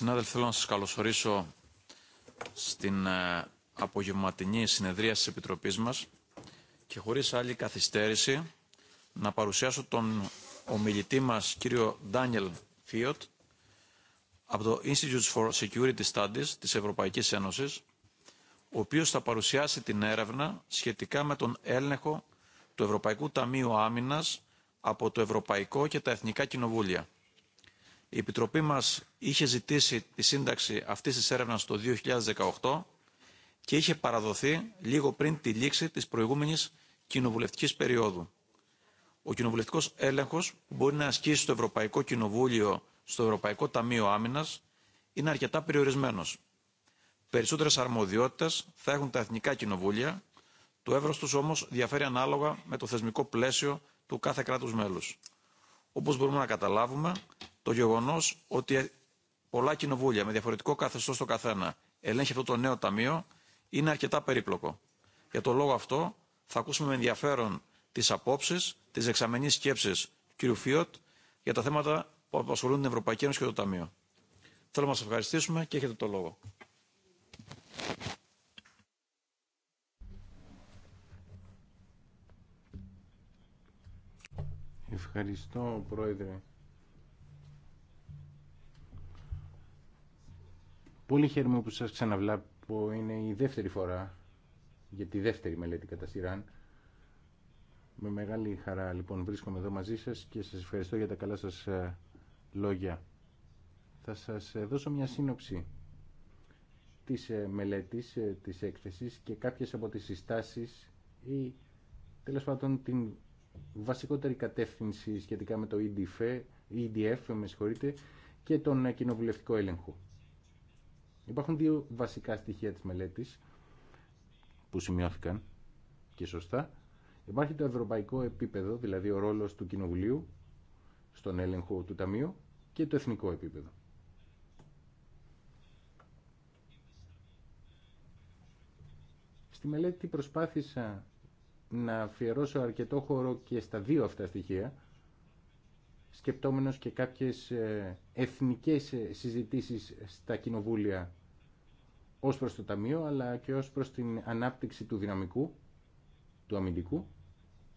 συνάδελφοι, θέλω να σας καλωσορίσω στην ε, απογευματινή συνεδρία της Επιτροπής μας και χωρίς άλλη καθυστέρηση να παρουσιάσω τον ομιλητή μας, κύριο Ντάνιελ Φίωτ, από το Institute for Security Studies της Ευρωπαϊκής Ένωσης, ο οποίος θα παρουσιάσει την έρευνα σχετικά με τον έλεγχο του Ευρωπαϊκού Ταμείου Άμυνας από το Ευρωπαϊκό και τα Εθνικά Κοινοβούλια. Η Επιτροπή μας είχε ζητήσει τη σύνταξη αυτής της έρευνας το 2018 και είχε παραδοθεί λίγο πριν τη λήξη της προηγούμενης κοινοβουλευτικής περίοδου. Ο κοινοβουλευτικός έλεγχος που μπορεί να ασκήσει το Ευρωπαϊκό Κοινοβούλιο, στο Ευρωπαϊκό Ταμείο Άμυνας, είναι αρκετά περιορισμένος. Περισσότερες αρμοδιότητες θα έχουν τα εθνικά κοινοβούλια, το εύρος τους όμως διαφέρει ανάλογα με το θεσμικό πλαίσιο του κάθε κράτους μέλους. Όπως μπορούμε να καταλάβουμε, το γεγονό ότι πολλά κοινοβούλια με διαφορετικό καθεστώ στο καθένα ελέγχει αυτό το νέο ταμείο είναι αρκετά περίπλοκο. Για τον λόγο αυτό θα ακούσουμε με ενδιαφέρον τις απόψει, τις δεξαμενή σκέψεις του κ. Φίωτ για τα θέματα που απασχολούν την Ευρωπαϊκή Ένωση και το Ταμείο. Θέλω να σας ευχαριστήσουμε και έχετε το λόγο. Ευχαριστώ, Πρόεδρε. Πολύ χαίρομαι που σας ξαναβλάπω. Είναι η δεύτερη φορά για τη δεύτερη μελέτη κατά σειράν. Με μεγάλη χαρά λοιπόν βρίσκομαι εδώ μαζί σας και σας ευχαριστώ για τα καλά σας ε, λόγια. Θα σας ε, δώσω μια σύνοψη της ε, μελέτης, της έκθεσης και κάποιες από τις συστάσεις ή τέλος πάντων την βασικότερη κατεύθυνση σχετικά με το EDF, EDF με και τον κοινοβουλευτικό έλεγχο. Υπάρχουν δύο βασικά στοιχεία της μελέτης που σημειώθηκαν και σωστά. Υπάρχει το ευρωπαϊκό επίπεδο, δηλαδή ο ρόλος του Κοινοβουλίου στον έλεγχο του Ταμείου και το εθνικό επίπεδο. Στη μελέτη προσπάθησα να αφιερώσω αρκετό χώρο και στα δύο αυτά στοιχεία, σκεπτόμενος και κάποιες ε, εθνικές ε, συζητήσεις στα κοινοβούλια ως προς το Ταμείο, αλλά και ως προς την ανάπτυξη του δυναμικού, του αμυντικού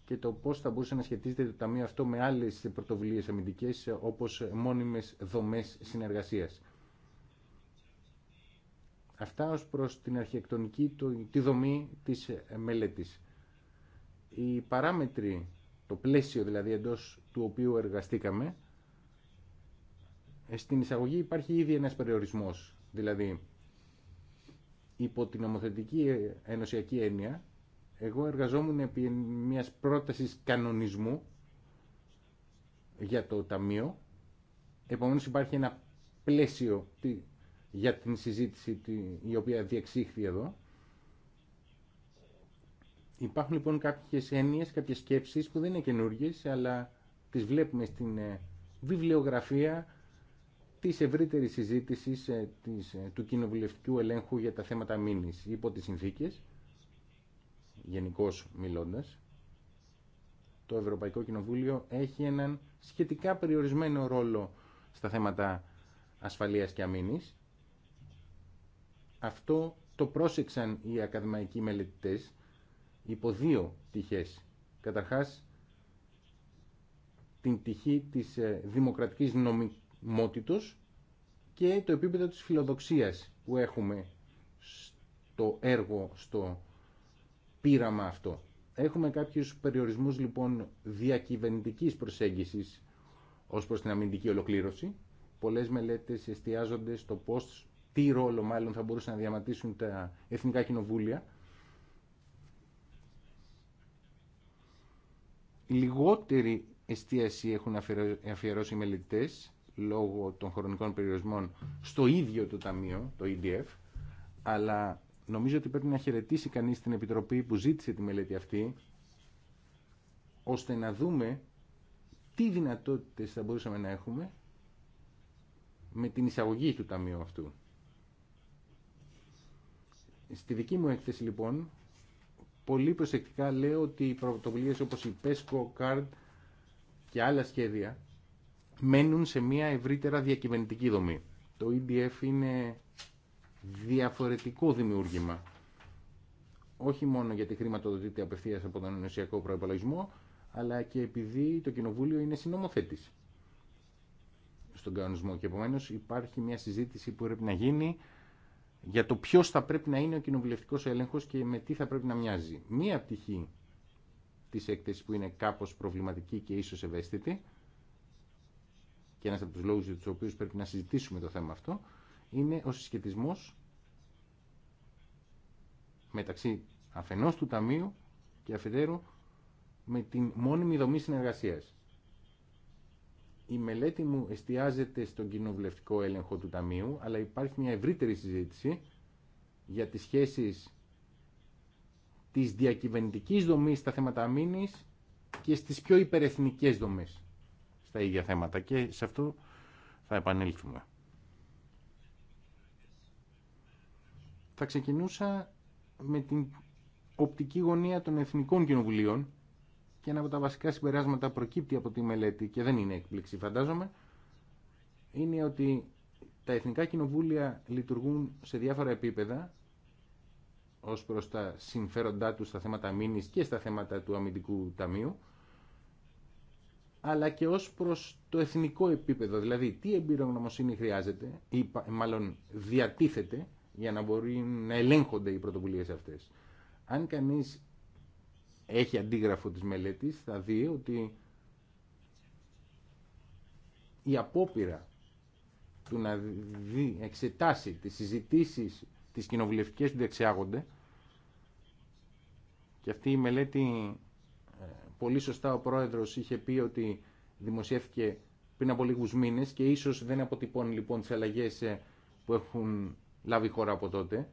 και το πώς θα μπορούσε να σχετίζεται το Ταμείο αυτό με άλλες πρωτοβουλίες αμυντικές, όπως μόνιμες δομές συνεργασίας. Αυτά ως προς την αρχιεκτονική, τη δομή της μελέτης. Οι παράμετροι το πλαίσιο δηλαδή εντός του οποίου εργαστήκαμε, ε, στην εισαγωγή υπάρχει ήδη ένας περιορισμός. Δηλαδή, υπό την νομοθετική ε, ενωσιακή έννοια, εγώ εργαζόμουν επί μιας πρότασης κανονισμού για το Ταμείο. Επομένως υπάρχει ένα πλαίσιο για την συζήτηση η οποία διεξήχθη εδώ. Υπάρχουν λοιπόν κάποιες έννοιες, κάποιες σκέψεις που δεν είναι καινούργιε, αλλά τις βλέπουμε στην ε, βιβλιογραφία της ευρύτερη συζήτηση ε, ε, του κοινοβουλευτικού ελέγχου για τα θέματα μήνυ υπό τι συνθήκε. γενικώ μιλώντα. Το Ευρωπαϊκό Κοινοβούλιο έχει έναν σχετικά περιορισμένο ρόλο στα θέματα ασφαλείας και αμήνης. Αυτό το πρόσεξαν οι ακαδημαϊκοί μελετητές υπό δύο πτυχές. Καταρχάς, την τυχή της ε, δημοκρατικής νομιμότητος και το επίπεδο της φιλοδοξίας που έχουμε στο έργο, στο πείραμα αυτό. Έχουμε κάποιους περιορισμούς λοιπόν διακυβερνητικής προσέγγισης ως προς την αμυντική ολοκλήρωση. Πολλές μελέτες εστιάζονται στο πώς, τι ρόλο μάλλον θα μπορούσαν να διαματήσουν τα εθνικά κοινοβούλια λιγότερη εστίαση έχουν αφιερώσει οι μελετητές λόγω των χρονικών περιορισμών στο ίδιο το ταμείο, το EDF, αλλά νομίζω ότι πρέπει να χαιρετήσει κανείς την Επιτροπή που ζήτησε τη μελέτη αυτή, ώστε να δούμε τι δυνατότητες θα μπορούσαμε να έχουμε με την εισαγωγή του ταμείου αυτού. Στη δική μου έκθεση λοιπόν πολύ προσεκτικά λέω ότι οι πρωτοβουλίες όπως η PESCO, CARD και άλλα σχέδια μένουν σε μια ευρύτερα διακυβερνητική δομή. Το EDF είναι διαφορετικό δημιούργημα. Όχι μόνο γιατί χρηματοδοτείται απευθεία από τον ενωσιακό προπολογισμό, αλλά και επειδή το Κοινοβούλιο είναι συνομοθέτη στον κανονισμό. Και επομένω υπάρχει μια συζήτηση που πρέπει να γίνει για το ποιο θα πρέπει να είναι ο κοινοβουλευτικό έλεγχο και με τι θα πρέπει να μοιάζει. Μία πτυχή τη έκθεση που είναι κάπω προβληματική και ίσω ευαίσθητη και ένα από του λόγου για του οποίου πρέπει να συζητήσουμε το θέμα αυτό είναι ο συσχετισμό μεταξύ αφενό του Ταμείου και αφεντέρου με την μόνιμη δομή συνεργασίας. Η μελέτη μου εστιάζεται στον κοινοβουλευτικό έλεγχο του Ταμείου, αλλά υπάρχει μια ευρύτερη συζήτηση για τις σχέσεις της διακυβερνητικής δομής στα θέματα αμήνης και στις πιο υπερεθνικές δομές στα ίδια θέματα και σε αυτό θα επανέλθουμε. Θα ξεκινούσα με την οπτική γωνία των Εθνικών Κοινοβουλίων και ένα από τα βασικά συμπεράσματα προκύπτει από τη μελέτη και δεν είναι έκπληξη φαντάζομαι είναι ότι τα εθνικά κοινοβούλια λειτουργούν σε διάφορα επίπεδα ως προς τα συμφέροντά τους στα θέματα μήνης και στα θέματα του αμυντικού ταμείου αλλά και ως προς το εθνικό επίπεδο, δηλαδή τι εμπειρογνωμοσύνη χρειάζεται ή μάλλον διατίθεται για να μπορεί να ελέγχονται οι πρωτοβουλίες αυτές. Αν κανείς έχει αντίγραφο της μελέτης θα δει ότι η απόπειρα του να δει, εξετάσει τις συζητήσεις τις κοινοβουλευτικές που διεξιάγονται και αυτή η μελέτη ε, πολύ σωστά ο πρόεδρος είχε πει ότι δημοσιεύθηκε πριν από λίγους μήνες και ίσως δεν αποτυπώνει λοιπόν τις αλλαγές ε, που έχουν λάβει χώρα από τότε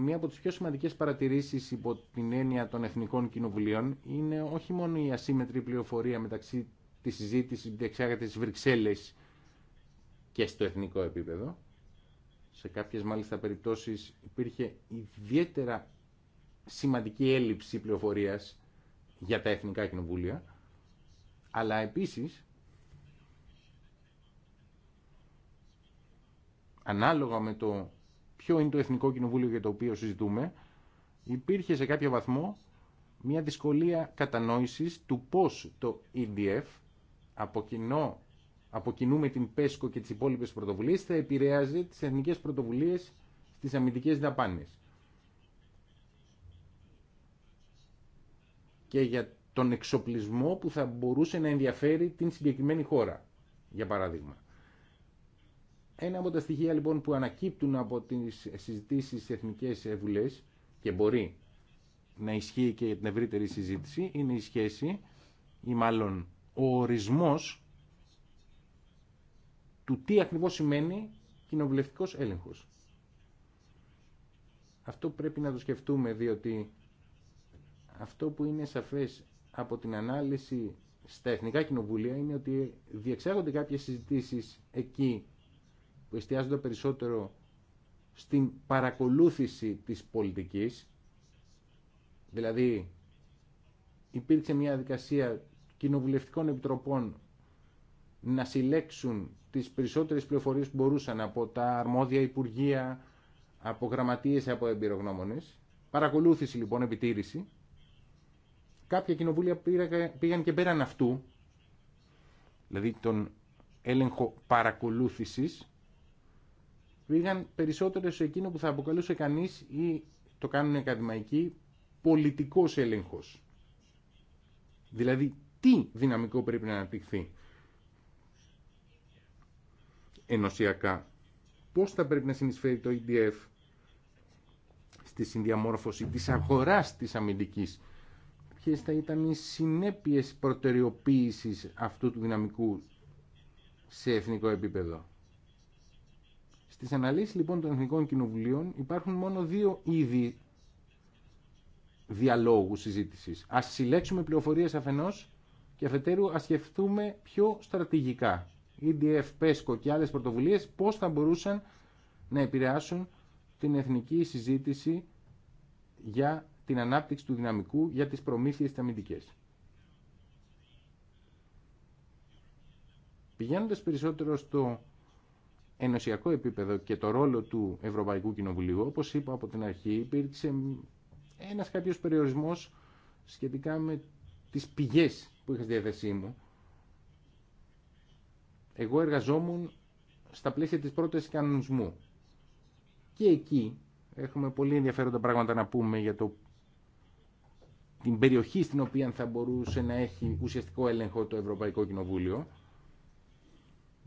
μία από τις πιο σημαντικές παρατηρήσεις υπό την έννοια των εθνικών κοινοβουλίων είναι όχι μόνο η ασύμετρη πληροφορία μεταξύ της συζήτησης που διεξάγεται στις Βρυξέλλες και στο εθνικό επίπεδο. Σε κάποιες μάλιστα περιπτώσεις υπήρχε ιδιαίτερα σημαντική έλλειψη πληροφορίας για τα εθνικά κοινοβούλια, αλλά επίσης ανάλογα με το ποιο είναι το Εθνικό Κοινοβούλιο για το οποίο συζητούμε, υπήρχε σε κάποιο βαθμό μια δυσκολία κατανόησης του πώς το EDF από, κοινού με την ΠΕΣΚΟ και τις υπόλοιπες πρωτοβουλίες θα επηρεάζει τις εθνικές πρωτοβουλίες στις αμυντικές δαπάνες. Και για τον εξοπλισμό που θα μπορούσε να ενδιαφέρει την συγκεκριμένη χώρα, για παράδειγμα. Ένα από τα στοιχεία λοιπόν που ανακύπτουν από τι συζητήσει στι Εθνικές και μπορεί να ισχύει και για την ευρύτερη συζήτηση είναι η σχέση ή μάλλον ο ορισμός του τι ακριβώς σημαίνει κοινοβουλευτικός έλεγχος. Αυτό πρέπει να το σκεφτούμε διότι αυτό που είναι σαφές από την ανάλυση στα Εθνικά Κοινοβούλια είναι ότι διεξάγονται κάποιες συζητήσεις εκεί που εστιάζονται περισσότερο στην παρακολούθηση της πολιτικής, δηλαδή υπήρξε μια δικασία κοινοβουλευτικών επιτροπών να συλλέξουν τις περισσότερες πληροφορίες που μπορούσαν από τα αρμόδια υπουργεία, από γραμματείες, από εμπειρογνώμονες. Παρακολούθηση λοιπόν, επιτήρηση. Κάποια κοινοβούλια πήγαν και πέραν αυτού, δηλαδή τον έλεγχο παρακολούθησης, πήγαν περισσότερο σε εκείνο που θα αποκαλούσε κανείς ή το κάνουν οι ακαδημαϊκοί πολιτικός έλεγχος. Δηλαδή τι δυναμικό πρέπει να αναπτυχθεί ενωσιακά. Πώς θα πρέπει να συνεισφέρει το EDF στη συνδιαμόρφωση της αγοράς της αμυντικής. Ποιες θα ήταν οι συνέπειες προτεραιοποίησης αυτού του δυναμικού σε εθνικό επίπεδο. Στις αναλύσεις λοιπόν των Εθνικών Κοινοβουλίων υπάρχουν μόνο δύο είδη διαλόγου συζήτησης. Ας συλλέξουμε πληροφορίες αφενός και αφετέρου ας σκεφτούμε πιο στρατηγικά. EDF, PESCO και άλλες πρωτοβουλίες πώς θα μπορούσαν να επηρεάσουν την εθνική συζήτηση για την ανάπτυξη του δυναμικού για τις προμήθειες τα αμυντικές. Πηγαίνοντας περισσότερο στο ενωσιακό επίπεδο και το ρόλο του Ευρωπαϊκού Κοινοβουλίου, όπως είπα από την αρχή, υπήρξε ένας κάποιος περιορισμός σχετικά με τις πηγές που είχα στη διάθεσή μου. Εγώ εργαζόμουν στα πλαίσια της πρώτης κανονισμού. Και εκεί έχουμε πολύ ενδιαφέροντα πράγματα να πούμε για το, την περιοχή στην οποία θα μπορούσε να έχει ουσιαστικό έλεγχο το Ευρωπαϊκό Κοινοβούλιο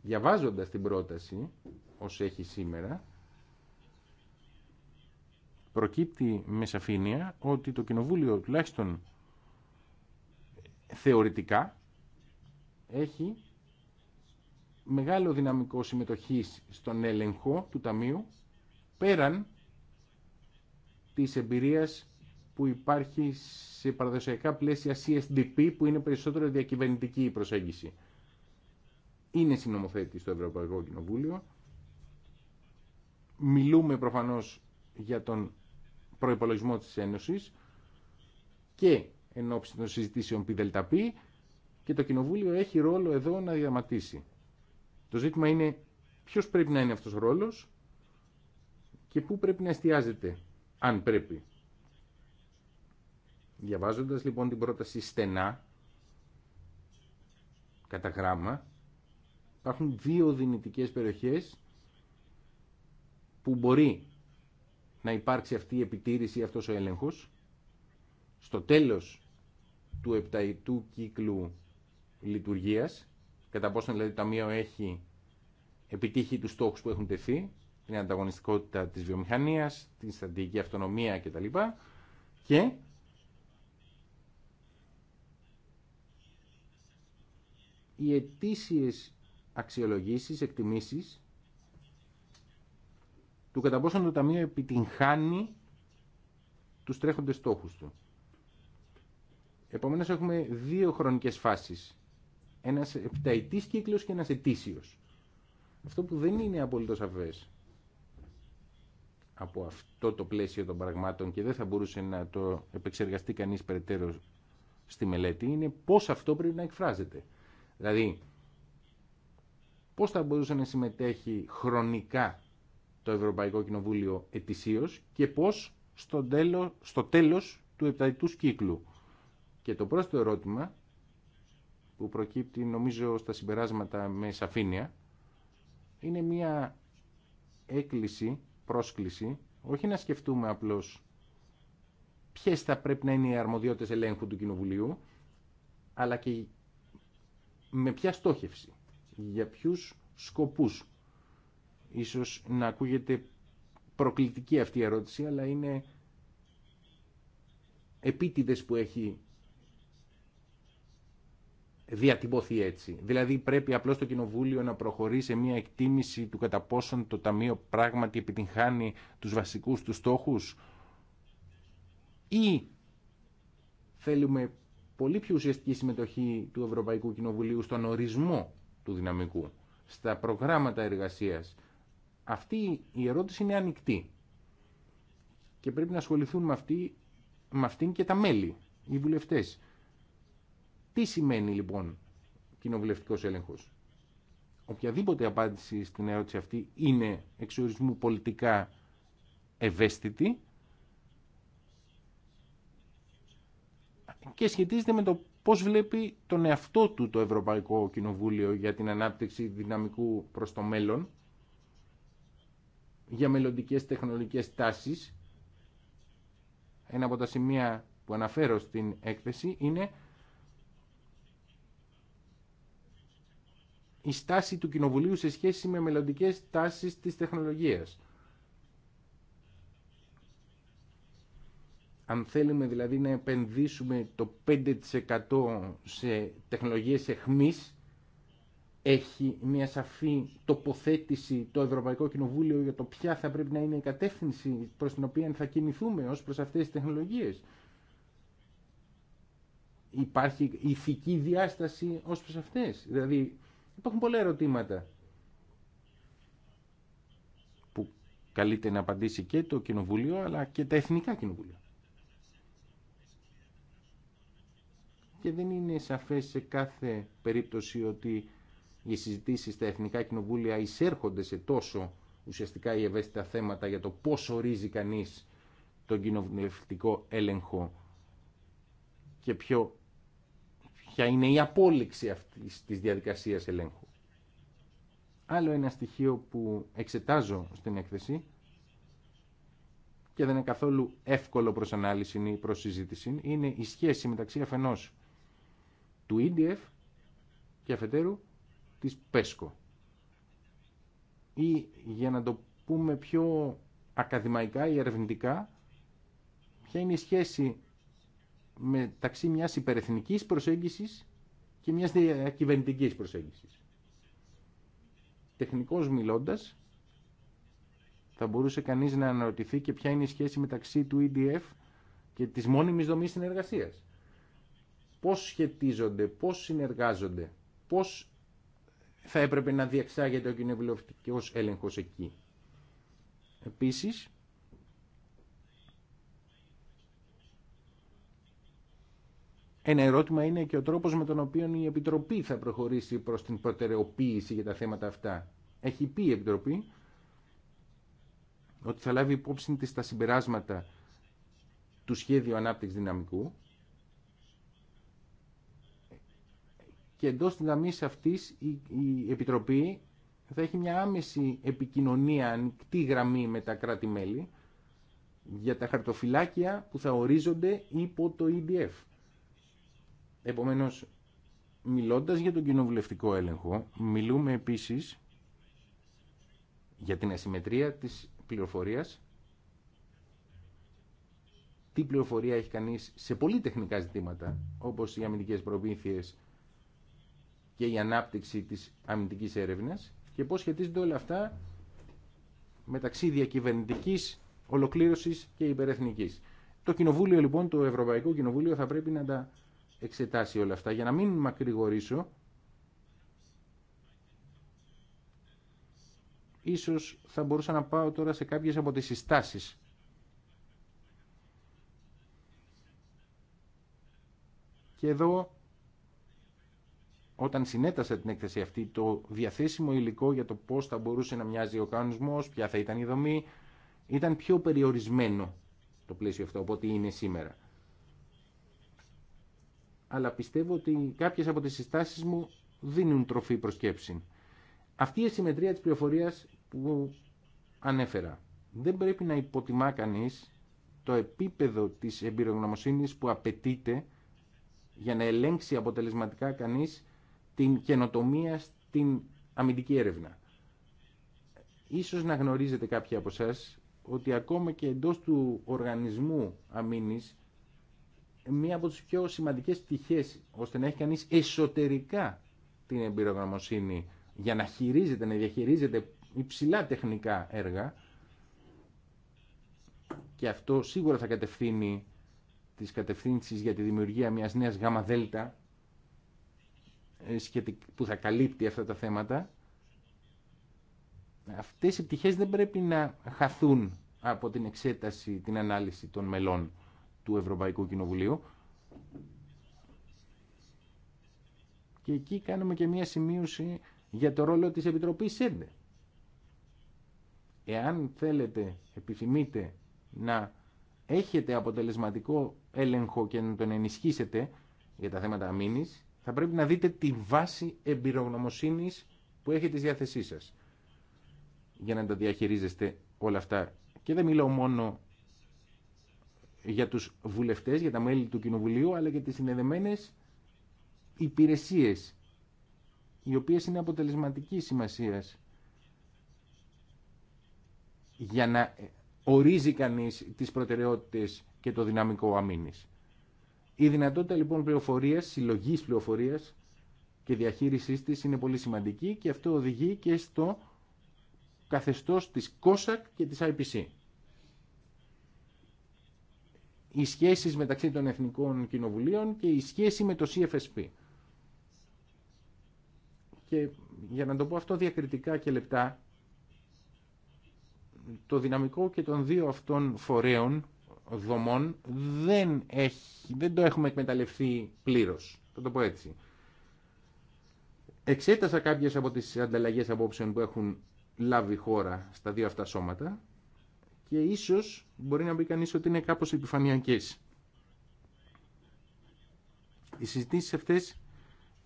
διαβάζοντας την πρόταση ως έχει σήμερα προκύπτει με σαφήνεια ότι το Κοινοβούλιο τουλάχιστον θεωρητικά έχει μεγάλο δυναμικό συμμετοχής στον έλεγχο του Ταμείου πέραν της εμπειρίας που υπάρχει σε παραδοσιακά πλαίσια CSDP που είναι περισσότερο διακυβερνητική η προσέγγιση είναι συνομοθέτη στο Ευρωπαϊκό Κοινοβούλιο. Μιλούμε προφανώς για τον προϋπολογισμό της Ένωσης και εν ώψη των συζητήσεων ΠΔΠ και το Κοινοβούλιο έχει ρόλο εδώ να διαματίσει. Το ζήτημα είναι ποιος πρέπει να είναι αυτός ο ρόλος και πού πρέπει να εστιάζεται, αν πρέπει. Διαβάζοντας λοιπόν την πρόταση στενά, κατά γράμμα, υπάρχουν δύο δυνητικές περιοχές που μπορεί να υπάρξει αυτή η επιτήρηση, αυτός ο έλεγχος. Στο τέλος του επταετού κύκλου λειτουργίας, κατά πόσο δηλαδή το Ταμείο έχει επιτύχει τους στόχους που έχουν τεθεί, την ανταγωνιστικότητα της βιομηχανίας, την στρατηγική αυτονομία κτλ. Και οι ετήσιες αξιολογήσεις, εκτιμήσεις του κατά πόσο το Ταμείο επιτυγχάνει τους τρέχοντες στόχους του. Επομένως έχουμε δύο χρονικές φάσεις. Ένας επταετής κύκλος και ένας ετήσιος. Αυτό που δεν είναι απολύτως σαφές από αυτό το πλαίσιο των πραγμάτων και δεν θα μπορούσε να το επεξεργαστεί κανείς περαιτέρω στη μελέτη είναι πώς αυτό πρέπει να εκφράζεται. Δηλαδή, πώς θα μπορούσε να συμμετέχει χρονικά το Ευρωπαϊκό Κοινοβούλιο ετησίως και πώς στο τέλο στο τέλος του επταετούς κύκλου. Και το πρώτο ερώτημα που προκύπτει νομίζω στα συμπεράσματα με σαφήνεια είναι μια έκκληση, πρόσκληση, όχι να σκεφτούμε απλώς Ποιε θα πρέπει να είναι οι αρμοδιότητες ελέγχου του Κοινοβουλίου, αλλά και με ποια στόχευση για ποιους σκοπούς. Ίσως να ακούγεται προκλητική αυτή η ερώτηση, αλλά είναι επίτηδες που έχει διατυπωθεί έτσι. Δηλαδή πρέπει απλώς το Κοινοβούλιο να προχωρεί σε μια εκτίμηση του κατά πόσον το Ταμείο πράγματι επιτυγχάνει τους βασικούς του στόχους ή θέλουμε πολύ πιο ουσιαστική συμμετοχή του Ευρωπαϊκού Κοινοβουλίου στον ορισμό του δυναμικού, στα προγράμματα εργασίας. Αυτή η ερώτηση είναι ανοιχτή και πρέπει να ασχοληθούν με, αυτή, και τα μέλη, οι βουλευτές. Τι σημαίνει λοιπόν κοινοβουλευτικός έλεγχος. Οποιαδήποτε απάντηση στην ερώτηση αυτή είναι εξορισμού πολιτικά ευαίσθητη και σχετίζεται με το πώς βλέπει τον εαυτό του το Ευρωπαϊκό Κοινοβούλιο για την ανάπτυξη δυναμικού προς το μέλλον, για μελλοντικές τεχνολογικές τάσεις. Ένα από τα σημεία που αναφέρω στην έκθεση είναι η στάση του Κοινοβουλίου σε σχέση με μελλοντικές τάσεις της τεχνολογίας. Αν θέλουμε δηλαδή να επενδύσουμε το 5% σε τεχνολογίες εχμής, έχει μια σαφή τοποθέτηση το Ευρωπαϊκό Κοινοβούλιο για το ποια θα πρέπει να είναι η κατεύθυνση προς την οποία θα κινηθούμε ως προς αυτές τις τεχνολογίες. Υπάρχει ηθική διάσταση ως προς αυτές. Δηλαδή υπάρχουν πολλά ερωτήματα που καλείται να απαντήσει και το Κοινοβούλιο αλλά και τα Εθνικά Κοινοβούλια. και δεν είναι σαφές σε κάθε περίπτωση ότι οι συζητήσεις στα Εθνικά Κοινοβούλια εισέρχονται σε τόσο ουσιαστικά οι ευαίσθητα θέματα για το πώς ορίζει κανείς τον κοινοβουλευτικό έλεγχο και ποιο, ποια είναι η απόλυξη αυτής της διαδικασίας ελέγχου. Άλλο ένα στοιχείο που εξετάζω στην έκθεση και δεν είναι καθόλου εύκολο προς ανάλυση ή προς συζήτηση είναι η σχέση μεταξύ αφενός του EDF και αφετέρου της ΠΕΣΚΟ. Ή για να το πούμε πιο ακαδημαϊκά ή ερευνητικά, ποια είναι η σχέση μεταξύ μιας υπερεθνικής προσέγγισης και μιας διακυβερνητικής προσέγγισης. Τεχνικώς μιλώντας, θα μπορούσε κανείς να αναρωτηθεί και ποια είναι η σχέση μεταξύ του EDF και της μόνιμης δομής συνεργασίας πώς σχετίζονται, πώς συνεργάζονται, πώς θα έπρεπε να διεξάγεται ο κοινοβουλευτικός έλεγχος εκεί. Επίσης, Ένα ερώτημα είναι και ο τρόπος με τον οποίο η Επιτροπή θα προχωρήσει προς την προτεραιοποίηση για τα θέματα αυτά. Έχει πει η Επιτροπή ότι θα λάβει υπόψη της τα συμπεράσματα του σχέδιου ανάπτυξης δυναμικού και εντός δυναμής αυτής η Επιτροπή θα έχει μια άμεση επικοινωνία, ανοιχτή γραμμή με τα κράτη-μέλη για τα χαρτοφυλάκια που θα ορίζονται υπό το EDF. Επομένως, μιλώντας για τον κοινοβουλευτικό έλεγχο, μιλούμε επίσης για την ασυμμετρία της πληροφορίας, τι πληροφορία έχει κανείς σε πολύ τεχνικά ζητήματα, όπως οι αμυντικές προμήθειες και η ανάπτυξη της αμυντικής έρευνας και πώς σχετίζονται όλα αυτά μεταξύ διακυβερνητικής ολοκλήρωσης και υπερεθνικής. Το Κοινοβούλιο λοιπόν, το Ευρωπαϊκό Κοινοβούλιο θα πρέπει να τα εξετάσει όλα αυτά. Για να μην μακρηγορήσω, ίσως θα μπορούσα να πάω τώρα σε κάποιες από τις συστάσεις και εδώ όταν συνέτασα την έκθεση αυτή το διαθέσιμο υλικό για το πώς θα μπορούσε να μοιάζει ο κανονισμός, ποια θα ήταν η δομή, ήταν πιο περιορισμένο το πλαίσιο αυτό από ό,τι είναι σήμερα. Αλλά πιστεύω ότι κάποιες από τις συστάσεις μου δίνουν τροφή προσκέψη. Αυτή η συμμετρία της πληροφορίας που ανέφερα. Δεν πρέπει να υποτιμά κανείς το επίπεδο της εμπειρογνωμοσύνης που απαιτείται για να ελέγξει αποτελεσματικά κανείς την καινοτομία στην αμυντική έρευνα. Ίσως να γνωρίζετε κάποιοι από εσά ότι ακόμα και εντός του οργανισμού αμήνης μία από τις πιο σημαντικές πτυχές ώστε να έχει κανείς εσωτερικά την εμπειρογνωμοσύνη για να χειρίζεται, να διαχειρίζεται υψηλά τεχνικά έργα και αυτό σίγουρα θα κατευθύνει τις κατευθύνσεις για τη δημιουργία μιας νέας γάμα δέλτα ε, που θα καλύπτει αυτά τα θέματα. Αυτές οι πτυχές δεν πρέπει να χαθούν από την εξέταση, την ανάλυση των μελών του Ευρωπαϊκού Κοινοβουλίου. Και εκεί κάνουμε και μία σημείωση για το ρόλο της Επιτροπής ΣΕΝΤΕ. Εάν θέλετε, επιθυμείτε να έχετε αποτελεσματικό έλεγχο και να τον ενισχύσετε για τα θέματα αμήνης, θα πρέπει να δείτε τη βάση εμπειρογνωμοσύνης που έχει στη διάθεσή σας για να τα διαχειρίζεστε όλα αυτά. Και δεν μιλάω μόνο για τους βουλευτές, για τα μέλη του Κοινοβουλίου, αλλά και τις συνδεδεμένες υπηρεσίες, οι οποίες είναι αποτελεσματική σημασίας για να ορίζει κανείς τις προτεραιότητες και το δυναμικό αμήνης. Η δυνατότητα λοιπόν πληροφορίας, συλλογής πληροφορίας και διαχείρισής της είναι πολύ σημαντική και αυτό οδηγεί και στο καθεστώς της COSAC και της IPC. Οι σχέσεις μεταξύ των Εθνικών Κοινοβουλίων και η σχέση με το CFSP. Και για να το πω αυτό διακριτικά και λεπτά, το δυναμικό και των δύο αυτών φορέων δομών δεν, έχει, δεν το έχουμε εκμεταλλευτεί πλήρως. Θα το πω έτσι. Εξέτασα κάποιες από τις ανταλλαγές απόψεων που έχουν λάβει χώρα στα δύο αυτά σώματα και ίσως μπορεί να μπει κανείς ότι είναι κάπως επιφανειακές. Οι συζητήσεις αυτές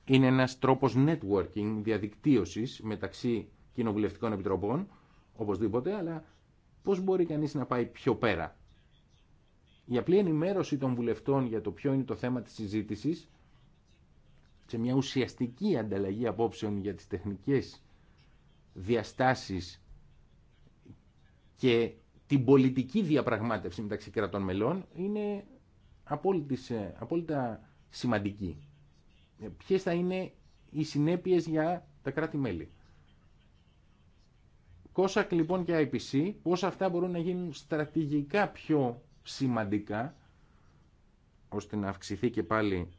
είναι ένας τρόπος networking, διαδικτύωσης μεταξύ κοινοβουλευτικών επιτροπών, οπωσδήποτε, αλλά πώς μπορεί κανείς να πάει πιο πέρα η απλή ενημέρωση των βουλευτών για το ποιο είναι το θέμα της συζήτησης σε μια ουσιαστική ανταλλαγή απόψεων για τις τεχνικές διαστάσεις και την πολιτική διαπραγμάτευση μεταξύ κρατών μελών είναι απόλυτα σημαντική. Ε, ποιες θα είναι οι συνέπειες για τα κράτη-μέλη. Κόσακ λοιπόν και IPC, πώς αυτά μπορούν να γίνουν στρατηγικά πιο σημαντικά ώστε να αυξηθεί και πάλι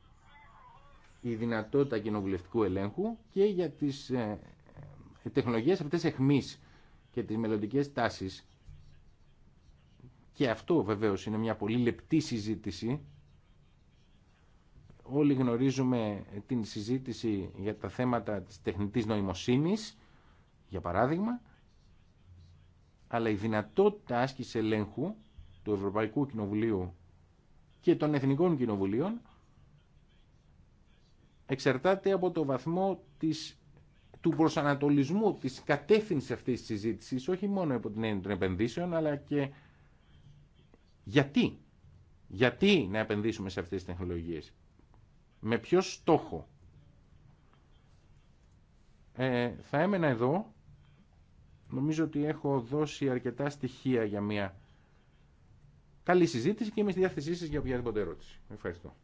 η δυνατότητα κοινοβουλευτικού ελέγχου και για τις ε, ε, τεχνολογίες αυτές εχμής και τις μελλοντικέ τάσεις. Και αυτό βεβαίως είναι μια πολύ λεπτή συζήτηση. Όλοι γνωρίζουμε την συζήτηση για τα θέματα της τεχνητής νοημοσύνης, για παράδειγμα, αλλά η δυνατότητα άσκηση ελέγχου του Ευρωπαϊκού Κοινοβουλίου και των Εθνικών Κοινοβουλίων εξαρτάται από το βαθμό της, του προσανατολισμού, της κατεύθυνση αυτής της συζήτησης, όχι μόνο από την έννοια των επενδύσεων, αλλά και γιατί. Γιατί να επενδύσουμε σε αυτές τις τεχνολογίες. Με ποιο στόχο. Ε, θα έμενα εδώ. Νομίζω ότι έχω δώσει αρκετά στοιχεία για μια Καλή συζήτηση και είμαι στη διάθεσή σας για οποιαδήποτε ερώτηση. Ευχαριστώ.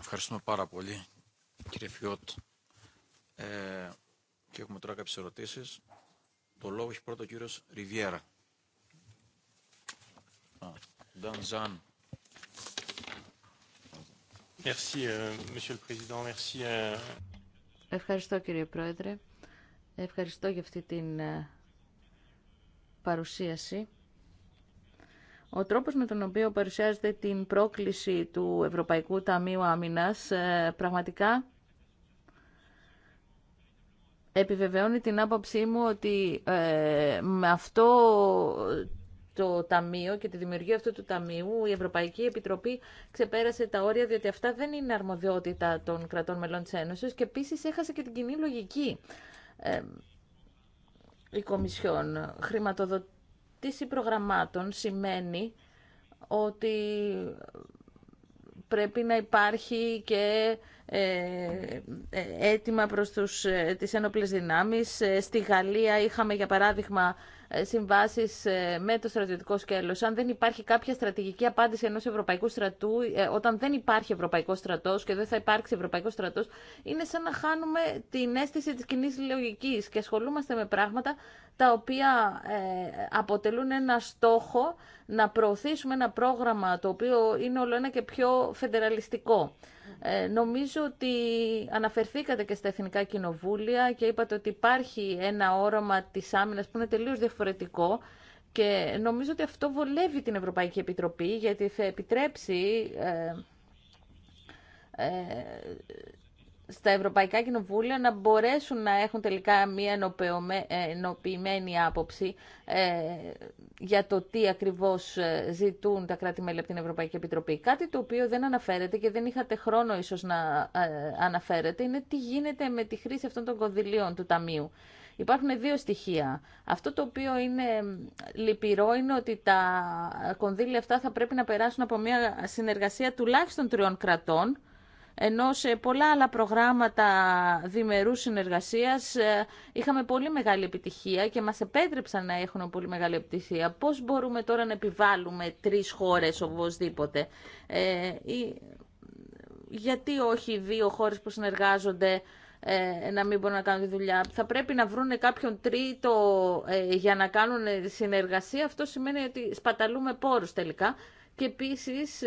Ευχαριστούμε πάρα πολύ, κύριε Φιώτ. Ε, και έχουμε τώρα κάποιες ερωτήσεις. Το λόγο έχει πρώτο ο κύριος Ριβιέρα. Euh, euh. Ευχαριστώ κύριε Πρόεδρε. Ευχαριστώ για αυτή την ε, παρουσίαση. Ο τρόπος με τον οποίο παρουσιάζεται την πρόκληση του Ευρωπαϊκού Ταμείου Άμυνας ε, πραγματικά επιβεβαιώνει την άποψή μου ότι ε, με αυτό το ταμείο και τη δημιουργία αυτού του ταμείου η Ευρωπαϊκή Επιτροπή ξεπέρασε τα όρια διότι αυτά δεν είναι αρμοδιότητα των κρατών μελών της Ένωσης και επίση έχασε και την κοινή λογική. Ε, η Κομισιόν χρηματοδοτεί αναζήτηση προγραμμάτων σημαίνει ότι πρέπει να υπάρχει και ε, ε, έτοιμα προς τους, ε, τις ένοπλες δυνάμεις. Στη Γαλλία είχαμε, για παράδειγμα, ε, Συμβάσει ε, με το στρατιωτικό σκέλο. αν δεν υπάρχει κάποια στρατηγική απάντηση ενός ευρωπαϊκού στρατού, ε, όταν δεν υπάρχει ευρωπαϊκό στρατός και δεν θα υπάρξει ευρωπαϊκό στρατός, είναι σαν να χάνουμε την αίσθηση της κοινή λογικής και ασχολούμαστε με πράγματα τα οποία αποτελούν ένα στόχο να προωθήσουμε ένα πρόγραμμα το οποίο είναι όλο ένα και πιο φεντεραλιστικό. Ε, νομίζω ότι αναφερθήκατε και στα εθνικά κοινοβούλια και είπατε ότι υπάρχει ένα όρομα της άμυνας που είναι τελείως διαφορετικό και νομίζω ότι αυτό βολεύει την Ευρωπαϊκή Επιτροπή γιατί θα επιτρέψει ε, ε, στα Ευρωπαϊκά Κοινοβούλια να μπορέσουν να έχουν τελικά μία ενοποιημένη ε, άποψη ε, για το τι ακριβώς ε, ζητούν τα κράτη-μέλη από την Ευρωπαϊκή Επιτροπή. Κάτι το οποίο δεν αναφέρεται και δεν είχατε χρόνο ίσως να ε, αναφέρετε είναι τι γίνεται με τη χρήση αυτών των κονδυλίων του Ταμείου. Υπάρχουν δύο στοιχεία. Αυτό το οποίο είναι λυπηρό είναι ότι τα κονδύλια αυτά θα πρέπει να περάσουν από μια συνεργασία τουλάχιστον τριών κρατών, ενώ σε πολλά άλλα προγράμματα διμερού συνεργασίας ε, είχαμε πολύ μεγάλη επιτυχία και μας επέτρεψαν να έχουν πολύ μεγάλη επιτυχία. Πώς μπορούμε τώρα να επιβάλλουμε τρεις χώρες οπωσδήποτε. Ε, γιατί όχι δύο χώρες που συνεργάζονται ε, να μην μπορούν να κάνουν τη δουλειά. Θα πρέπει να βρουν κάποιον τρίτο ε, για να κάνουν συνεργασία. Αυτό σημαίνει ότι σπαταλούμε πόρους τελικά. Και επίσης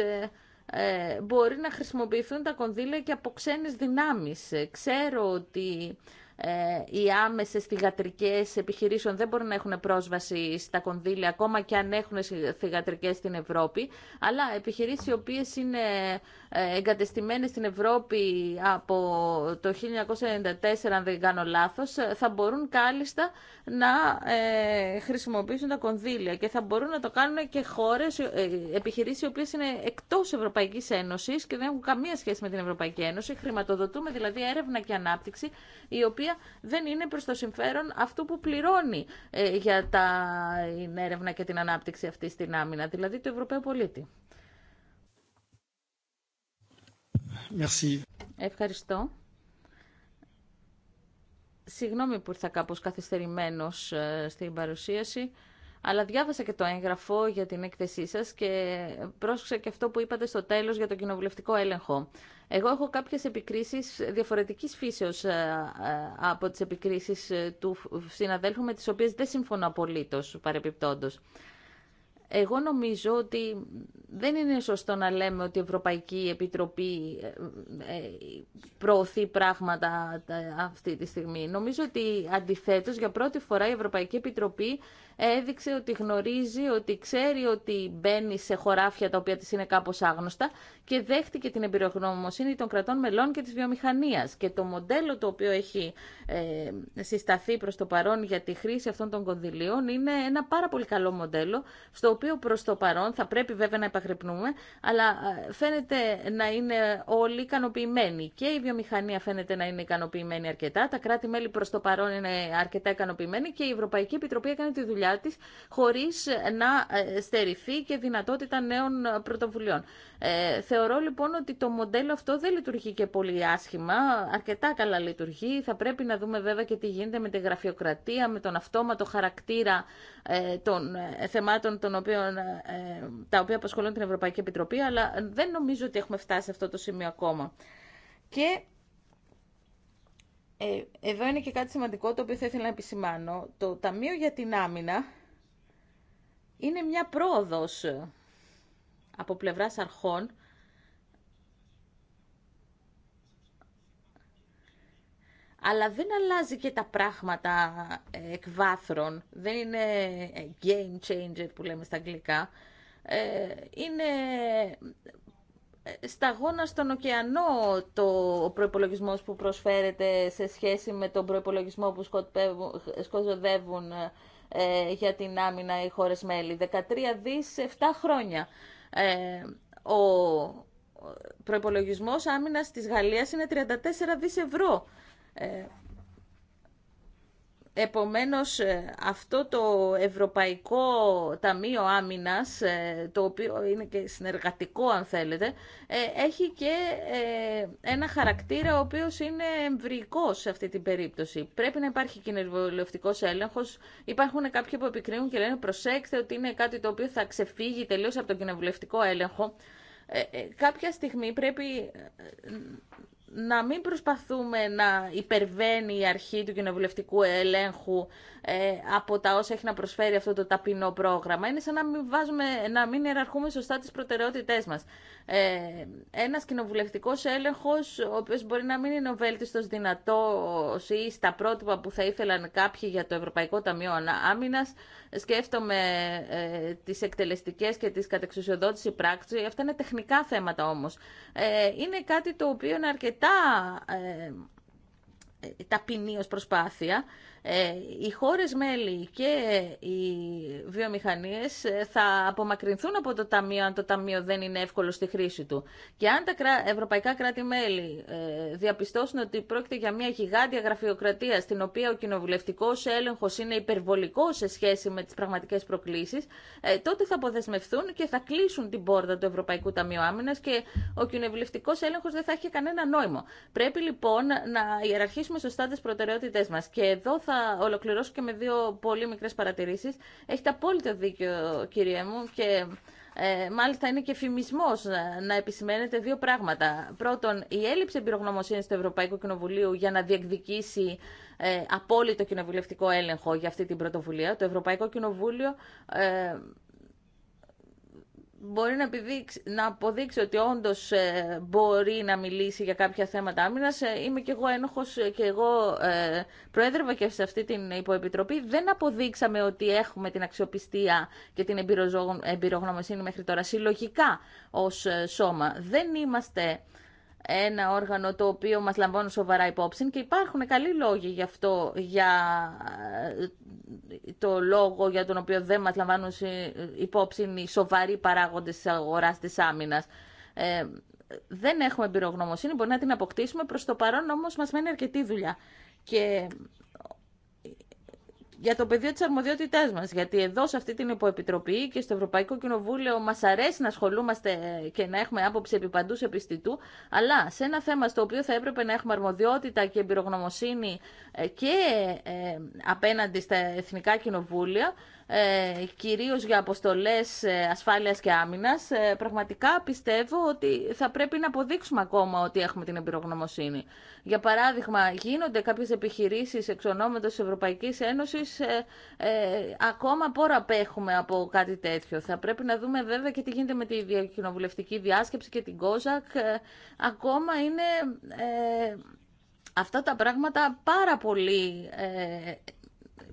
ε, μπορεί να χρησιμοποιηθούν τα κονδύλια και από ξένες δυνάμεις. Ε, ξέρω ότι ε, οι άμεσες θηγατρικές επιχειρήσεων δεν μπορούν να έχουν πρόσβαση στα κονδύλια ακόμα και αν έχουν θηγατρικές στην Ευρώπη, αλλά επιχειρήσεις οι οποίες είναι ε, εγκατεστημένες στην Ευρώπη από το 1994, αν δεν κάνω λάθος, θα μπορούν κάλλιστα να ε, χρησιμοποιήσουν τα κονδύλια και θα μπορούν να το κάνουν και χώρες, επιχειρήσεις οι οποίες είναι εκτός Ευρωπαϊκής Ένωσης και δεν έχουν καμία σχέση με την Ευρωπαϊκή Ένωση. Χρηματοδοτούμε δηλαδή έρευνα και ανάπτυξη η δεν είναι προ το συμφέρον αυτού που πληρώνει ε, για την έρευνα και την ανάπτυξη αυτή στην άμυνα, δηλαδή του Ευρωπαίου πολίτη. Ευχαριστώ. Συγγνώμη που ήρθα κάπως καθυστερημένος ε, στην παρουσίαση, αλλά διάβασα και το έγγραφο για την έκθεσή σας και πρόσεξα και αυτό που είπατε στο τέλος για το κοινοβουλευτικό έλεγχο. Εγώ έχω κάποιες επικρίσεις διαφορετικής φύσεως ε, ε, από τις επικρίσεις ε, του συναδέλφου με τις οποίες δεν συμφωνώ απολύτως παρεπιπτόντως. Εγώ νομίζω ότι δεν είναι σωστό να λέμε ότι η Ευρωπαϊκή Επιτροπή προωθεί πράγματα αυτή τη στιγμή. Νομίζω ότι αντιθέτως για πρώτη φορά η Ευρωπαϊκή Επιτροπή έδειξε ότι γνωρίζει, ότι ξέρει ότι μπαίνει σε χωράφια τα οποία της είναι κάπως άγνωστα και δέχτηκε την εμπειρογνωμοσύνη των κρατών μελών και της βιομηχανίας. Και το μοντέλο το οποίο έχει ε, συσταθεί προς το παρόν για τη χρήση αυτών των κονδυλίων είναι ένα πάρα πολύ καλό μοντέλο, στο οποίο προς το παρόν θα πρέπει βέβαια να επαγρυπνούμε, αλλά ε, φαίνεται να είναι όλοι ικανοποιημένοι. Και η βιομηχανία φαίνεται να είναι ικανοποιημένη αρκετά, τα κράτη-μέλη προς το παρόν είναι αρκετά ικανοποιημένοι και η Ευρωπαϊκή Επιτροπή έκανε τη δουλειά δουλειά της χωρίς να ε, στερηθεί και δυνατότητα νέων πρωτοβουλειών. Ε, θεωρώ λοιπόν ότι το μοντέλο αυτό δεν λειτουργεί και πολύ άσχημα, αρκετά καλά λειτουργεί. Θα πρέπει να δούμε βέβαια και τι γίνεται με τη γραφειοκρατία, με τον αυτόματο χαρακτήρα ε, των ε, θεμάτων των οποίων, τα οποία απασχολούν την Ευρωπαϊκή Επιτροπή, αλλά δεν νομίζω ότι έχουμε φτάσει σε αυτό το σημείο ακόμα. Και ε, εδώ είναι και κάτι σημαντικό το οποίο θα ήθελα να επισημάνω. Το Ταμείο για την Άμυνα είναι μια πρόοδος από πλευράς αρχών αλλά δεν αλλάζει και τα πράγματα ε, εκ βάθρων. Δεν είναι ε, game changer που λέμε στα αγγλικά. Είναι σταγόνα στον ωκεανό το προπολογισμό που προσφέρεται σε σχέση με τον προπολογισμό που σκοτωδεύουν ε, για την άμυνα οι χώρε μέλη. 13 δι σε 7 χρόνια. Ε, ο προπολογισμό άμυνας τη Γαλλία είναι 34 δι ευρώ. Ε, Επομένως, ε, αυτό το Ευρωπαϊκό Ταμείο Άμυνας, ε, το οποίο είναι και συνεργατικό αν θέλετε, ε, έχει και ένα χαρακτήρα ο οποίος είναι εμβρυϊκό σε αυτή την περίπτωση. Πρέπει να υπάρχει κοινοβουλευτικός έλεγχος. Υπάρχουν κάποιοι που επικρίνουν και λένε προσέξτε ότι είναι κάτι το οποίο θα ξεφύγει τελείως από τον κοινοβουλευτικό έλεγχο. Κάποια στιγμή πρέπει να μην προσπαθούμε να υπερβαίνει η αρχή του κοινοβουλευτικού ελέγχου ε, από τα όσα έχει να προσφέρει αυτό το ταπεινό πρόγραμμα. Είναι σαν να μην, βάζουμε, να μην ιεραρχούμε σωστά τις προτεραιότητές μας. Ε, ένας κοινοβουλευτικός έλεγχος, ο οποίος μπορεί να μην είναι ο βέλτιστος δυνατός ή στα πρότυπα που θα ήθελαν κάποιοι για το Ευρωπαϊκό Ταμείο Άμυνας, σκέφτομαι ε, τις εκτελεστικές και τις κατεξουσιοδότηση πράξη. Αυτά είναι τεχνικά θέματα όμως. Ε, είναι κάτι το οποίο είναι αρκετά ε, ε ταπεινή ως προσπάθεια ε, οι χώρες μέλη και οι βιομηχανίες ε, θα απομακρυνθούν από το Ταμείο αν το Ταμείο δεν είναι εύκολο στη χρήση του. Και αν τα ευρωπαϊκά κράτη-μέλη ε, διαπιστώσουν ότι πρόκειται για μια γιγάντια γραφειοκρατία στην οποία ο κοινοβουλευτικό έλεγχος είναι υπερβολικό σε σχέση με τις πραγματικές προκλήσεις, τότε θα αποδεσμευθούν και θα κλείσουν την πόρτα του Ευρωπαϊκού Ταμείου Άμυνα και ο κοινοβουλευτικό έλεγχο δεν θα έχει κανένα νόημα. Πρέπει λοιπόν να ιεραρχήσουμε σωστά τι προτεραιότητέ μα. Και εδώ ολοκληρώσω και με δύο πολύ μικρές παρατηρήσεις. Έχετε απόλυτο δίκιο, κύριε μου, και ε, μάλιστα είναι και φημισμό ε, να επισημαίνετε δύο πράγματα. Πρώτον, η έλλειψη εμπειρογνωμοσύνης του Ευρωπαϊκού Κοινοβουλίου για να διεκδικήσει ε, απόλυτο κοινοβουλευτικό έλεγχο για αυτή την πρωτοβουλία. Το Ευρωπαϊκό Κοινοβούλιο ε, μπορεί να, να αποδείξει ότι όντως ε, μπορεί να μιλήσει για κάποια θέματα άμυνας. Ε, είμαι και εγώ ένοχο ε, και εγώ ε, προέδρευα και σε αυτή την υποεπιτροπή. Δεν αποδείξαμε ότι έχουμε την αξιοπιστία και την εμπειρογνωμοσύνη μέχρι τώρα συλλογικά ως σώμα. Δεν είμαστε ένα όργανο το οποίο μας λαμβάνουν σοβαρά υπόψη και υπάρχουν καλοί λόγοι γι' αυτό, για ε, το λόγο για τον οποίο δεν μας λαμβάνουν υπόψη οι σοβαροί παράγοντες της αγοράς της άμυνας. Ε, δεν έχουμε εμπειρογνωμοσύνη, μπορεί να την αποκτήσουμε, προς το παρόν όμως μας μένει αρκετή δουλειά. Και για το πεδίο τη αρμοδιότητάς μας. Γιατί εδώ σε αυτή την υποεπιτροπή και στο Ευρωπαϊκό Κοινοβούλιο μας αρέσει να ασχολούμαστε και να έχουμε άποψη επί παντού επιστητού, αλλά σε ένα θέμα στο οποίο θα έπρεπε να έχουμε αρμοδιότητα και εμπειρογνωμοσύνη ε, και ε, απέναντι στα εθνικά κοινοβούλια, ε, κυρίως για αποστολές ε, ασφάλειας και άμυνας, ε, πραγματικά πιστεύω ότι θα πρέπει να αποδείξουμε ακόμα ότι έχουμε την εμπειρογνωμοσύνη. Για παράδειγμα, γίνονται κάποιες επιχειρήσεις εξ ονόματος της Ευρωπαϊκής Ένωσης, ακόμα πόρα απέχουμε από κάτι τέτοιο. Θα πρέπει να δούμε βέβαια και τι γίνεται με τη διακοινοβουλευτική διάσκεψη και την ΚΟΖΑΚ. ακόμα είναι... Αυτά τα πράγματα πάρα πολύ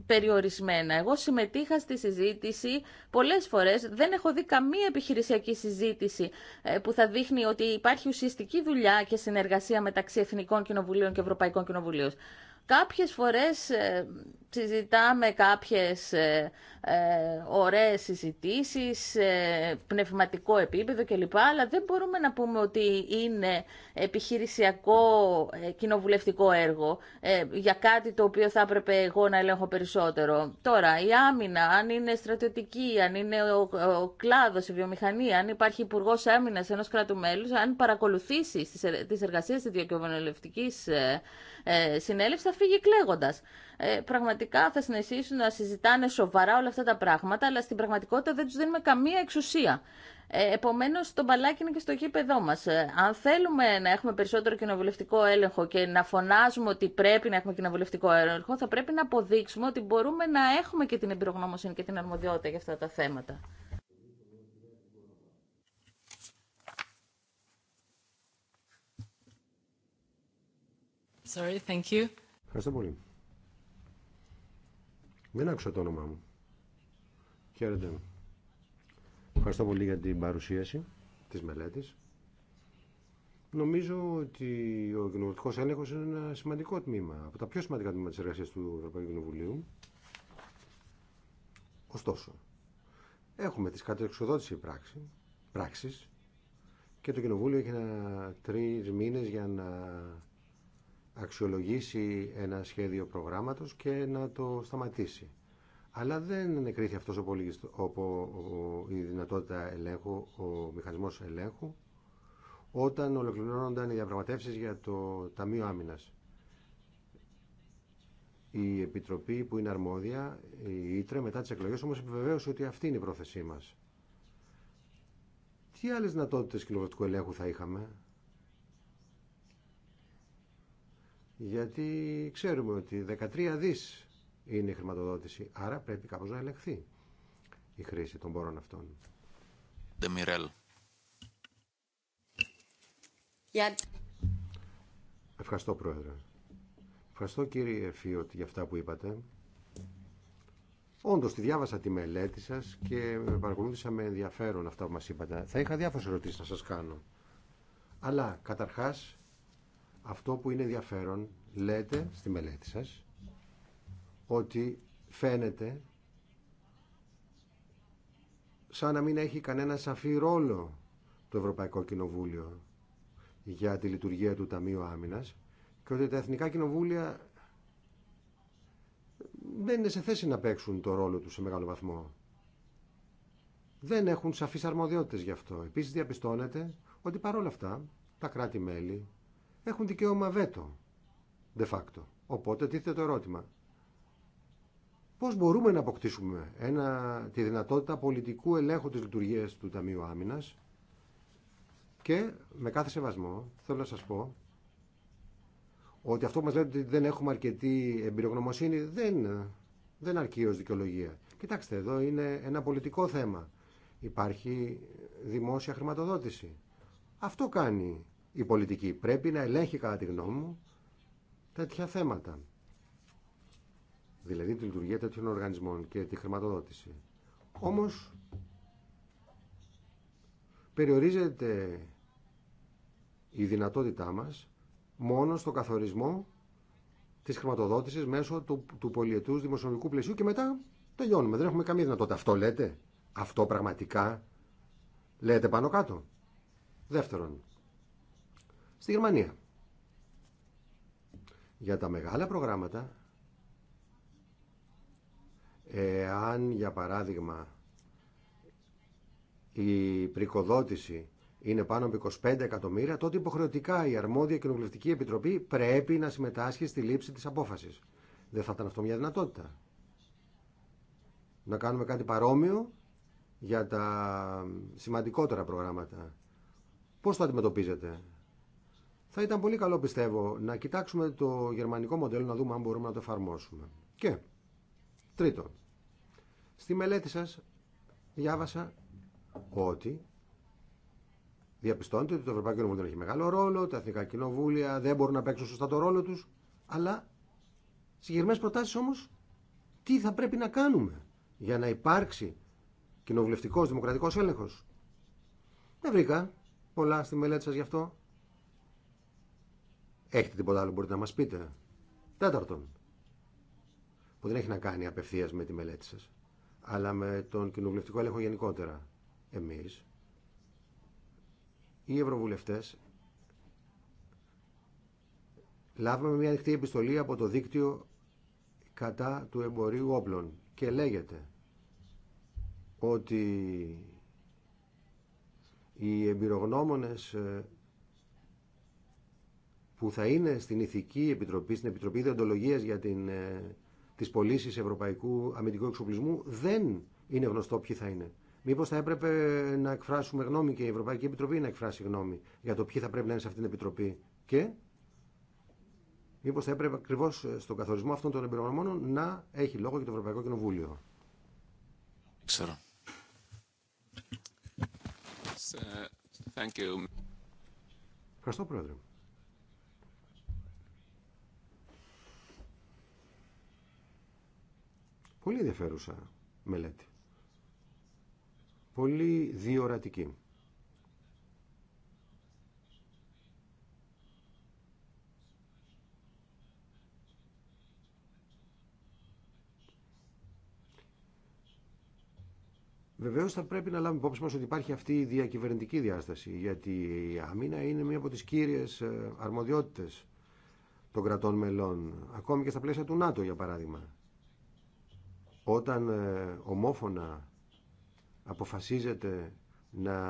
περιορισμένα. Εγώ συμμετείχα στη συζήτηση πολλές φορές. Δεν έχω δει καμία επιχειρησιακή συζήτηση ε, που θα δείχνει ότι υπάρχει ουσιαστική δουλειά και συνεργασία μεταξύ Εθνικών Κοινοβουλίων και Ευρωπαϊκών Κοινοβουλίων. Κάποιες φορές ε, συζητάμε κάποιες ε, ε ωραίες συζητήσεις, πνευματικό επίπεδο κλπ. Αλλά δεν μπορούμε να πούμε ότι είναι επιχειρησιακό ε, κοινοβουλευτικό έργο για κάτι το οποίο θα έπρεπε εγώ να ελέγχω περισσότερο. Τώρα, η άμυνα, αν είναι στρατιωτική, αν είναι ο, κλάδος, η βιομηχανία, αν υπάρχει υπουργό άμυνας ενός κράτου μέλους, αν παρακολουθήσει τις, εργασίες της ε, ε, συνέλευση θα φύγει κλαίγοντα. Ε, πραγματικά θα συνεχίσουν να συζητάνε σοβαρά όλα αυτά τα πράγματα, αλλά στην πραγματικότητα δεν του δίνουμε καμία εξουσία. Ε, Επομένω, το μπαλάκι είναι και στο γήπεδό μα. Ε, αν θέλουμε να έχουμε περισσότερο κοινοβουλευτικό έλεγχο και να φωνάζουμε ότι πρέπει να έχουμε κοινοβουλευτικό έλεγχο, θα πρέπει να αποδείξουμε ότι μπορούμε να έχουμε και την εμπειρογνώμοσύνη και την αρμοδιότητα για αυτά τα θέματα. Sorry, thank you. Ευχαριστώ πολύ. Δεν άκουσα το όνομά μου. Χαίρετε. Ευχαριστώ πολύ για την παρουσίαση της μελέτης. Νομίζω ότι ο κοινοβουλευτικό έλεγχο είναι ένα σημαντικό τμήμα, από τα πιο σημαντικά τμήματα τη εργασία του Ευρωπαϊκού Κοινοβουλίου. Ωστόσο, έχουμε τι κατεξοδότησε πράξει και το Κοινοβούλιο έχει τρει μήνε για να αξιολογήσει ένα σχέδιο προγράμματος και να το σταματήσει. Αλλά δεν ενεκρίθη αυτός ο, η δυνατότητα ελέγχου, ο μηχανισμός ελέγχου, όταν ολοκληρώνονταν οι διαπραγματεύσεις για το Ταμείο Άμυνας. Η Επιτροπή που είναι αρμόδια, η Ήτρε, μετά τις εκλογές όμως επιβεβαίωσε ότι αυτή είναι η πρόθεσή μας. Τι άλλες δυνατότητες κοινοβουλευτικού ελέγχου θα είχαμε, γιατί ξέρουμε ότι 13 δις είναι η χρηματοδότηση, άρα πρέπει κάπως να ελεγχθεί η χρήση των πόρων αυτών. Ευχαριστώ, Πρόεδρε. Ευχαριστώ, κύριε Φίωτ, για αυτά που είπατε. Όντω, τη διάβασα τη μελέτη σα και παρακολούθησα με ενδιαφέρον αυτά που μα είπατε. Θα είχα διάφορε ερωτήσει να σα κάνω. Αλλά, καταρχά, αυτό που είναι ενδιαφέρον, λέτε στη μελέτη σας, ότι φαίνεται σαν να μην έχει κανένα σαφή ρόλο το Ευρωπαϊκό Κοινοβούλιο για τη λειτουργία του Ταμείου Άμυνας και ότι τα Εθνικά Κοινοβούλια δεν είναι σε θέση να παίξουν το ρόλο τους σε μεγάλο βαθμό. Δεν έχουν σαφείς αρμοδιότητες γι' αυτό. Επίσης διαπιστώνεται ότι παρόλα αυτά τα κράτη-μέλη έχουν δικαίωμα βέτο, de facto. Οπότε τίθεται το ερώτημα. Πώς μπορούμε να αποκτήσουμε ένα, τη δυνατότητα πολιτικού ελέγχου της λειτουργίας του Ταμείου Άμυνας και με κάθε σεβασμό θέλω να σας πω ότι αυτό που μας λέτε ότι δεν έχουμε αρκετή εμπειρογνωμοσύνη δεν, δεν αρκεί ως δικαιολογία. Κοιτάξτε, εδώ είναι ένα πολιτικό θέμα. Υπάρχει δημόσια χρηματοδότηση. Αυτό κάνει η πολιτική. Πρέπει να ελέγχει κατά τη γνώμη μου τέτοια θέματα. Δηλαδή τη λειτουργία τέτοιων οργανισμών και τη χρηματοδότηση. Όμως περιορίζεται η δυνατότητά μας μόνο στο καθορισμό της χρηματοδότησης μέσω του, του πολιετούς δημοσιονομικού πλαισίου και μετά τελειώνουμε. Δεν έχουμε καμία δυνατότητα. Αυτό λέτε. Αυτό πραγματικά λέτε πάνω κάτω. Δεύτερον, στη Γερμανία. Για τα μεγάλα προγράμματα, εάν για παράδειγμα η πρικοδότηση είναι πάνω από 25 εκατομμύρια, τότε υποχρεωτικά η αρμόδια κοινοβουλευτική επιτροπή πρέπει να συμμετάσχει στη λήψη της απόφασης. Δεν θα ήταν αυτό μια δυνατότητα. Να κάνουμε κάτι παρόμοιο για τα σημαντικότερα προγράμματα. Πώς το αντιμετωπίζετε θα ήταν πολύ καλό πιστεύω να κοιτάξουμε το γερμανικό μοντέλο να δούμε αν μπορούμε να το εφαρμόσουμε. Και τρίτον, στη μελέτη σας διάβασα ότι διαπιστώνετε ότι το Ευρωπαϊκό Κοινοβούλιο δεν έχει μεγάλο ρόλο, τα εθνικά κοινοβούλια δεν μπορούν να παίξουν σωστά το ρόλο τους, αλλά συγκεκριμένες προτάσεις όμως τι θα πρέπει να κάνουμε για να υπάρξει κοινοβουλευτικός δημοκρατικός έλεγχος. Δεν βρήκα πολλά στη μελέτη σας γι' αυτό. Έχετε τίποτα άλλο μπορείτε να μας πείτε. Τέταρτον, που δεν έχει να κάνει απευθείας με τη μελέτη σας, αλλά με τον κοινοβουλευτικό έλεγχο γενικότερα. Εμείς, οι ευρωβουλευτές, λάβαμε μια ανοιχτή επιστολή από το δίκτυο κατά του εμπορίου όπλων και λέγεται ότι οι εμπειρογνώμονες ε, που θα είναι στην Ηθική Επιτροπή, στην Επιτροπή Διοντολογίας για την, ε, τις πωλήσει Ευρωπαϊκού Αμυντικού Εξοπλισμού, δεν είναι γνωστό ποιοι θα είναι. Μήπω θα έπρεπε να εκφράσουμε γνώμη και η Ευρωπαϊκή Επιτροπή να εκφράσει γνώμη για το ποιοι θα πρέπει να είναι σε αυτήν την Επιτροπή. Και μήπω θα έπρεπε ακριβώ στον καθορισμό αυτών των εμπειρογνωμόνων να έχει λόγο και το Ευρωπαϊκό Κοινοβούλιο. Ξέρω. Ευχαριστώ, Πρόεδρε. Πολύ ενδιαφέρουσα μελέτη. Πολύ διορατική. Βεβαίως θα πρέπει να λάβουμε υπόψη μας ότι υπάρχει αυτή η διακυβερνητική διάσταση, γιατί η άμυνα είναι μία από τις κύριες ε, αρμοδιότητες των κρατών μελών, ακόμη και στα πλαίσια του ΝΑΤΟ, για παράδειγμα. Όταν ε, ομόφωνα αποφασίζεται να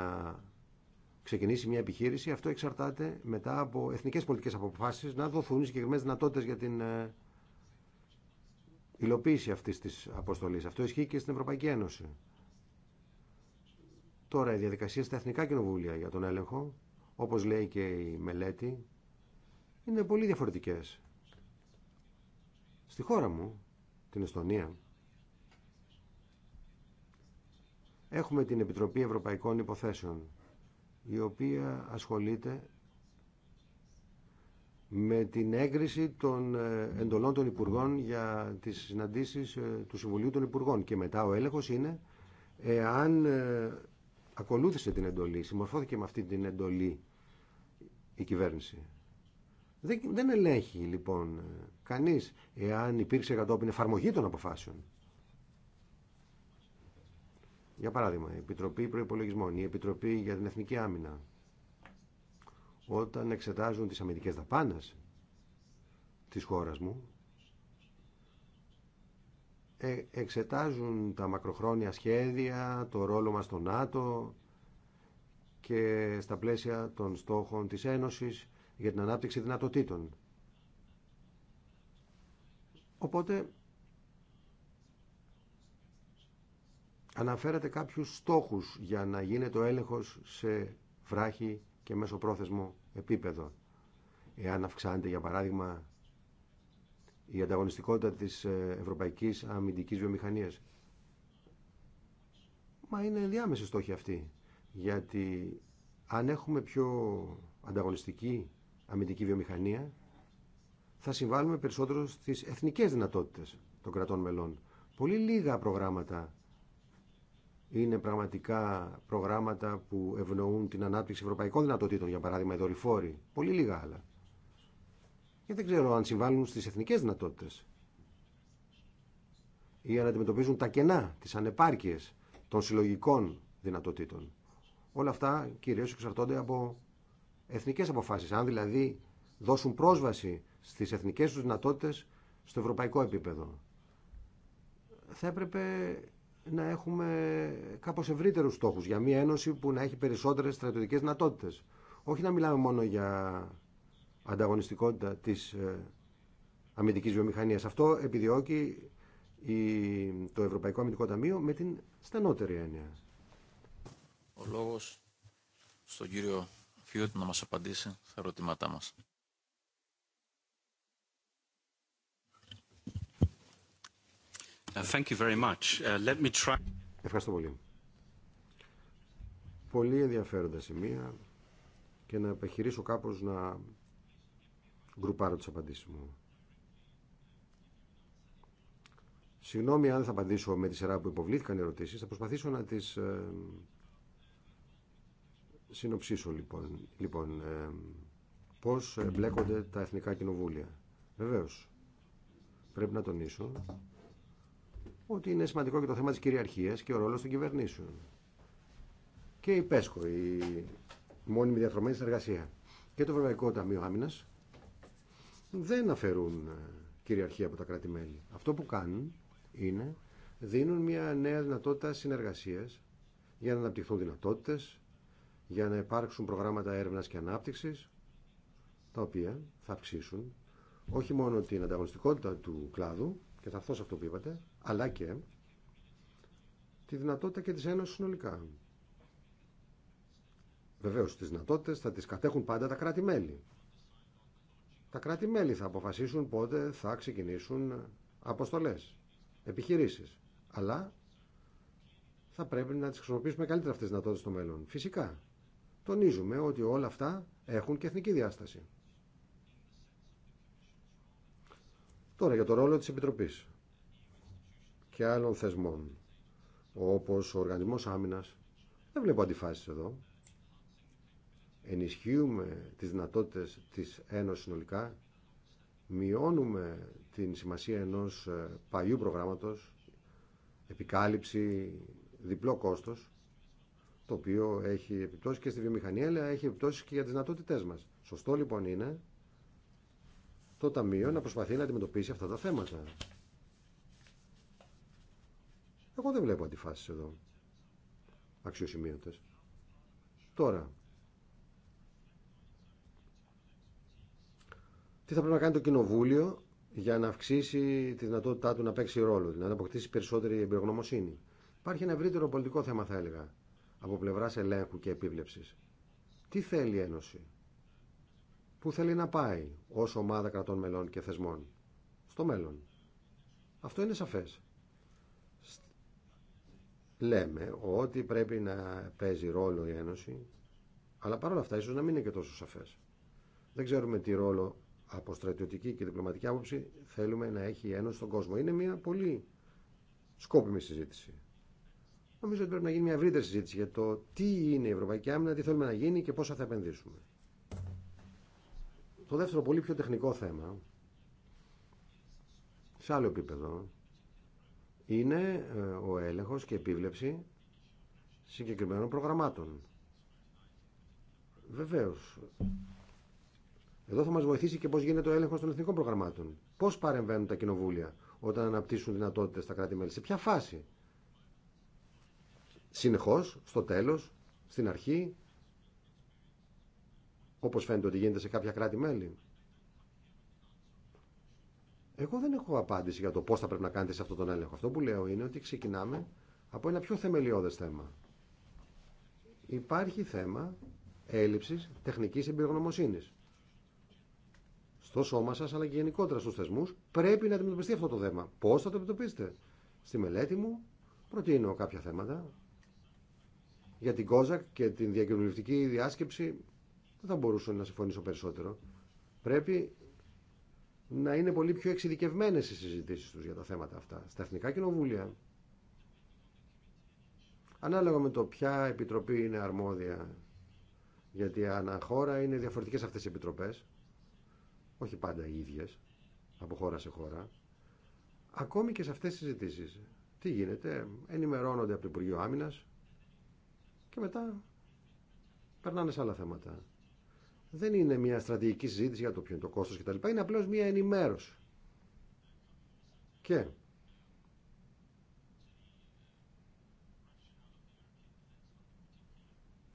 ξεκινήσει μια επιχείρηση, αυτό εξαρτάται μετά από εθνικές πολιτικές αποφάσεις να δοθούν συγκεκριμένες δυνατότητες για την ε, υλοποίηση αυτής της αποστολής. Αυτό ισχύει και στην Ευρωπαϊκή Ένωση. Τώρα η διαδικασία στα εθνικά κοινοβούλια για τον έλεγχο, όπως λέει και η μελέτη, είναι πολύ διαφορετικές. Στη χώρα μου, την Εστονία, Έχουμε την Επιτροπή Ευρωπαϊκών Υποθέσεων, η οποία ασχολείται με την έγκριση των ε, εντολών των Υπουργών για τις συναντήσεις ε, του Συμβουλίου των Υπουργών. Και μετά ο έλεγχος είναι εάν ε, ακολούθησε την εντολή, συμμορφώθηκε με αυτή την εντολή η κυβέρνηση. Δεν, ελέγχει λοιπόν κανείς εάν υπήρξε κατόπιν εφαρμογή των αποφάσεων. Για παράδειγμα, η Επιτροπή Προπολογισμών, η Επιτροπή για την Εθνική Άμυνα, όταν εξετάζουν τις αμυντικές δαπάνες της χώρας μου, ε, εξετάζουν τα μακροχρόνια σχέδια, το ρόλο μας στο ΝΑΤΟ και στα πλαίσια των στόχων της Ένωσης για την ανάπτυξη δυνατοτήτων. Οπότε αναφέρατε κάποιους στόχους για να γίνεται ο έλεγχος σε βράχη και πρόθεσμο επίπεδο. Εάν αυξάνεται, για παράδειγμα, η ανταγωνιστικότητα της ε, ευρωπαϊκής αμυντικής βιομηχανίας. Μα είναι διάμεση στόχη αυτή, γιατί αν έχουμε πιο ανταγωνιστική αμυντική βιομηχανία, θα συμβάλλουμε περισσότερο στις εθνικές δυνατότητες των κρατών μελών. Πολύ λίγα προγράμματα είναι πραγματικά προγράμματα που ευνοούν την ανάπτυξη ευρωπαϊκών δυνατοτήτων, για παράδειγμα οι δορυφόροι. Πολύ λίγα άλλα. Και δεν ξέρω αν συμβάλλουν στις εθνικές δυνατότητες ή αν αντιμετωπίζουν τα κενά, τις ανεπάρκειες των συλλογικών δυνατοτήτων. Όλα αυτά κυρίως εξαρτώνται από εθνικές αποφάσεις. Αν δηλαδή δώσουν πρόσβαση στις εθνικές τους δυνατότητες στο ευρωπαϊκό επίπεδο. Θα έπρεπε να έχουμε κάπω ευρύτερου στόχου για μια ένωση που να έχει περισσότερε στρατιωτικέ δυνατότητε. Όχι να μιλάμε μόνο για ανταγωνιστικότητα της ε, αμυντικής βιομηχανίας. Αυτό επιδιώκει το Ευρωπαϊκό Αμυντικό Ταμείο με την στενότερη έννοια. Ο λόγος στον κύριο να μας απαντήσει στα ερωτήματά μας. Thank uh, Ευχαριστώ πολύ. Πολύ ενδιαφέροντα σημεία και να επιχειρήσω κάπως να γκρουπάρω τις απαντήσεις μου. Συγγνώμη αν θα απαντήσω με τη σειρά που υποβλήθηκαν οι ερωτήσεις. Θα προσπαθήσω να τις ε, συνοψίσω λοιπόν. Λοιπόν, ε, πώς μπλέκονται τα εθνικά κοινοβούλια. Βεβαίως, πρέπει να τονίσω ότι είναι σημαντικό και το θέμα της κυριαρχίας και ο ρόλος των κυβερνήσεων. Και η ΠΕΣΚΟ, η μόνιμη Διατρομένη συνεργασία και το Ευρωπαϊκό Ταμείο Άμυνας δεν αφαιρούν ε, κυριαρχία από τα κράτη-μέλη. Αυτό που κάνουν είναι δίνουν μια νέα δυνατότητα συνεργασίας για να αναπτυχθούν δυνατότητες, για να υπάρξουν προγράμματα έρευνας και ανάπτυξης, τα οποία θα αυξήσουν όχι μόνο την ανταγωνιστικότητα του κλάδου, και θα αυτό αυτό που είπατε, αλλά και τη δυνατότητα και τη Ένωση συνολικά. Βεβαίως, τι δυνατότητε, θα τις κατέχουν πάντα τα κράτη-μέλη. Τα κράτη-μέλη θα αποφασίσουν πότε θα ξεκινήσουν αποστολές, επιχειρήσεις. Αλλά θα πρέπει να τις χρησιμοποιήσουμε καλύτερα αυτές τι δυνατότητε στο μέλλον. Φυσικά, τονίζουμε ότι όλα αυτά έχουν και εθνική διάσταση. Τώρα για το ρόλο της Επιτροπής και άλλων θεσμών, όπως ο Οργανισμός Άμυνας, δεν βλέπω αντιφάσεις εδώ. Ενισχύουμε τις δυνατότητες της Ένωσης συνολικά, μειώνουμε την σημασία ενός ε, παλιού προγράμματος, επικάλυψη, διπλό κόστος, το οποίο έχει επιπτώσει και στη βιομηχανία, αλλά έχει επιπτώσει και για τις δυνατότητές μας. Σωστό λοιπόν είναι το Ταμείο να προσπαθεί να αντιμετωπίσει αυτά τα θέματα. Εγώ δεν βλέπω αντιφάσεις εδώ. Αξιοσημείωτες. Τώρα, τι θα πρέπει να κάνει το Κοινοβούλιο για να αυξήσει τη δυνατότητά του να παίξει ρόλο, δηλαδή να αποκτήσει περισσότερη εμπειρογνωμοσύνη. Υπάρχει ένα ευρύτερο πολιτικό θέμα, θα έλεγα, από πλευρά ελέγχου και επίβλεψη. Τι θέλει η Ένωση, που θέλει να πάει ω ομάδα κρατών μελών και θεσμών στο μέλλον. Αυτό είναι σαφές. Λέμε ότι πρέπει να παίζει ρόλο η Ένωση, αλλά παρόλα αυτά ίσω να μην είναι και τόσο σαφές. Δεν ξέρουμε τι ρόλο από στρατιωτική και διπλωματική άποψη θέλουμε να έχει η Ένωση στον κόσμο. Είναι μια πολύ σκόπιμη συζήτηση. Νομίζω ότι πρέπει να γίνει μια ευρύτερη συζήτηση για το τι είναι η Ευρωπαϊκή Άμυνα, τι θέλουμε να γίνει και πόσα θα επενδύσουμε. Το δεύτερο πολύ πιο τεχνικό θέμα, σε άλλο επίπεδο, είναι ε, ο έλεγχος και επίβλεψη συγκεκριμένων προγραμμάτων. Βεβαίως. Εδώ θα μας βοηθήσει και πώς γίνεται ο έλεγχος των εθνικών προγραμμάτων. Πώς παρεμβαίνουν τα κοινοβούλια όταν αναπτύσσουν δυνατότητες στα κράτη-μέλη. Σε ποια φάση. Συνεχώς, στο τέλος, στην αρχή, όπως φαίνεται ότι γίνεται σε κάποια κράτη-μέλη. Εγώ δεν έχω απάντηση για το πώς θα πρέπει να κάνετε σε αυτόν τον έλεγχο. Αυτό που λέω είναι ότι ξεκινάμε από ένα πιο θεμελιώδες θέμα. Υπάρχει θέμα έλλειψης τεχνικής εμπειρογνωμοσύνης. Στο σώμα σας αλλά και γενικότερα στους θεσμούς πρέπει να αντιμετωπιστεί αυτό το θέμα. Πώς θα το αντιμετωπίσετε. Στη μελέτη μου προτείνω κάποια θέματα για την Κόζακ και την διακοινωνιστική διάσκεψη δεν θα μπορούσα να συμφωνήσω περισσότερο. Πρέπει να είναι πολύ πιο εξειδικευμένε οι συζητήσει του για τα θέματα αυτά στα εθνικά κοινοβούλια. Ανάλογα με το ποια επιτροπή είναι αρμόδια, γιατί ανά χώρα είναι διαφορετικές αυτές οι επιτροπές, όχι πάντα οι ίδιες, από χώρα σε χώρα, ακόμη και σε αυτές τι συζητήσει. Τι γίνεται, ενημερώνονται από το Υπουργείο Άμυνας και μετά περνάνε σε άλλα θέματα δεν είναι μια στρατηγική συζήτηση για το ποιο είναι το κόστος κτλ. Είναι απλώς μια ενημέρωση. Και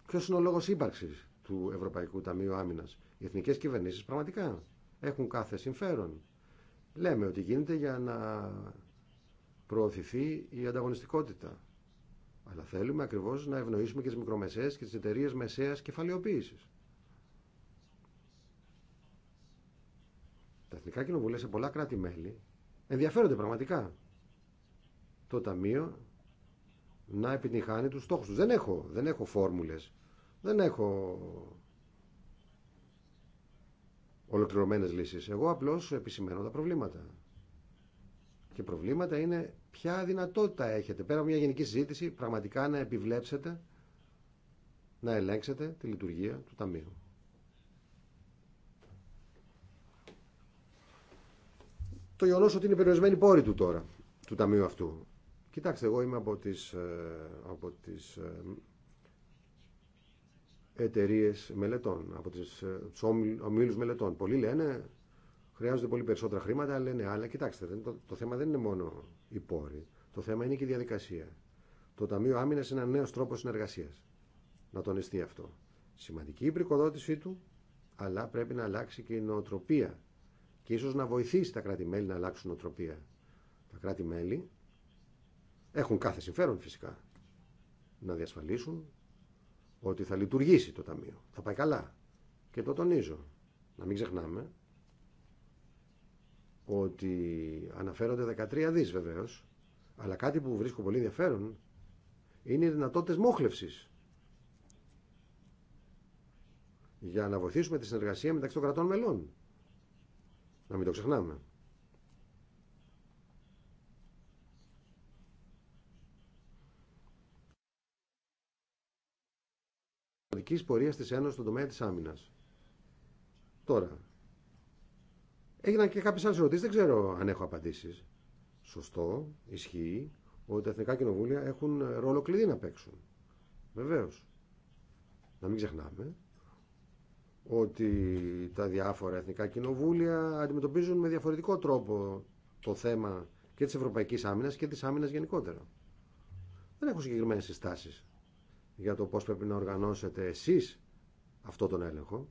ποιος είναι ο λόγος ύπαρξης του Ευρωπαϊκού Ταμείου Άμυνας. Οι εθνικές κυβερνήσεις πραγματικά έχουν κάθε συμφέρον. Λέμε ότι γίνεται για να προωθηθεί η ανταγωνιστικότητα. Αλλά θέλουμε ακριβώς να ευνοήσουμε και τις μικρομεσαίες και τις εταιρείε μεσαίας κεφαλαιοποίησης. εθνικά κοινοβούλια σε πολλά κράτη-μέλη ενδιαφέρονται πραγματικά το Ταμείο να επιτυγχάνει τους στόχους του. Δεν έχω, δεν έχω φόρμουλες, δεν έχω ολοκληρωμένες λύσεις. Εγώ απλώς επισημαίνω τα προβλήματα. Και προβλήματα είναι ποια δυνατότητα έχετε. Πέρα από μια γενική συζήτηση, πραγματικά να επιβλέψετε, να ελέγξετε τη λειτουργία του Ταμείου. το γεγονό ότι είναι περιορισμένη πόροι του τώρα, του ταμείου αυτού. Κοιτάξτε, εγώ είμαι από τις, ε, από τις ε, εταιρείε μελετών, από τις, ε, τους ομίλους μελετών. Πολλοί λένε, χρειάζονται πολύ περισσότερα χρήματα, λένε, αλλά κοιτάξτε, το, το θέμα δεν είναι μόνο η πόρη. το θέμα είναι και η διαδικασία. Το Ταμείο Άμυνας είναι ένα νέος τρόπος συνεργασίας. Να τονιστεί αυτό. Σημαντική η πρικοδότησή του, αλλά πρέπει να αλλάξει και η νοοτροπία και ίσως να βοηθήσει τα κράτη-μέλη να αλλάξουν νοοτροπία. Τα κράτη-μέλη έχουν κάθε συμφέρον φυσικά να διασφαλίσουν ότι θα λειτουργήσει το Ταμείο. Θα πάει καλά. Και το τονίζω. Να μην ξεχνάμε ότι αναφέρονται 13 δις βεβαίως, αλλά κάτι που βρίσκω πολύ ενδιαφέρον είναι οι δυνατότητες μόχλευσης για να βοηθήσουμε τη συνεργασία μεταξύ των κρατών μελών. Να μην το ξεχνάμε. Πολιτική πορεία τη Ένωση στον τομέα τη άμυνα. Τώρα. Έγιναν και κάποιε άλλες ερωτήσει, δεν ξέρω αν έχω απαντήσει. Σωστό, ισχύει ότι τα εθνικά κοινοβούλια έχουν ρόλο κλειδί να παίξουν. Βεβαίω. Να μην ξεχνάμε ότι τα διάφορα εθνικά κοινοβούλια αντιμετωπίζουν με διαφορετικό τρόπο το θέμα και της Ευρωπαϊκής Άμυνας και της Άμυνας γενικότερα. Δεν έχω συγκεκριμένες συστάσεις για το πώς πρέπει να οργανώσετε εσείς αυτό τον έλεγχο.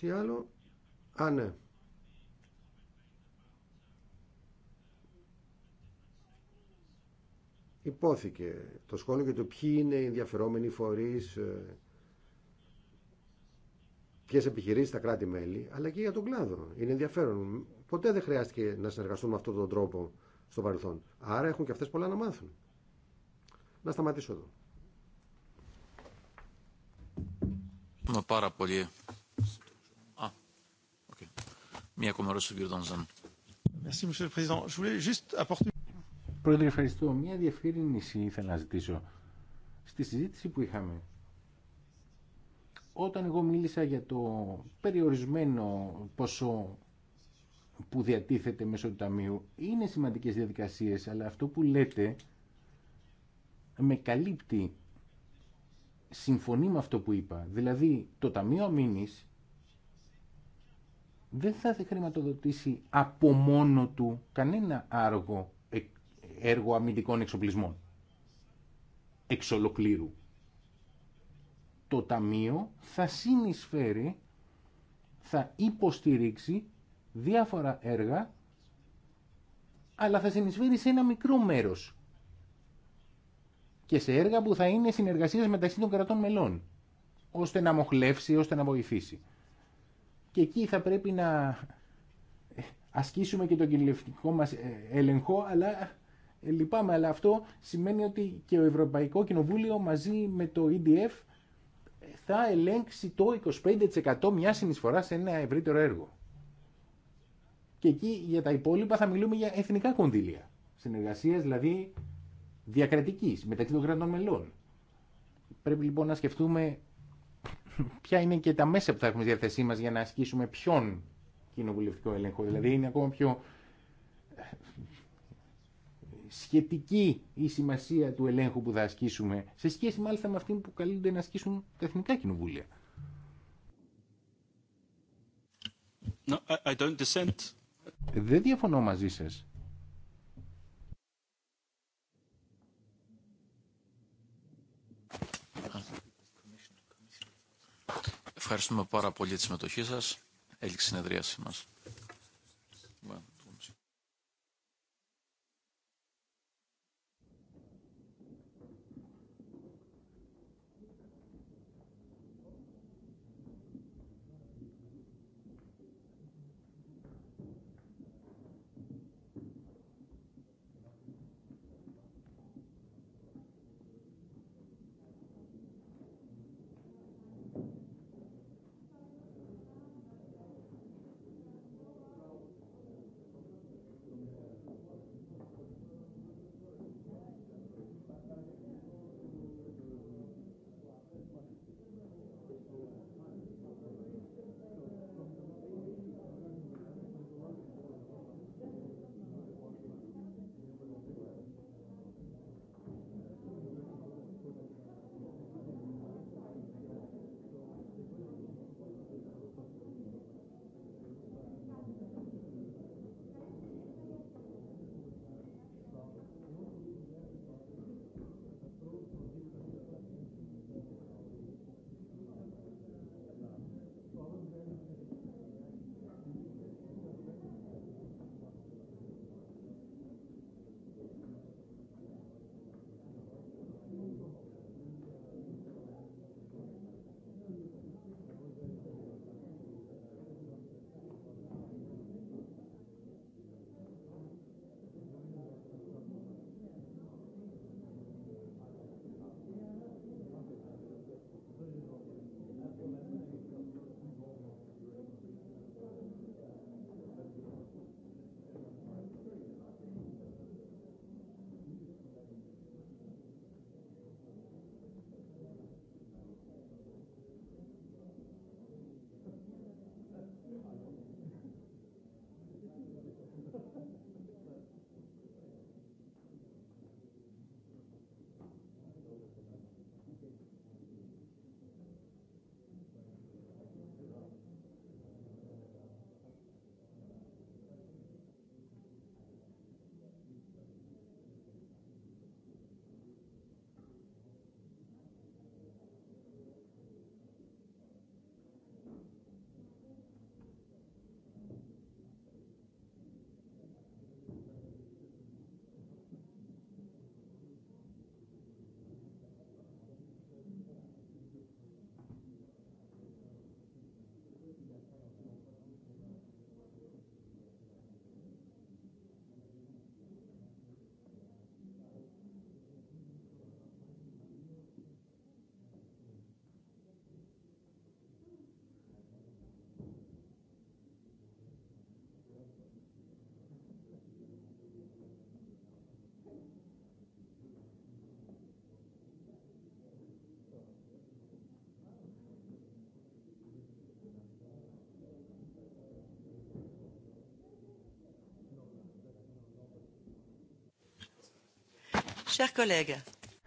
Τι άλλο. Α, ναι. υπόθηκε το σχόλιο για το ποιοι είναι οι ενδιαφερόμενοι φορεί ε, ποιε επιχειρήσει τα κράτη-μέλη, αλλά και για τον κλάδο. Είναι ενδιαφέρον. Ποτέ δεν χρειάστηκε να συνεργαστούν με αυτόν τον τρόπο στο παρελθόν. Άρα έχουν και αυτές πολλά να μάθουν. Να σταματήσω εδώ. Μα πάρα πολύ. Μία ακόμα Πρόεδρε, ευχαριστώ. Μία διευκρίνηση ήθελα να ζητήσω. Στη συζήτηση που είχαμε, όταν εγώ μίλησα για το περιορισμένο ποσό που διατίθεται μέσω του Ταμείου, είναι σημαντικές διαδικασίες, αλλά αυτό που λέτε με καλύπτει, συμφωνεί με αυτό που είπα. Δηλαδή, το Ταμείο Αμήνης δεν θα χρηματοδοτήσει από μόνο του κανένα άργο έργο αμυντικών εξοπλισμών. Εξ ολοκλήρου. Το Ταμείο θα συνεισφέρει, θα υποστηρίξει διάφορα έργα, αλλά θα συνεισφέρει σε ένα μικρό μέρος και σε έργα που θα είναι συνεργασίες μεταξύ των κρατών μελών, ώστε να μοχλεύσει, ώστε να βοηθήσει. Και εκεί θα πρέπει να ε, ασκήσουμε και τον κοινωνικό μας ε, έλεγχο, αλλά ε, λυπάμαι, αλλά αυτό σημαίνει ότι και ο Ευρωπαϊκό Κοινοβούλιο μαζί με το EDF ε, θα ελέγξει το 25% μια συνεισφορά σε ένα ευρύτερο έργο. Και εκεί για τα υπόλοιπα θα μιλούμε για εθνικά κονδύλια. Συνεργασίες δηλαδή διακρατικής μεταξύ των κρατών μελών. Πρέπει λοιπόν να σκεφτούμε ποια είναι και τα μέσα που θα έχουμε στη διάθεσή μας για να ασκήσουμε ποιον κοινοβουλευτικό έλεγχο. Δηλαδή είναι ακόμα πιο σχετική η σημασία του ελέγχου που θα ασκήσουμε σε σχέση μάλιστα με αυτή που καλούνται να ασκήσουν τα εθνικά κοινοβούλια. No, I don't dissent. Δεν διαφωνώ μαζί σας. Ευχαριστούμε πάρα πολύ τη συμμετοχή σας. Έληξε συνεδρίαση μας.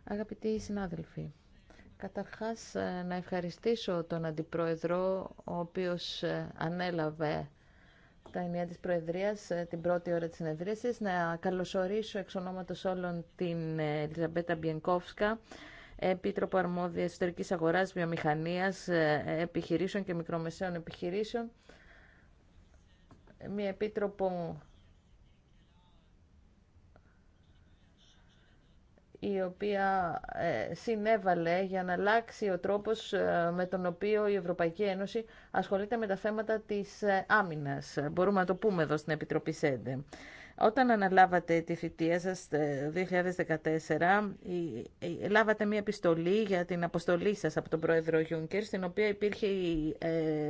Αγαπητοί συνάδελφοι, καταρχάς ε, να ευχαριστήσω τον Αντιπρόεδρο, ο οποίος ε, ανέλαβε τα ενία της Προεδρίας ε, την πρώτη ώρα της συνεδρίασης, να καλωσορίσω εξ ονόματος όλων την Ελισαμπέτα Μπιενκόφσκα, Επίτροπο Αρμόδια Εσωτερικής Αγοράς, Βιομηχανίας, Επιχειρήσεων και Μικρομεσαίων Επιχειρήσεων, μια Επίτροπο η οποία ε, συνέβαλε για να αλλάξει ο τρόπος ε, με τον οποίο η Ευρωπαϊκή Ένωση ασχολείται με τα θέματα της ε, άμυνας. Μπορούμε να το πούμε εδώ στην Επιτροπή ΣΕΝΤΕ. Όταν αναλάβατε τη θητεία σας το 2014, λάβατε μια επιστολή για την αποστολή σας από τον πρόεδρο Γιούνκερ, στην οποία υπήρχε η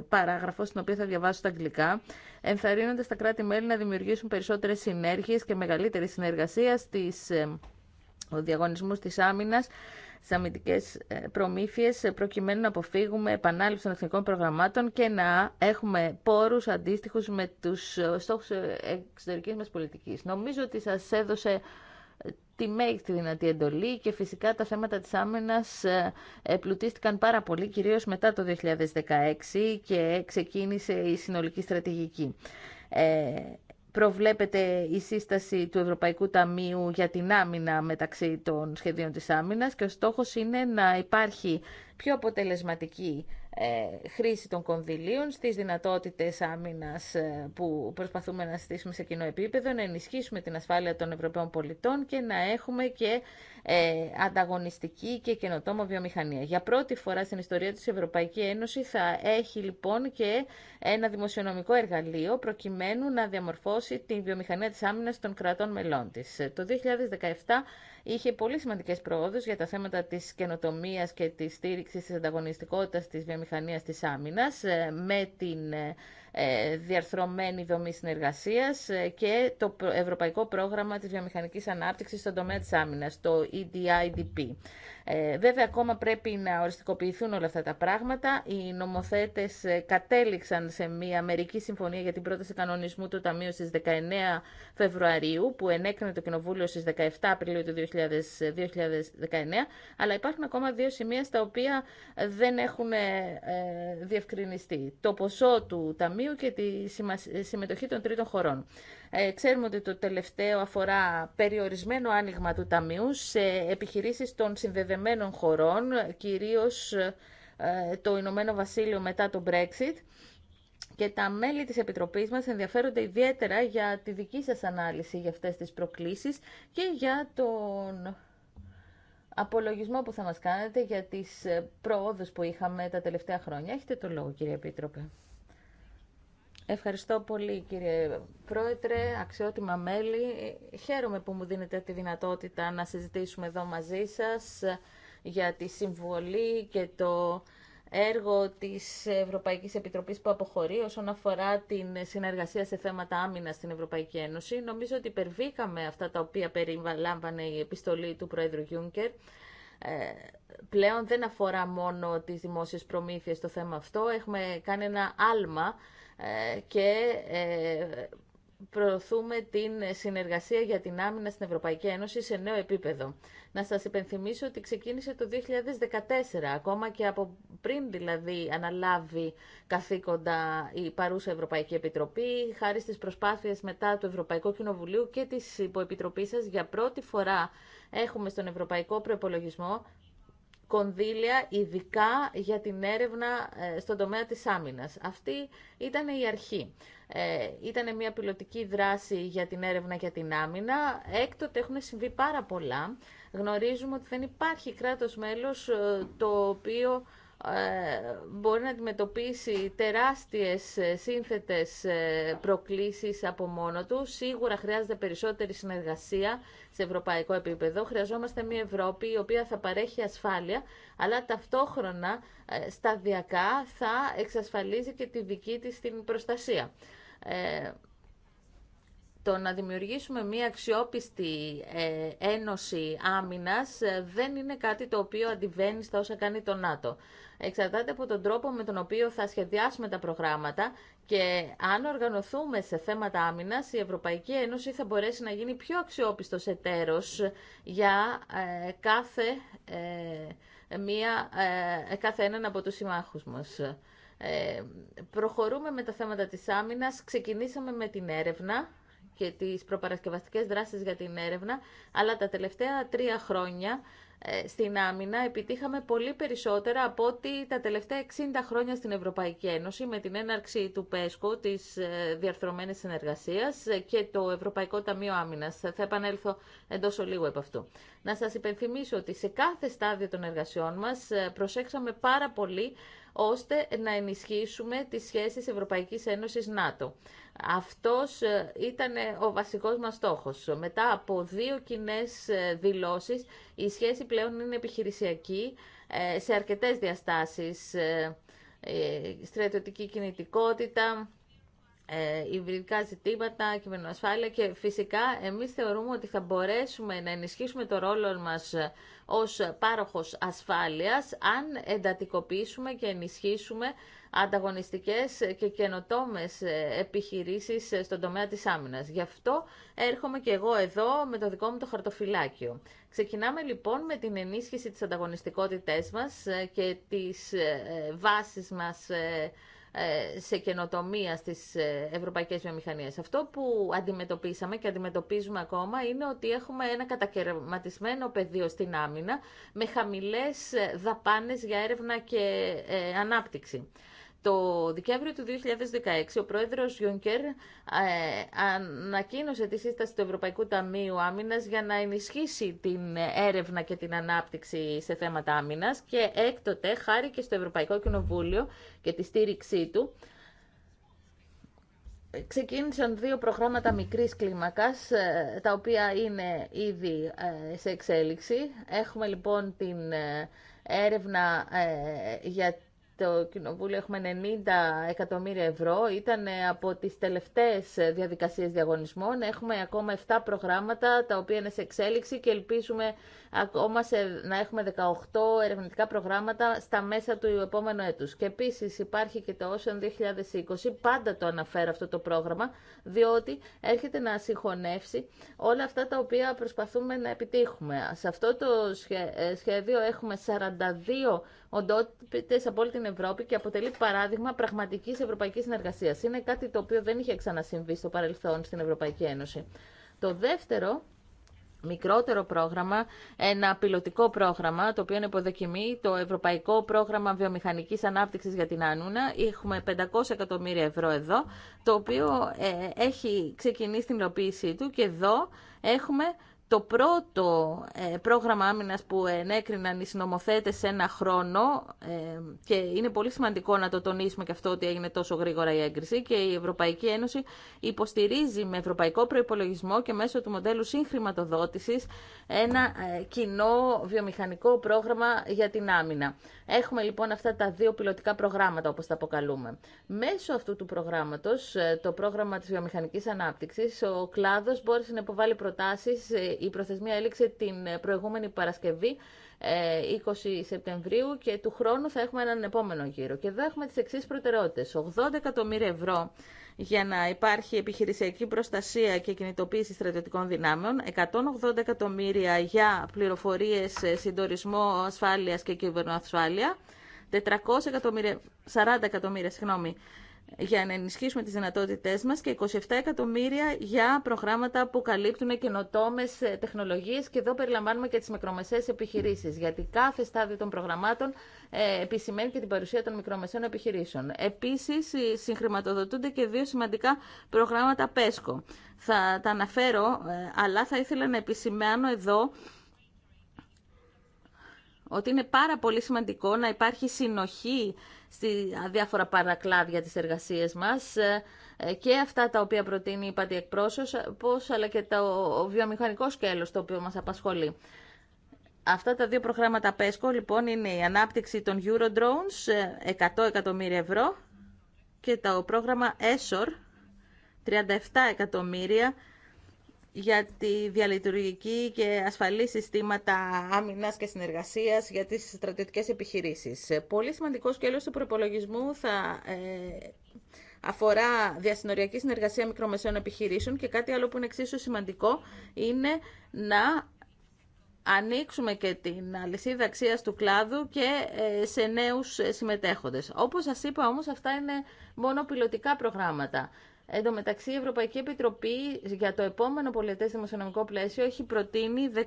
παράγραφος, στην οποία θα διαβάσω τα αγγλικά, ενθαρρύνοντας τα κράτη-μέλη να δημιουργήσουν περισσότερες συνέργειες και μεγαλύτερη συνεργασία στις ο διαγωνισμός της άμυνας στι αμυντικέ ε, προμήθειε, ε, προκειμένου να αποφύγουμε επανάληψη των εθνικών προγραμμάτων και να έχουμε πόρου αντίστοιχου με του ε, στόχου εξωτερική μα πολιτική. Νομίζω ότι σα έδωσε τη μέγιστη δυνατή εντολή και φυσικά τα θέματα της άμενας πλουτίστηκαν πάρα πολύ, κυρίως μετά το 2016 και ξεκίνησε η συνολική στρατηγική προβλέπεται η σύσταση του Ευρωπαϊκού Ταμείου για την άμυνα μεταξύ των σχεδίων της άμυνας και ο στόχος είναι να υπάρχει πιο αποτελεσματική ε, χρήση των κονδυλίων, στις δυνατότητες άμυνας ε, που προσπαθούμε να στήσουμε σε κοινό επίπεδο, να ενισχύσουμε την ασφάλεια των Ευρωπαίων πολιτών και να έχουμε και ε, ανταγωνιστική και καινοτόμο βιομηχανία. Για πρώτη φορά στην ιστορία της Ευρωπαϊκή Ένωση θα έχει λοιπόν και ένα δημοσιονομικό εργαλείο προκειμένου να διαμορφώσει την βιομηχανία της άμυνας των κρατών μελών της. Το 2017 είχε πολύ σημαντικές προόδους για τα θέματα της καινοτομίας και της στήριξη τη ανταγωνιστικότητας τη βιομηχανία βιομηχανίας της άμυνας ε, με την ε, ε, διαρθρωμένη δομή συνεργασίας και το Ευρωπαϊκό Πρόγραμμα της Βιομηχανικής Ανάπτυξης στον τομέα της άμυνας, το EDIDP. Ε, βέβαια, ακόμα πρέπει να οριστικοποιηθούν όλα αυτά τα πράγματα. Οι νομοθέτες ε, κατέληξαν σε μια μερική συμφωνία για την πρόταση κανονισμού του Ταμείου στις 19 Φεβρουαρίου, που ενέκρινε το Κοινοβούλιο στις 17 Απριλίου του 2019, αλλά υπάρχουν ακόμα δύο σημεία στα οποία δεν έχουν ε, ε, διευκρινιστεί. Το ποσό του Ταμείου και τη συμμετοχή των τρίτων χωρών. Ε, ξέρουμε ότι το τελευταίο αφορά περιορισμένο άνοιγμα του Ταμείου σε επιχειρήσεις των συνδεδεμένων χωρών, κυρίως ε, το Ηνωμένο Βασίλειο μετά το Brexit. Και τα μέλη της Επιτροπής μας ενδιαφέρονται ιδιαίτερα για τη δική σας ανάλυση για αυτές τις προκλήσεις και για τον απολογισμό που θα μας κάνετε για τις ε, προόδους που είχαμε τα τελευταία χρόνια. Έχετε το λόγο κύριε Επίτροπε. Ευχαριστώ πολύ κύριε Πρόεδρε, αξιότιμα μέλη. Χαίρομαι που μου δίνετε τη δυνατότητα να συζητήσουμε εδώ μαζί σας για τη συμβολή και το έργο της Ευρωπαϊκής Επιτροπής που αποχωρεί όσον αφορά την συνεργασία σε θέματα άμυνας στην Ευρωπαϊκή Ένωση. Νομίζω ότι υπερβήκαμε αυτά τα οποία περιλάμβανε η επιστολή του Πρόεδρου Γιούνκερ. Ε, πλέον δεν αφορά μόνο τις δημόσιες προμήθειες το θέμα αυτό. Έχουμε κάνει ένα άλμα ε, και ε, προωθούμε την συνεργασία για την άμυνα στην Ευρωπαϊκή Ένωση σε νέο επίπεδο. Να σας υπενθυμίσω ότι ξεκίνησε το 2014, ακόμα και από πριν δηλαδή αναλάβει καθήκοντα η παρούσα Ευρωπαϊκή Επιτροπή, χάρη στις προσπάθειες μετά του Ευρωπαϊκού Κοινοβουλίου και της υποεπιτροπής σας, για πρώτη φορά έχουμε στον Ευρωπαϊκό Προπολογισμό κονδύλια ειδικά για την έρευνα ε, στον τομέα της άμυνας. Αυτή ήταν η αρχή. Ε, ήταν μια πιλωτική δράση για την έρευνα και την άμυνα. Έκτοτε έχουν συμβεί πάρα πολλά. Γνωρίζουμε ότι δεν υπάρχει κράτος μέλος ε, το οποίο ε, μπορεί να αντιμετωπίσει τεράστιες ε, σύνθετες ε, προκλήσεις από μόνο του. Σίγουρα χρειάζεται περισσότερη συνεργασία σε ευρωπαϊκό επίπεδο. Χρειαζόμαστε μια Ευρώπη η οποία θα παρέχει ασφάλεια, αλλά ταυτόχρονα σταδιακά θα εξασφαλίζει και τη δική της την προστασία το να δημιουργήσουμε μία αξιόπιστη ε, ένωση άμυνας ε, δεν είναι κάτι το οποίο αντιβαίνει στα όσα κάνει το ΝΑΤΟ. Εξαρτάται από τον τρόπο με τον οποίο θα σχεδιάσουμε τα προγράμματα και αν οργανωθούμε σε θέματα άμυνας, η Ευρωπαϊκή Ένωση θα μπορέσει να γίνει πιο αξιόπιστος εταίρος για ε, κάθε, μία, κάθε έναν από τους συμμάχους μας. προχωρούμε με τα θέματα της άμυνας, ξεκινήσαμε με την έρευνα, και τις προπαρασκευαστικές δράσεις για την έρευνα, αλλά τα τελευταία τρία χρόνια ε, στην άμυνα επιτύχαμε πολύ περισσότερα από ότι τα τελευταία 60 χρόνια στην Ευρωπαϊκή Ένωση με την έναρξη του ΠΕΣΚΟ, της ε, διαρθρωμένης συνεργασίας ε, και το Ευρωπαϊκό Ταμείο Άμυνας. Θα επανέλθω εντός ολίγου από αυτού. Να σας υπενθυμίσω ότι σε κάθε στάδιο των εργασιών μας προσέξαμε πάρα πολύ ώστε να ενισχύσουμε τις σχέσεις Ευρωπαϊκής Ένωσης-ΝΑΤΟ. Αυτός ε, ήταν ε, ο βασικός μας στόχος. Μετά από δύο κοινέ ε, δηλώσεις, η σχέση πλέον είναι επιχειρησιακή σε αρκετές διαστάσεις. Στρατιωτική κινητικότητα, υβριδικά ζητήματα, ασφάλεια. και φυσικά εμείς θεωρούμε ότι θα μπορέσουμε να ενισχύσουμε το ρόλο μας ως πάροχος ασφάλειας αν εντατικοποιήσουμε και ενισχύσουμε ανταγωνιστικές και καινοτόμες ε, επιχειρήσεις ε, στον τομέα της άμυνας. Γι' αυτό έρχομαι και εγώ εδώ με το δικό μου το χαρτοφυλάκιο. Ξεκινάμε λοιπόν με την ενίσχυση της ανταγωνιστικότητές μας ε, και της βάσης μας σε καινοτομία στις ευρωπαϊκές βιομηχανίες. Αυτό που αντιμετωπίσαμε και αντιμετωπίζουμε ακόμα είναι ότι έχουμε ένα κατακαιρματισμένο πεδίο στην άμυνα με χαμηλές δαπάνες για έρευνα και ανάπτυξη. Το Δεκέμβριο του 2016 ο πρόεδρος Γιούνκερ ε, ανακοίνωσε τη σύσταση του Ευρωπαϊκού Ταμείου Άμυνας για να ενισχύσει την έρευνα και την ανάπτυξη σε θέματα άμυνας και έκτοτε χάρη και στο Ευρωπαϊκό Κοινοβούλιο και τη στήριξή του ξεκίνησαν δύο προγράμματα μικρής κλίμακας, ε, τα οποία είναι ήδη ε, σε εξέλιξη. Έχουμε λοιπόν την ε, έρευνα για το Κοινοβούλιο έχουμε 90 εκατομμύρια ευρώ. Ήταν ε, από τις τελευταίες ε, διαδικασίες διαγωνισμών. Έχουμε ακόμα 7 προγράμματα τα οποία είναι σε εξέλιξη και ελπίζουμε ακόμα σε, να έχουμε 18 ερευνητικά προγράμματα στα μέσα του επόμενου έτους. Και επίσης υπάρχει και το Ocean 2020, πάντα το αναφέρω αυτό το πρόγραμμα, διότι έρχεται να συγχωνεύσει όλα αυτά τα οποία προσπαθούμε να επιτύχουμε. Σε αυτό το ε, σχέδιο έχουμε 42 οντότητες από όλη την Ευρώπη και αποτελεί παράδειγμα πραγματική ευρωπαϊκής συνεργασίας. Είναι κάτι το οποίο δεν είχε ξανασυμβεί στο παρελθόν στην Ευρωπαϊκή Ένωση. Το δεύτερο μικρότερο πρόγραμμα, ένα πιλωτικό πρόγραμμα, το οποίο είναι υποδοκιμή, το Ευρωπαϊκό Πρόγραμμα Βιομηχανικής Ανάπτυξης για την Άνουνα. Έχουμε 500 εκατομμύρια ευρώ εδώ, το οποίο ε, έχει ξεκινήσει την υλοποίησή του και εδώ έχουμε το πρώτο ε, πρόγραμμα άμυνας που ενέκριναν οι συνομοθέτες σε ένα χρόνο ε, και είναι πολύ σημαντικό να το τονίσουμε και αυτό ότι έγινε τόσο γρήγορα η έγκριση και η Ευρωπαϊκή Ένωση υποστηρίζει με ευρωπαϊκό προϋπολογισμό και μέσω του μοντέλου συγχρηματοδότησης ένα ε, κοινό βιομηχανικό πρόγραμμα για την άμυνα. Έχουμε λοιπόν αυτά τα δύο πιλωτικά προγράμματα όπως τα αποκαλούμε. Μέσω αυτού του προγράμματος, το πρόγραμμα της βιομηχανικής ανάπτυξης, ο κλάδος μπόρεσε να υποβάλει προτάσεις η προθεσμία έληξε την ε, προηγούμενη Παρασκευή, 20 ε, Σεπτεμβρίου και του χρόνου θα έχουμε έναν επόμενο γύρο. Και εδώ έχουμε τις εξής προτεραιότητες. 80 εκατομμύρια ευρώ για να υπάρχει επιχειρησιακή προστασία και κινητοποίηση στρατιωτικών δυνάμεων, 180 εκατομμύρια για πληροφορίες, ε, συντορισμό ασφάλειας και κυβερνοασφάλεια, 400 εκατομμύρια, 40 εκατομμύρια, συγγνώμη, για να ενισχύσουμε τις δυνατότητές μας και 27 εκατομμύρια για προγράμματα που καλύπτουν καινοτόμε ε, τεχνολογίες και εδώ περιλαμβάνουμε και τις μικρομεσαίες επιχειρήσεις γιατί κάθε στάδιο των προγραμμάτων ε, επισημαίνει και την παρουσία των μικρομεσαίων επιχειρήσεων. Επίσης ε, συγχρηματοδοτούνται και δύο σημαντικά προγράμματα PESCO. Θα τα αναφέρω αλλά θα ήθελα να επισημάνω εδώ ότι είναι πάρα πολύ σημαντικό να υπάρχει συνοχή στη διάφορα παρακλάδια της εργασίας μας ε, και αυτά τα οποία προτείνει η Πατή Εκπρόσωπος, αλλά και το βιομηχανικό σκέλος το οποίο μας απασχολεί. Αυτά τα δύο προγράμματα ΠΕΣΚΟ λοιπόν είναι η ανάπτυξη των Eurodrones 100 ε, εκατομμύρια ευρώ και το πρόγραμμα ESOR 37 εκατομμύρια για τη διαλειτουργική και ασφαλή συστήματα άμυνας και συνεργασίας για τις στρατιωτικές επιχειρήσεις. Πολύ σημαντικό σκέλος του προπολογισμού θα ε, αφορά διασυνοριακή συνεργασία μικρομεσαίων επιχειρήσεων και κάτι άλλο που είναι εξίσου σημαντικό είναι να ανοίξουμε και την αλυσίδα αξία του κλάδου και ε, σε νέους συμμετέχοντες. Όπως σας είπα όμως αυτά είναι μόνο πιλωτικά προγράμματα. Εν τω μεταξύ, η Ευρωπαϊκή Επιτροπή για το επόμενο πολιτέ δημοσιονομικό πλαίσιο έχει προτείνει 13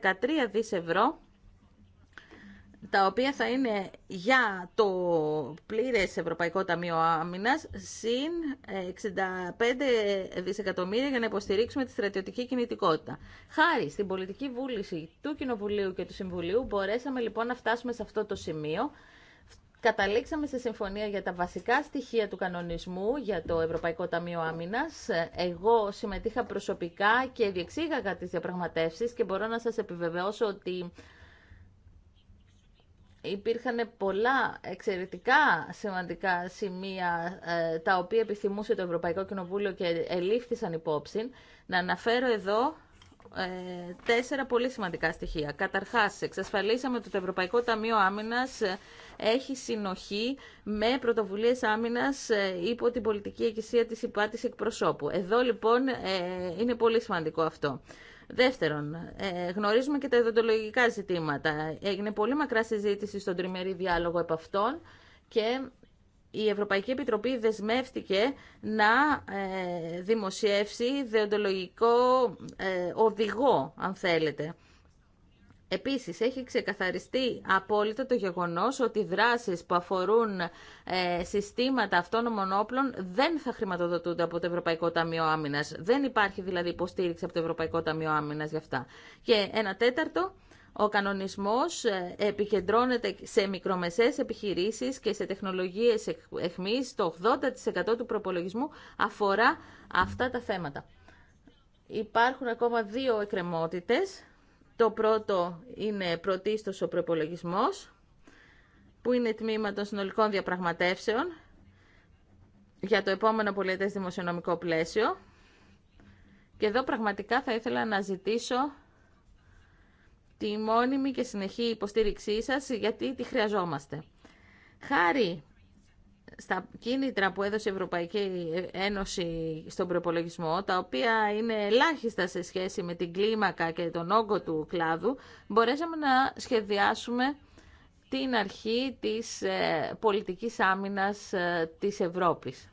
δις ευρώ τα οποία θα είναι για το πλήρες Ευρωπαϊκό Ταμείο Άμυνας συν 65 ε, δισεκατομμύρια για να υποστηρίξουμε τη στρατιωτική κινητικότητα. Χάρη στην πολιτική βούληση του Κοινοβουλίου και του Συμβουλίου μπορέσαμε λοιπόν να φτάσουμε σε αυτό το σημείο Καταλήξαμε σε συμφωνία για τα βασικά στοιχεία του κανονισμού για το Ευρωπαϊκό Ταμείο Άμυνα. Εγώ συμμετείχα προσωπικά και διεξήγαγα τι διαπραγματεύσει και μπορώ να σα επιβεβαιώσω ότι υπήρχαν πολλά εξαιρετικά σημαντικά σημεία ε, τα οποία επιθυμούσε το Ευρωπαϊκό Κοινοβούλιο και ελήφθησαν υπόψη. Να αναφέρω εδώ ε, τέσσερα πολύ σημαντικά στοιχεία. Καταρχάς, εξασφαλίσαμε ότι το Ευρωπαϊκό Ταμείο Άμυνας ε, έχει συνοχή με πρωτοβουλίες άμυνας ε, υπό την πολιτική εκκλησία της υπάτηση εκπροσώπου. Εδώ λοιπόν είναι πολύ σημαντικό αυτό. Δεύτερον, γνωρίζουμε και τα ειδοντολογικά ζητήματα. Έγινε πολύ μακρά συζήτηση στον τριμερή διάλογο επ' αυτών και η Ευρωπαϊκή Επιτροπή δεσμεύτηκε να ε, δημοσιεύσει δεοντολογικό ε, οδηγό, αν θέλετε. Επίσης, έχει ξεκαθαριστεί απόλυτα το γεγονός ότι οι δράσεις που αφορούν ε, συστήματα αυτόνομων όπλων δεν θα χρηματοδοτούνται από το Ευρωπαϊκό Ταμείο Άμυνας. Δεν υπάρχει δηλαδή υποστήριξη από το Ευρωπαϊκό Ταμείο Άμυνας για αυτά. Και ένα τέταρτο, ο κανονισμός ε, επικεντρώνεται σε μικρομεσαίες επιχειρήσεις και σε τεχνολογίες εχμής. Το 80% του προπολογισμού αφορά αυτά τα θέματα. Υπάρχουν ακόμα δύο εκκρεμότητες. Το πρώτο είναι πρωτίστως ο προπολογισμό, που είναι τμήμα των συνολικών διαπραγματεύσεων για το επόμενο πολιετές δημοσιονομικό πλαίσιο. Και εδώ πραγματικά θα ήθελα να ζητήσω τη μόνιμη και συνεχή υποστήριξή σας γιατί τη χρειαζόμαστε. Χάρη στα κίνητρα που έδωσε η Ευρωπαϊκή Ένωση στον προπολογισμό, τα οποία είναι ελάχιστα σε σχέση με την κλίμακα και τον όγκο του κλάδου, μπορέσαμε να σχεδιάσουμε την αρχή της ε, πολιτικής άμυνας ε, της Ευρώπης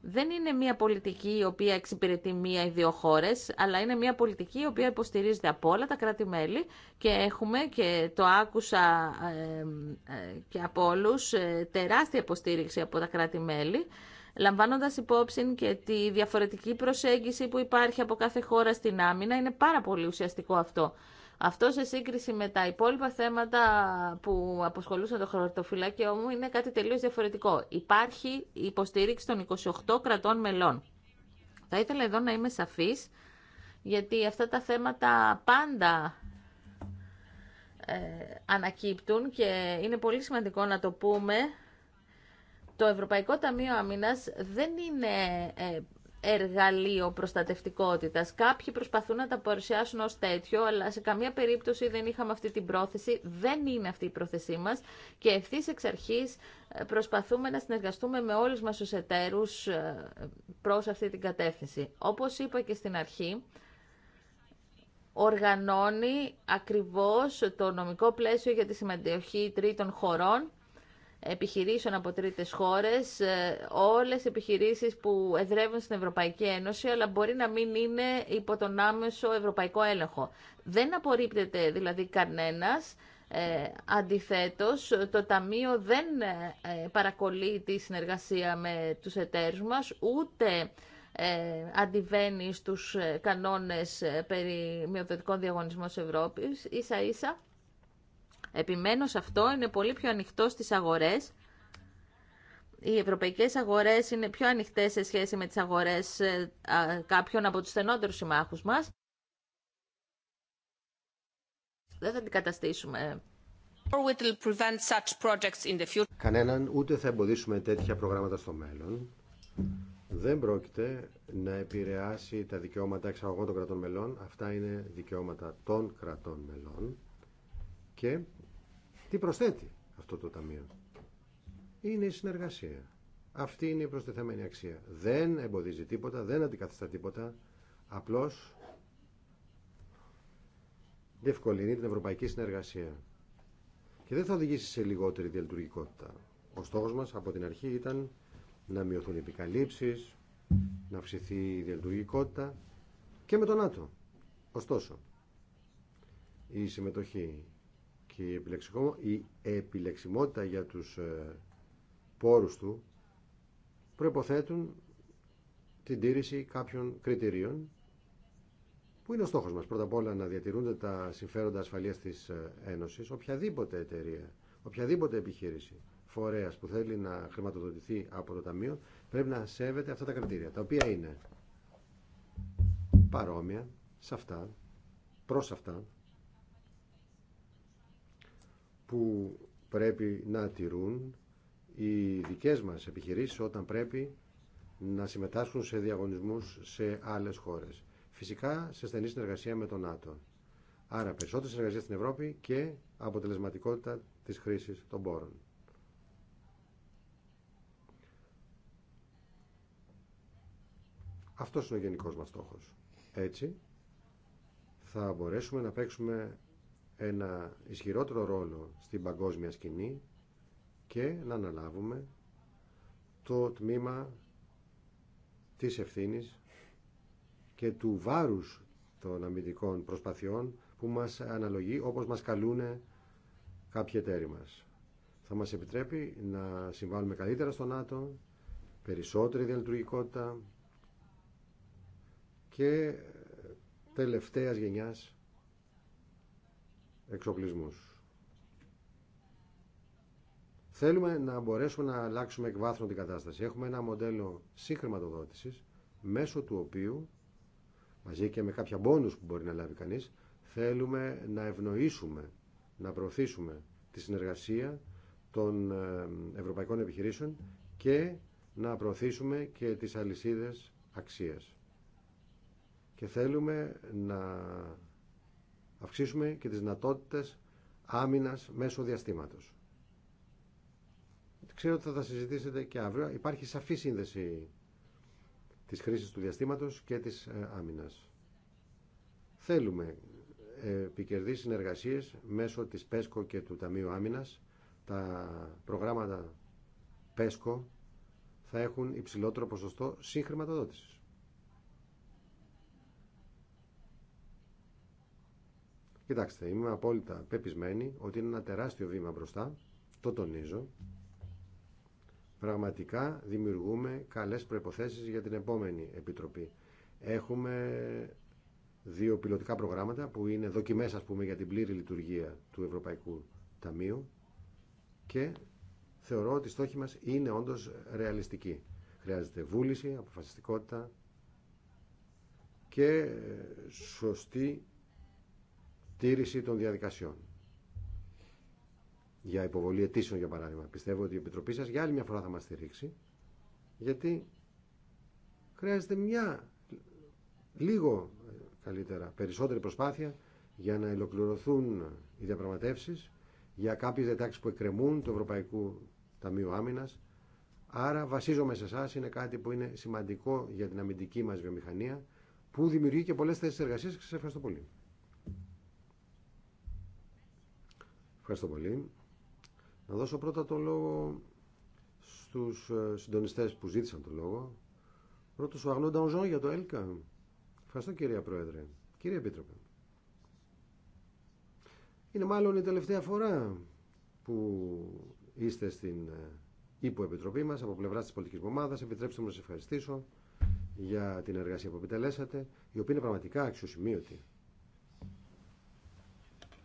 δεν είναι μια πολιτική η οποία εξυπηρετεί μία ή δύο χώρε, αλλά είναι μια πολιτική η οποία υποστηρίζεται από όλα τα κράτη-μέλη και έχουμε και το άκουσα ε, και από όλου ε, τεράστια υποστήριξη από τα κράτη-μέλη, λαμβάνοντας υπόψη και τη διαφορετική προσέγγιση που υπάρχει από κάθε χώρα στην άμυνα. Είναι πάρα πολύ ουσιαστικό αυτό. Αυτό σε σύγκριση με τα υπόλοιπα θέματα που αποσχολούσαν το χαρτοφυλάκιό μου είναι κάτι τελείως διαφορετικό. Υπάρχει υποστήριξη των 28 κρατών μελών. Θα ήθελα εδώ να είμαι σαφής, γιατί αυτά τα θέματα πάντα ε, ανακύπτουν και είναι πολύ σημαντικό να το πούμε. Το Ευρωπαϊκό Ταμείο Αμυνάς δεν είναι ε, εργαλείο προστατευτικότητας. Κάποιοι προσπαθούν να τα παρουσιάσουν ω τέτοιο, αλλά σε καμία περίπτωση δεν είχαμε αυτή την πρόθεση, δεν είναι αυτή η πρόθεσή μας και ευθύ εξ αρχή ε, προσπαθούμε να συνεργαστούμε με όλους μας τους εταίρους ε, προς αυτή την κατεύθυνση. Όπως είπα και στην αρχή, οργανώνει ακριβώς το νομικό πλαίσιο για τη συμμετοχή τρίτων χωρών επιχειρήσεων από τρίτες χώρες, ε, όλες επιχειρήσεις που εδρεύουν στην Ευρωπαϊκή Ένωση, αλλά μπορεί να μην είναι υπό τον άμεσο ευρωπαϊκό έλεγχο. Δεν απορρίπτεται δηλαδή κανένας, ε, αντιθέτως, το Ταμείο δεν ε, παρακολεί τη συνεργασία με τους εταίρους μας, ούτε ε, αντιβαίνει στους ε, κανόνες περί μειοδοτικών διαγωνισμών της Ευρώπης, ίσα ίσα Επιμένω αυτό, είναι πολύ πιο ανοιχτό στις αγορές. Οι ευρωπαϊκές αγορές είναι πιο ανοιχτές σε σχέση με τις αγορές ε, κάποιων από τους στενότερους συμμάχους μας. Δεν θα αντικαταστήσουμε Κανέναν ούτε θα εμποδίσουμε τέτοια προγράμματα στο μέλλον. Δεν πρόκειται να επηρεάσει τα δικαιώματα εξαγωγών των κρατών μελών. Αυτά είναι δικαιώματα των κρατών μελών. Και τι προσθέτει αυτό το ταμείο. Είναι η συνεργασία. Αυτή είναι η προστεθέμενη αξία. Δεν εμποδίζει τίποτα, δεν αντικαθιστά τίποτα, απλώς διευκολύνει την ευρωπαϊκή συνεργασία. Και δεν θα οδηγήσει σε λιγότερη διαλειτουργικότητα. Ο στόχος μας από την αρχή ήταν να μειωθούν οι επικαλύψεις, να αυξηθεί η διαλειτουργικότητα και με τον ΝΑΤΟ. Ωστόσο, η συμμετοχή υπάρχει η επιλεξιμότητα για τους ε, πόρους του προϋποθέτουν την τήρηση κάποιων κριτηρίων που είναι ο στόχος μας. Πρώτα απ' όλα να διατηρούνται τα συμφέροντα ασφαλείας της ε, Ένωσης, οποιαδήποτε εταιρεία, οποιαδήποτε επιχείρηση, φορέας που θέλει να χρηματοδοτηθεί από το Ταμείο, πρέπει να σέβεται αυτά τα κριτήρια, τα οποία είναι παρόμοια σε αυτά, προς αυτά που πρέπει να τηρούν οι δικές μας επιχειρήσεις όταν πρέπει να συμμετάσχουν σε διαγωνισμούς σε άλλες χώρες. Φυσικά σε στενή συνεργασία με τον ΝΑΤΟ. Άρα περισσότερη συνεργασία στην Ευρώπη και αποτελεσματικότητα της χρήσης των πόρων. Αυτός είναι ο γενικός μας στόχος. Έτσι θα μπορέσουμε να παίξουμε ένα ισχυρότερο ρόλο στην παγκόσμια σκηνή και να αναλάβουμε το τμήμα της ευθύνης και του βάρους των αμυντικών προσπαθειών που μας αναλογεί όπως μας καλούνε κάποιοι εταίροι μας. Θα μας επιτρέπει να συμβάλλουμε καλύτερα στον ΝΑΤΟ, περισσότερη διαλειτουργικότητα και τελευταίας γενιάς εξοπλισμούς. Θέλουμε να μπορέσουμε να αλλάξουμε εκ την κατάσταση. Έχουμε ένα μοντέλο συγχρηματοδότησης μέσω του οποίου μαζί και με κάποια μπόνους που μπορεί να λάβει κανείς θέλουμε να ευνοήσουμε, να προωθήσουμε τη συνεργασία των ε, ευρωπαϊκών επιχειρήσεων και να προωθήσουμε και τις αλυσίδες αξίας. Και θέλουμε να αυξήσουμε και τις δυνατότητες άμυνας μέσω διαστήματος. Ξέρω ότι θα τα συζητήσετε και αύριο. Υπάρχει σαφή σύνδεση της χρήσης του διαστήματος και της ε, άμυνας. Θέλουμε ε, επικερδείς συνεργασίες μέσω της ΠΕΣΚΟ και του Ταμείου Άμυνας. Τα προγράμματα ΠΕΣΚΟ θα έχουν υψηλότερο ποσοστό συγχρηματοδότησης. Κοιτάξτε, είμαι απόλυτα πεπισμένη ότι είναι ένα τεράστιο βήμα μπροστά, το τονίζω. Πραγματικά δημιουργούμε καλές προϋποθέσεις για την επόμενη Επιτροπή. Έχουμε δύο πιλωτικά προγράμματα που είναι δοκιμές ας πούμε για την πλήρη λειτουργία του Ευρωπαϊκού Ταμείου και θεωρώ ότι οι στόχοι μας είναι όντως ρεαλιστική. Χρειάζεται βούληση, αποφασιστικότητα και ε, σωστή τήρηση των διαδικασιών. Για υποβολή αιτήσεων, για παράδειγμα. Πιστεύω ότι η Επιτροπή σα για άλλη μια φορά θα μα στηρίξει, γιατί χρειάζεται μια λίγο καλύτερα, περισσότερη προσπάθεια για να ολοκληρωθούν οι διαπραγματεύσει για κάποιε διατάξει που εκκρεμούν του Ευρωπαϊκού Ταμείου Άμυνα. Άρα βασίζομαι σε εσά, είναι κάτι που είναι σημαντικό για την αμυντική μα βιομηχανία, που δημιουργεί και πολλέ θέσει εργασία και σα ευχαριστώ πολύ. Ευχαριστώ πολύ. Να δώσω πρώτα το λόγο στους ε, συντονιστές που ζήτησαν το λόγο. Πρώτος ο Αγνόντα Οζόν για το ΕΛΚΑ. Ευχαριστώ κυρία Πρόεδρε. Κύριε Επίτροπε. Είναι μάλλον η τελευταία φορά που είστε στην ε, υποεπιτροπή μας από πλευρά της πολιτικής ομάδας. Επιτρέψτε μου να σας ευχαριστήσω για την εργασία που επιτελέσατε, η οποία είναι πραγματικά αξιοσημείωτη.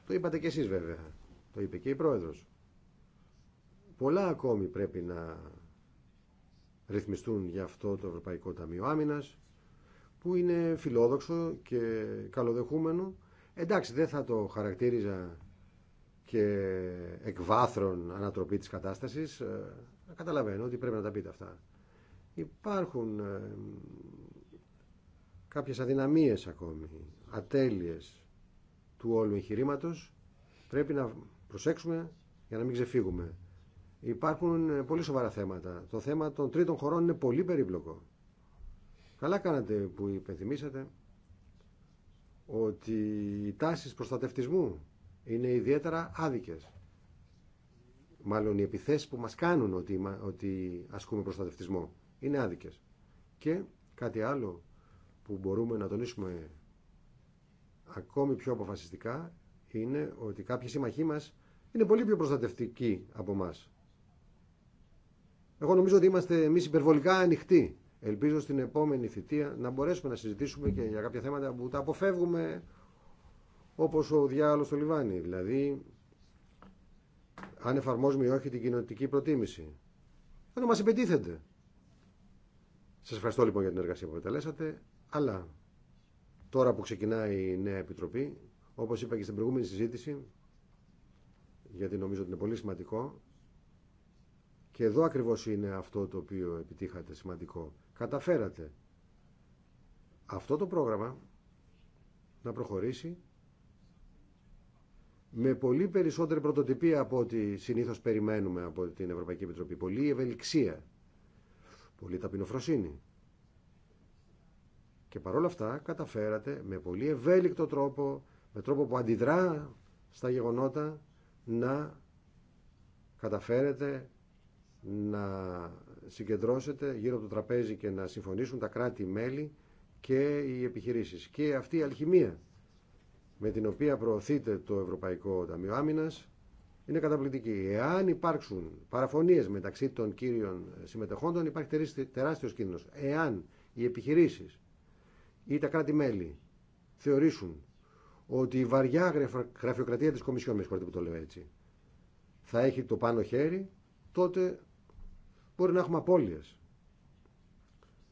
Το είπατε κι εσείς βέβαια. Το είπε και η Πρόεδρος. Πολλά ακόμη πρέπει να ρυθμιστούν για αυτό το Ευρωπαϊκό Ταμείο Άμυνας που είναι φιλόδοξο και καλοδεχούμενο. Εντάξει, δεν θα το χαρακτήριζα και εκβάθρον ανατροπή της κατάστασης. Ε, καταλαβαίνω ότι πρέπει να τα πείτε αυτά. Υπάρχουν ε, κάποιες αδυναμίες ακόμη, ατέλειες του όλου εγχειρήματο. Πρέπει να προσέξουμε για να μην ξεφύγουμε. Υπάρχουν ε, πολύ σοβαρά θέματα. Το θέμα των τρίτων χωρών είναι πολύ περίπλοκο. Καλά κάνατε που υπενθυμίσατε ότι οι τάσεις προστατευτισμού είναι ιδιαίτερα άδικες. Μάλλον οι επιθέσεις που μας κάνουν ότι, ασκούμε προστατευτισμό είναι άδικες. Και κάτι άλλο που μπορούμε να τονίσουμε ακόμη πιο αποφασιστικά είναι ότι κάποιοι σύμμαχοί μας είναι πολύ πιο προστατευτική από εμά. Εγώ νομίζω ότι είμαστε εμεί υπερβολικά ανοιχτοί. Ελπίζω στην επόμενη θητεία να μπορέσουμε να συζητήσουμε και για κάποια θέματα που τα αποφεύγουμε όπω ο διάλογο στο Λιβάνι. Δηλαδή, αν εφαρμόζουμε ή όχι την κοινωνική προτίμηση. Ενώ μα επιτίθεται. Σα ευχαριστώ λοιπόν για την εργασία που επιτελέσατε, αλλά τώρα που ξεκινάει η νέα επιτροπή, όπω είπα και στην προηγούμενη συζήτηση, γιατί νομίζω ότι είναι πολύ σημαντικό και εδώ ακριβώς είναι αυτό το οποίο επιτύχατε σημαντικό. Καταφέρατε αυτό το πρόγραμμα να προχωρήσει με πολύ περισσότερη πρωτοτυπία από ό,τι συνήθως περιμένουμε από την Ευρωπαϊκή Επιτροπή. Πολύ ευελιξία, πολύ ταπεινοφροσύνη. Και παρόλα αυτά καταφέρατε με πολύ ευέλικτο τρόπο, με τρόπο που αντιδρά στα γεγονότα, να καταφέρετε να συγκεντρώσετε γύρω από το τραπέζι και να συμφωνήσουν τα κράτη-μέλη και οι επιχειρήσεις. Και αυτή η αλχημία με την οποία προωθείται το Ευρωπαϊκό Ταμείο Άμυνας είναι καταπληκτική. Εάν υπάρξουν παραφωνίες μεταξύ των κύριων συμμετεχόντων υπάρχει τεράστιος κίνδυνος. Εάν οι επιχειρήσεις ή τα κράτη-μέλη θεωρήσουν ότι η βαριά γραφειοκρατία της Κομισιόν, με που το λέω έτσι, θα έχει το πάνω χέρι, τότε μπορεί να έχουμε απώλειες.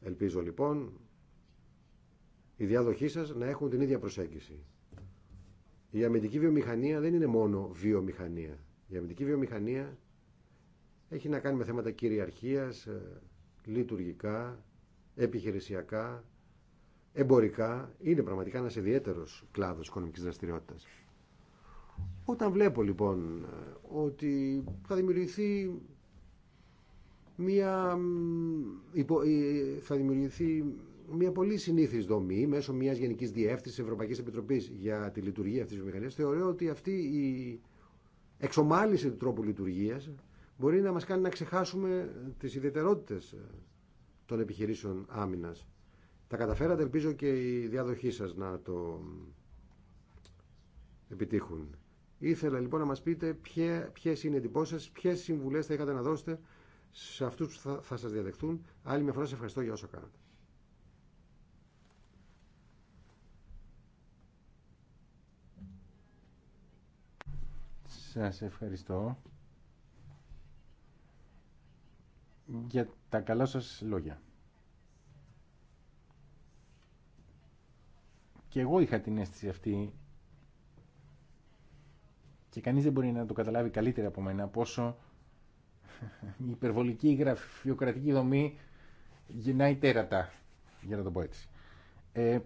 Ελπίζω λοιπόν οι διάδοχοί σας να έχουν την ίδια προσέγγιση. Η αμυντική βιομηχανία δεν είναι μόνο βιομηχανία. Η αμυντική βιομηχανία έχει να κάνει με θέματα κυριαρχίας, ε, λειτουργικά, επιχειρησιακά, εμπορικά είναι πραγματικά ένας ιδιαίτερος κλάδος οικονομικής δραστηριότητας. Όταν βλέπω λοιπόν ότι θα δημιουργηθεί μια, ε, θα δημιουργηθεί μια πολύ συνήθις δομή μέσω μιας Γενικής Διεύθυνσης Ευρωπαϊκής Επιτροπής για τη λειτουργία αυτής της μηχανίας, θεωρώ ότι αυτή η εξομάλυση του τρόπου λειτουργίας μπορεί να μας κάνει να ξεχάσουμε τις ιδιαιτερότητες των επιχειρήσεων άμυνας τα καταφέρατε, ελπίζω και οι διάδοχοί σας να το επιτύχουν. Ήθελα λοιπόν να μας πείτε ποιες είναι οι εντυπώσεις σας, ποιες συμβουλές θα είχατε να δώσετε σε αυτούς που θα, θα σας διαδεχτούν. Άλλη μια φορά σας ευχαριστώ για όσα κάνατε. Σας ευχαριστώ για τα καλά σας λόγια. Και εγώ είχα την αίσθηση αυτή και κανείς δεν μπορεί να το καταλάβει καλύτερα από μένα πόσο η υπερβολική γραφειοκρατική δομή γεννάει τέρατα, για να το πω έτσι. Ε,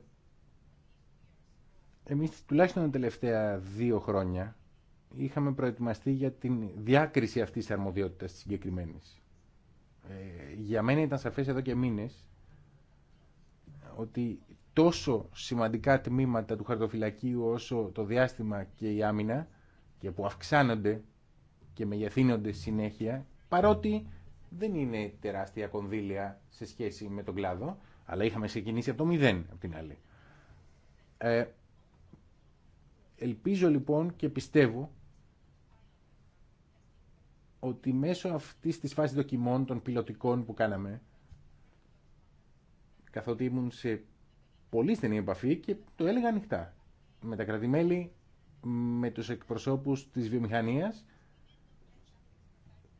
εμείς τουλάχιστον τα τελευταία δύο χρόνια είχαμε προετοιμαστεί για την διάκριση αυτής της αρμοδιότητας της συγκεκριμένης. Ε, για μένα ήταν σαφές εδώ και μήνες ότι τόσο σημαντικά τμήματα του χαρτοφυλακίου όσο το διάστημα και η άμυνα και που αυξάνονται και μεγεθύνονται συνέχεια παρότι δεν είναι τεράστια κονδύλια σε σχέση με τον κλάδο αλλά είχαμε ξεκινήσει από το μηδέν από την άλλη. Ε, ελπίζω λοιπόν και πιστεύω ότι μέσω αυτής της φάσης δοκιμών των πιλωτικών που κάναμε καθότι ήμουν σε πολύ στενή επαφή και το έλεγα ανοιχτά. Με τα κρατημέλη, με τους εκπροσώπους της βιομηχανίας,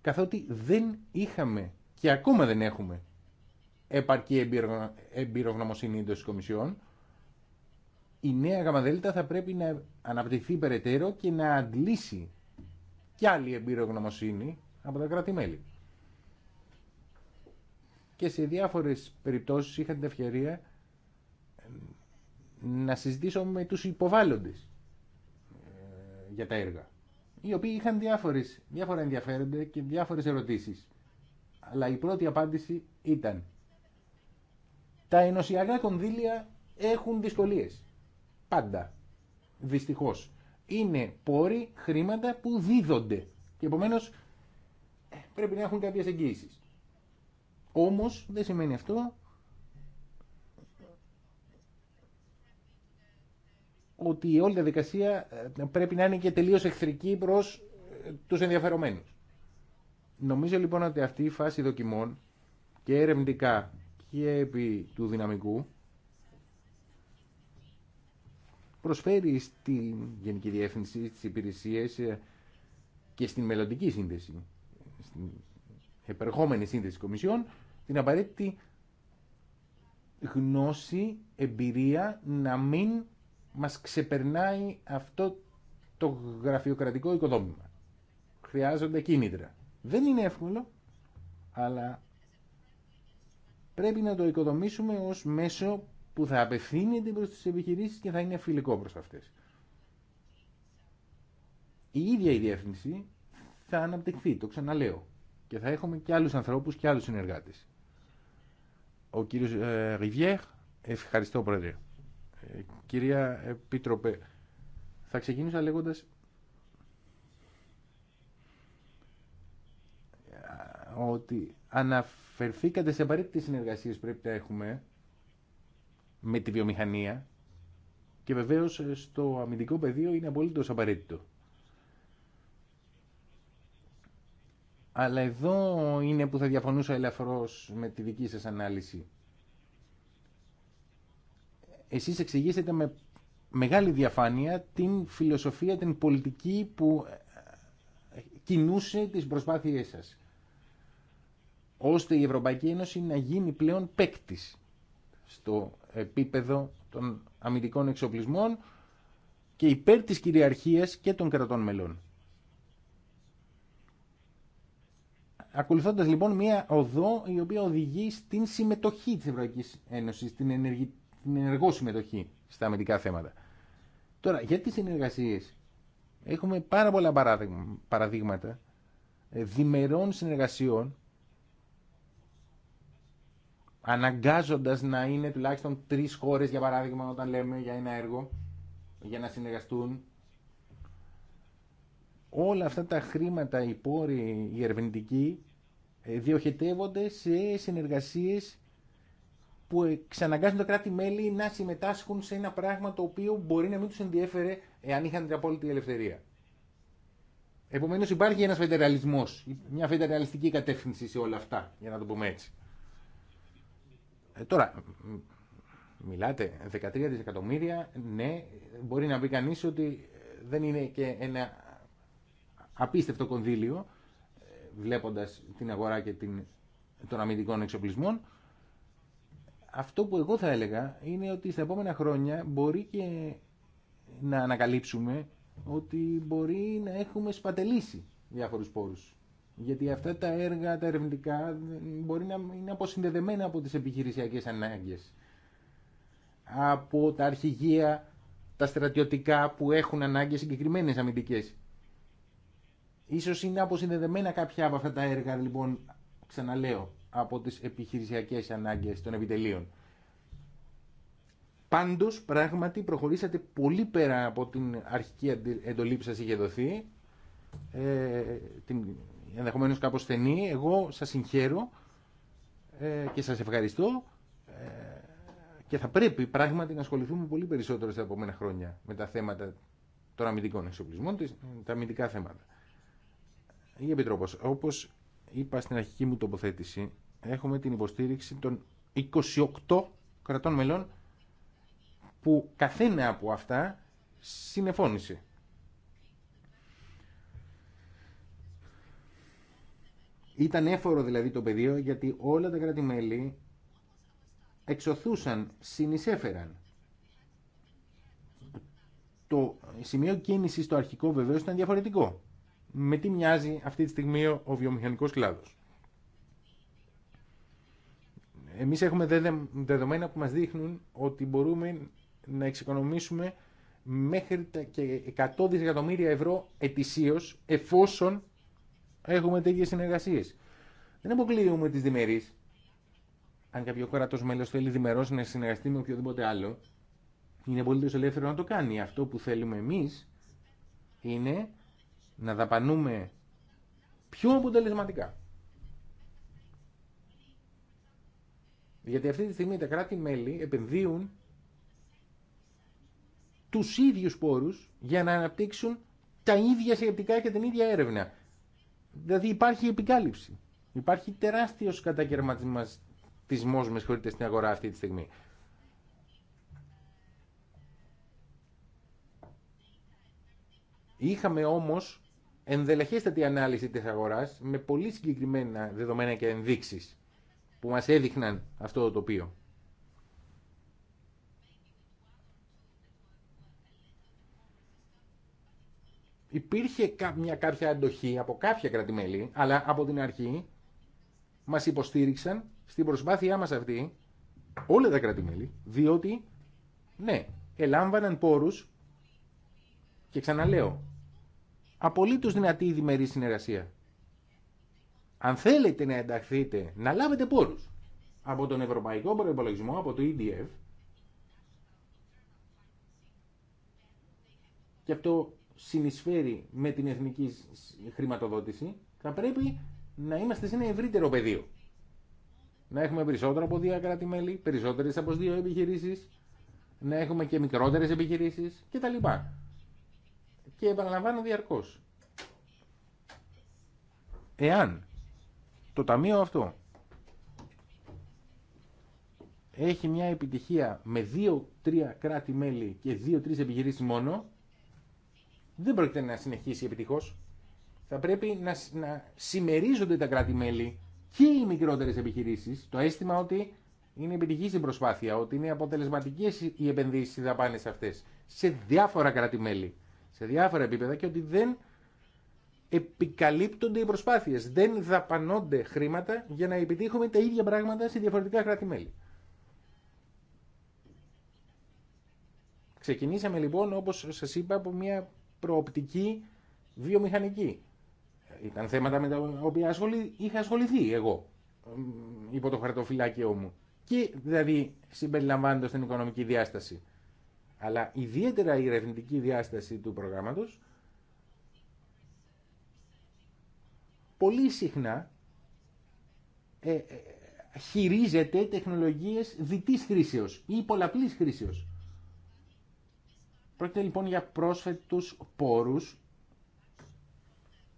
καθότι δεν είχαμε και ακόμα δεν έχουμε επαρκή εμπειρογνωμοσύνη εντό Κομισιόν, η νέα γαμαδέλτα θα πρέπει να αναπτυχθεί περαιτέρω και να αντλήσει κι άλλη εμπειρογνωμοσύνη από τα κρατη Και σε διάφορες περιπτώσεις είχα την ευκαιρία να συζητήσω με τους υποβάλλοντες ε, για τα έργα, οι οποίοι είχαν διάφορες, διάφορα ενδιαφέροντα και διάφορες ερωτήσεις. Αλλά η πρώτη απάντηση ήταν τα ενωσιακά κονδύλια έχουν δυσκολίες. Πάντα. Δυστυχώς. Είναι πόροι, χρήματα που δίδονται. Και επομένως ε, πρέπει να έχουν κάποιες εγγύησεις. Όμως δεν σημαίνει αυτό ότι η όλη διαδικασία ε, πρέπει να είναι και τελείως εχθρική προς ε, τους ενδιαφερομένους. Νομίζω λοιπόν ότι αυτή η φάση δοκιμών και ερευνητικά και επί του δυναμικού προσφέρει στην Γενική Διεύθυνση, στις υπηρεσίες ε, και στην μελλοντική σύνδεση, στην επερχόμενη σύνδεση κομισιών, την απαραίτητη γνώση, εμπειρία να μην μας ξεπερνάει αυτό το γραφειοκρατικό οικοδόμημα. Χρειάζονται κίνητρα. Δεν είναι εύκολο, αλλά πρέπει να το οικοδομήσουμε ως μέσο που θα απευθύνεται προς τις επιχειρήσεις και θα είναι φιλικό προς αυτές. Η ίδια η διεύθυνση θα αναπτυχθεί, το ξαναλέω. Και θα έχουμε και άλλους ανθρώπους και άλλους συνεργάτες. Ο κύριος Ριβιέχ, ε, ευχαριστώ πρόεδρε. Κυρία Επίτροπε, θα ξεκινήσω λέγοντας ότι αναφερθήκατε σε απαραίτητες συνεργασίες πρέπει να έχουμε με τη βιομηχανία και βεβαίως στο αμυντικό πεδίο είναι απολύτω απαραίτητο. Αλλά εδώ είναι που θα διαφωνούσα ελαφρώς με τη δική σας ανάλυση εσείς εξηγήσετε με μεγάλη διαφάνεια την φιλοσοφία, την πολιτική που ε, κινούσε τις προσπάθειές σας ώστε η Ευρωπαϊκή Ένωση να γίνει πλέον παίκτη στο επίπεδο των αμυντικών εξοπλισμών και υπέρ της κυριαρχίας και των κρατών μελών. Ακολουθώντας λοιπόν μία οδό η οποία οδηγεί στην συμμετοχή της Ευρωπαϊκής Ένωσης, στην ενεργητική την ενεργό συμμετοχή στα αμυντικά θέματα. Τώρα, για τι συνεργασίε. έχουμε πάρα πολλά παραδείγματα ε, διμερών συνεργασιών αναγκάζοντας να είναι τουλάχιστον τρεις χώρες για παράδειγμα όταν λέμε για ένα έργο για να συνεργαστούν όλα αυτά τα χρήματα οι πόροι οι ερευνητικοί ε, διοχετεύονται σε συνεργασίες που ξαναγκάζουν τα κράτη-μέλη να συμμετάσχουν σε ένα πράγμα το οποίο μπορεί να μην τους ενδιέφερε εάν είχαν την απόλυτη ελευθερία. Επομένως υπάρχει ένας φεντεραλισμό, μια φεντεραλιστική κατεύθυνση σε όλα αυτά, για να το πούμε έτσι. Ε, τώρα, μιλάτε 13 δισεκατομμύρια, ναι, μπορεί να πει κανεί ότι δεν είναι και ένα απίστευτο κονδύλιο, ε, βλέποντας την αγορά και την, των αμυντικών εξοπλισμών, αυτό που εγώ θα έλεγα είναι ότι στα επόμενα χρόνια μπορεί και να ανακαλύψουμε ότι μπορεί να έχουμε σπατελήσει διάφορους πόρους. Γιατί αυτά τα έργα, τα ερευνητικά, μπορεί να είναι αποσυνδεδεμένα από τις επιχειρησιακές ανάγκες. Από τα αρχηγεία, τα στρατιωτικά που έχουν ανάγκες συγκεκριμένε αμυντικές. Ίσως είναι αποσυνδεδεμένα κάποια από αυτά τα έργα, λοιπόν, ξαναλέω, από τις επιχειρησιακές ανάγκες των επιτελείων. Πάντως, πράγματι, προχωρήσατε πολύ πέρα από την αρχική εντολή που σας είχε δοθεί, ε, την, ενδεχομένως κάπως στενή. Εγώ σας συγχαίρω ε, και σας ευχαριστώ ε, και θα πρέπει πράγματι να ασχοληθούμε πολύ περισσότερο στα επόμενα χρόνια με τα θέματα των αμυντικών εξοπλισμών, τα αμυντικά θέματα. Η όπως είπα στην αρχική μου τοποθέτηση, έχουμε την υποστήριξη των 28 κρατών μελών που καθένα από αυτά συνεφώνησε. Ήταν έφορο δηλαδή το πεδίο γιατί όλα τα κράτη-μέλη εξωθούσαν, συνεισέφεραν. Το σημείο κίνησης στο αρχικό βεβαίως ήταν διαφορετικό. Με τι μοιάζει αυτή τη στιγμή ο βιομηχανικός κλάδος. Εμείς έχουμε δεδομένα που μας δείχνουν ότι μπορούμε να εξοικονομήσουμε μέχρι τα και 100 δισεκατομμύρια ευρώ ετησίως εφόσον έχουμε τέτοιες συνεργασίες. Δεν αποκλείουμε τις διμερείς. Αν κάποιο κράτο μέλο θέλει διμερός να συνεργαστεί με οποιοδήποτε άλλο, είναι πολύ ελεύθερο να το κάνει. Αυτό που θέλουμε εμείς είναι να δαπανούμε πιο αποτελεσματικά. Γιατί αυτή τη στιγμή τα κράτη-μέλη επενδύουν τους ίδιους πόρους για να αναπτύξουν τα ίδια σχετικά και την ίδια έρευνα. Δηλαδή υπάρχει επικάλυψη. Υπάρχει τεράστιος κατακαιρματισμός, με συγχωρείτε, στην αγορά αυτή τη στιγμή. Είχαμε όμως ενδελεχέστατη ανάλυση της αγοράς με πολύ συγκεκριμένα δεδομένα και ενδείξεις που μας έδειχναν αυτό το τοπίο. Υπήρχε μια κάποια αντοχή από κάποια κρατημέλη, αλλά από την αρχή μας υποστήριξαν στην προσπάθειά μας αυτή όλα τα κρατημέλη, διότι, ναι, ελάμβαναν πόρους και ξαναλέω, απολύτως δυνατή η διμερή συνεργασία αν θέλετε να ενταχθείτε, να λάβετε πόρους από τον Ευρωπαϊκό Προϋπολογισμό, από το EDF και αυτό συνεισφέρει με την εθνική χρηματοδότηση, θα πρέπει να είμαστε σε ένα ευρύτερο πεδίο. Να εχουμε περισσοτερο περισσότερα από δύο κράτη-μέλη, περισσότερες από δύο επιχειρήσεις, να έχουμε και μικρότερες επιχειρήσεις κτλ. Και επαναλαμβάνω διαρκώ. Εάν το ταμείο αυτό έχει μια επιτυχία με 2-3 κράτη-μέλη και 2-3 επιχειρήσεις μόνο, δεν πρόκειται να συνεχίσει επιτυχώς. Θα πρέπει να, να συμμερίζονται τα κράτη-μέλη και οι μικρότερε επιχειρήσεις το αίσθημα ότι είναι επιτυχής η προσπάθεια, ότι είναι αποτελεσματικέ οι επενδύσει οι δαπάνες αυτές σε διάφορα κράτη-μέλη, σε διάφορα επίπεδα και ότι δεν επικαλύπτονται οι προσπάθειες. Δεν δαπανώνται χρήματα για να επιτύχουμε τα ίδια πράγματα σε διαφορετικά κράτη-μέλη. Ξεκινήσαμε λοιπόν, όπως σας είπα, από μια προοπτική βιομηχανική. Ήταν θέματα με τα οποία είχα ασχοληθεί εγώ, υπό το χαρτοφυλάκιό μου. Και δηλαδή συμπεριλαμβάνοντας την οικονομική διάσταση. Αλλά ιδιαίτερα η ερευνητική διάσταση του προγράμματος πολύ συχνά ε, ε, χειρίζεται τεχνολογίες διτής χρήσεως ή πολλαπλής χρήσεως. Πρόκειται λοιπόν για πρόσφετους πόρους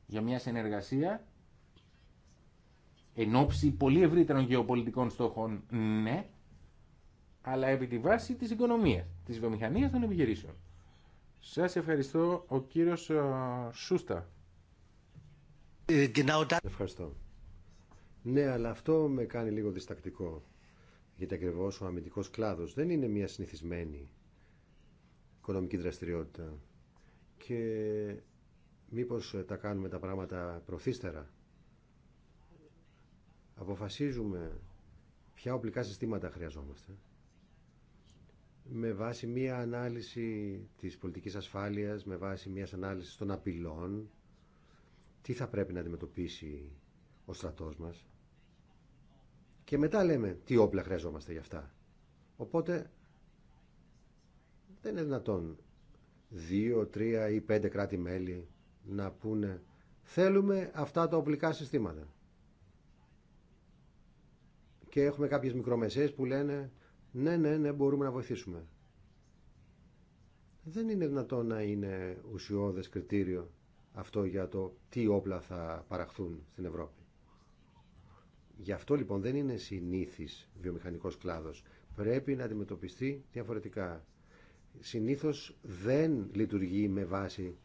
για μια συνεργασία εν ώψη πολύ ευρύτερων γεωπολιτικών στόχων, ναι, αλλά επί τη βάση της οικονομίας, της βιομηχανίας των επιχειρήσεων. Σας ευχαριστώ ο κύριος ε, Σούστα. Ευχαριστώ. Ναι, αλλά αυτό με κάνει λίγο διστακτικό. Γιατί ακριβώ ο αμυντικό κλάδο δεν είναι μια συνηθισμένη οικονομική δραστηριότητα. Και μήπω ε, τα κάνουμε τα πράγματα προθύστερα. Αποφασίζουμε ποια οπλικά συστήματα χρειαζόμαστε με βάση μία ανάλυση της πολιτικής ασφάλειας, με βάση μία ανάλυση των απειλών, τι θα πρέπει να αντιμετωπίσει ο στρατός μας και μετά λέμε τι όπλα χρειαζόμαστε για αυτά. Οπότε δεν είναι δυνατόν δύο, τρία ή πέντε κράτη-μέλη να πούνε θέλουμε αυτά τα οπλικά συστήματα. Και έχουμε κάποιες μικρομεσαίες που λένε ναι, ναι, ναι, μπορούμε να βοηθήσουμε. Δεν είναι δυνατόν να είναι ουσιώδες κριτήριο αυτό για το τι όπλα θα παραχθούν στην Ευρώπη. Γι' αυτό λοιπόν δεν είναι συνήθις βιομηχανικός κλάδος. Πρέπει να αντιμετωπιστεί διαφορετικά. Συνήθως δεν λειτουργεί με βάση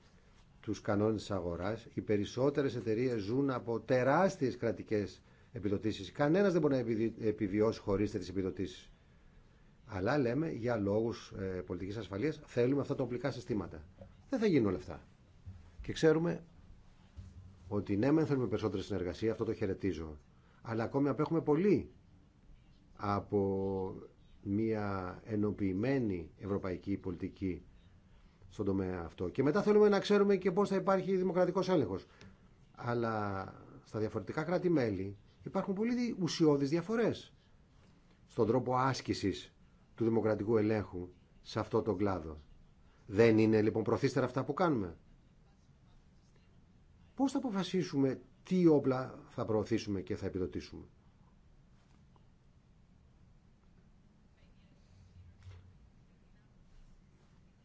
τους κανόνες της αγοράς. Οι περισσότερες εταιρείες ζουν από τεράστιες κρατικές επιδοτήσεις. Κανένας δεν μπορεί να επιβιώσει χωρίς τις επιδοτήσεις. Αλλά λέμε για λόγους ε, πολιτικής ασφαλείας θέλουμε αυτά τα οπλικά συστήματα. Δεν θα γίνουν όλα αυτά. Και ξέρουμε ότι ναι, μεν θέλουμε περισσότερη συνεργασία, αυτό το χαιρετίζω. Αλλά ακόμη απέχουμε πολύ από μια ενοποιημένη ευρωπαϊκή πολιτική στον τομέα αυτό. Και μετά θέλουμε να ξέρουμε και πώς θα υπάρχει δημοκρατικός έλεγχος. Αλλά στα διαφορετικά κράτη-μέλη υπάρχουν πολύ ουσιώδεις διαφορές στον τρόπο άσκησης του δημοκρατικού ελέγχου σε αυτό τον κλάδο. Δεν είναι λοιπόν προθύστερα αυτά που κάνουμε. Πώς θα αποφασίσουμε τι όπλα θα προωθήσουμε και θα επιδοτήσουμε.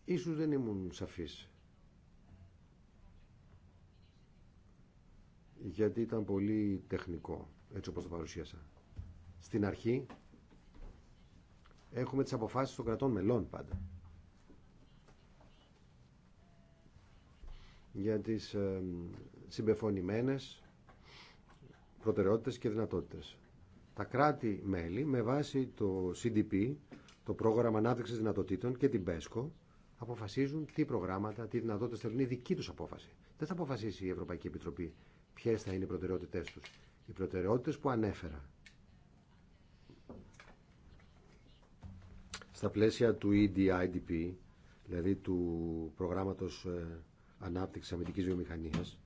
Ίσως δεν ήμουν σαφής. Γιατί ήταν πολύ τεχνικό, έτσι όπως το παρουσίασα. Στην αρχή έχουμε τις αποφάσεις των κρατών μελών πάντα. Για τις συμπεφωνημένες προτεραιότητες και δυνατότητες. Τα κράτη-μέλη με βάση το CDP, το πρόγραμμα ανάπτυξη δυνατοτήτων και την ΠΕΣΚΟ αποφασίζουν τι προγράμματα, τι δυνατότητες θέλουν. Είναι η δική του απόφαση. Δεν θα αποφασίσει η Ευρωπαϊκή Επιτροπή ποιε θα είναι οι προτεραιότητές τους. Οι προτεραιότητε που ανέφερα στα πλαίσια του EDIDP, δηλαδή του προγράμματος ε, ανάπτυξης αμυντικής βιομηχανίας,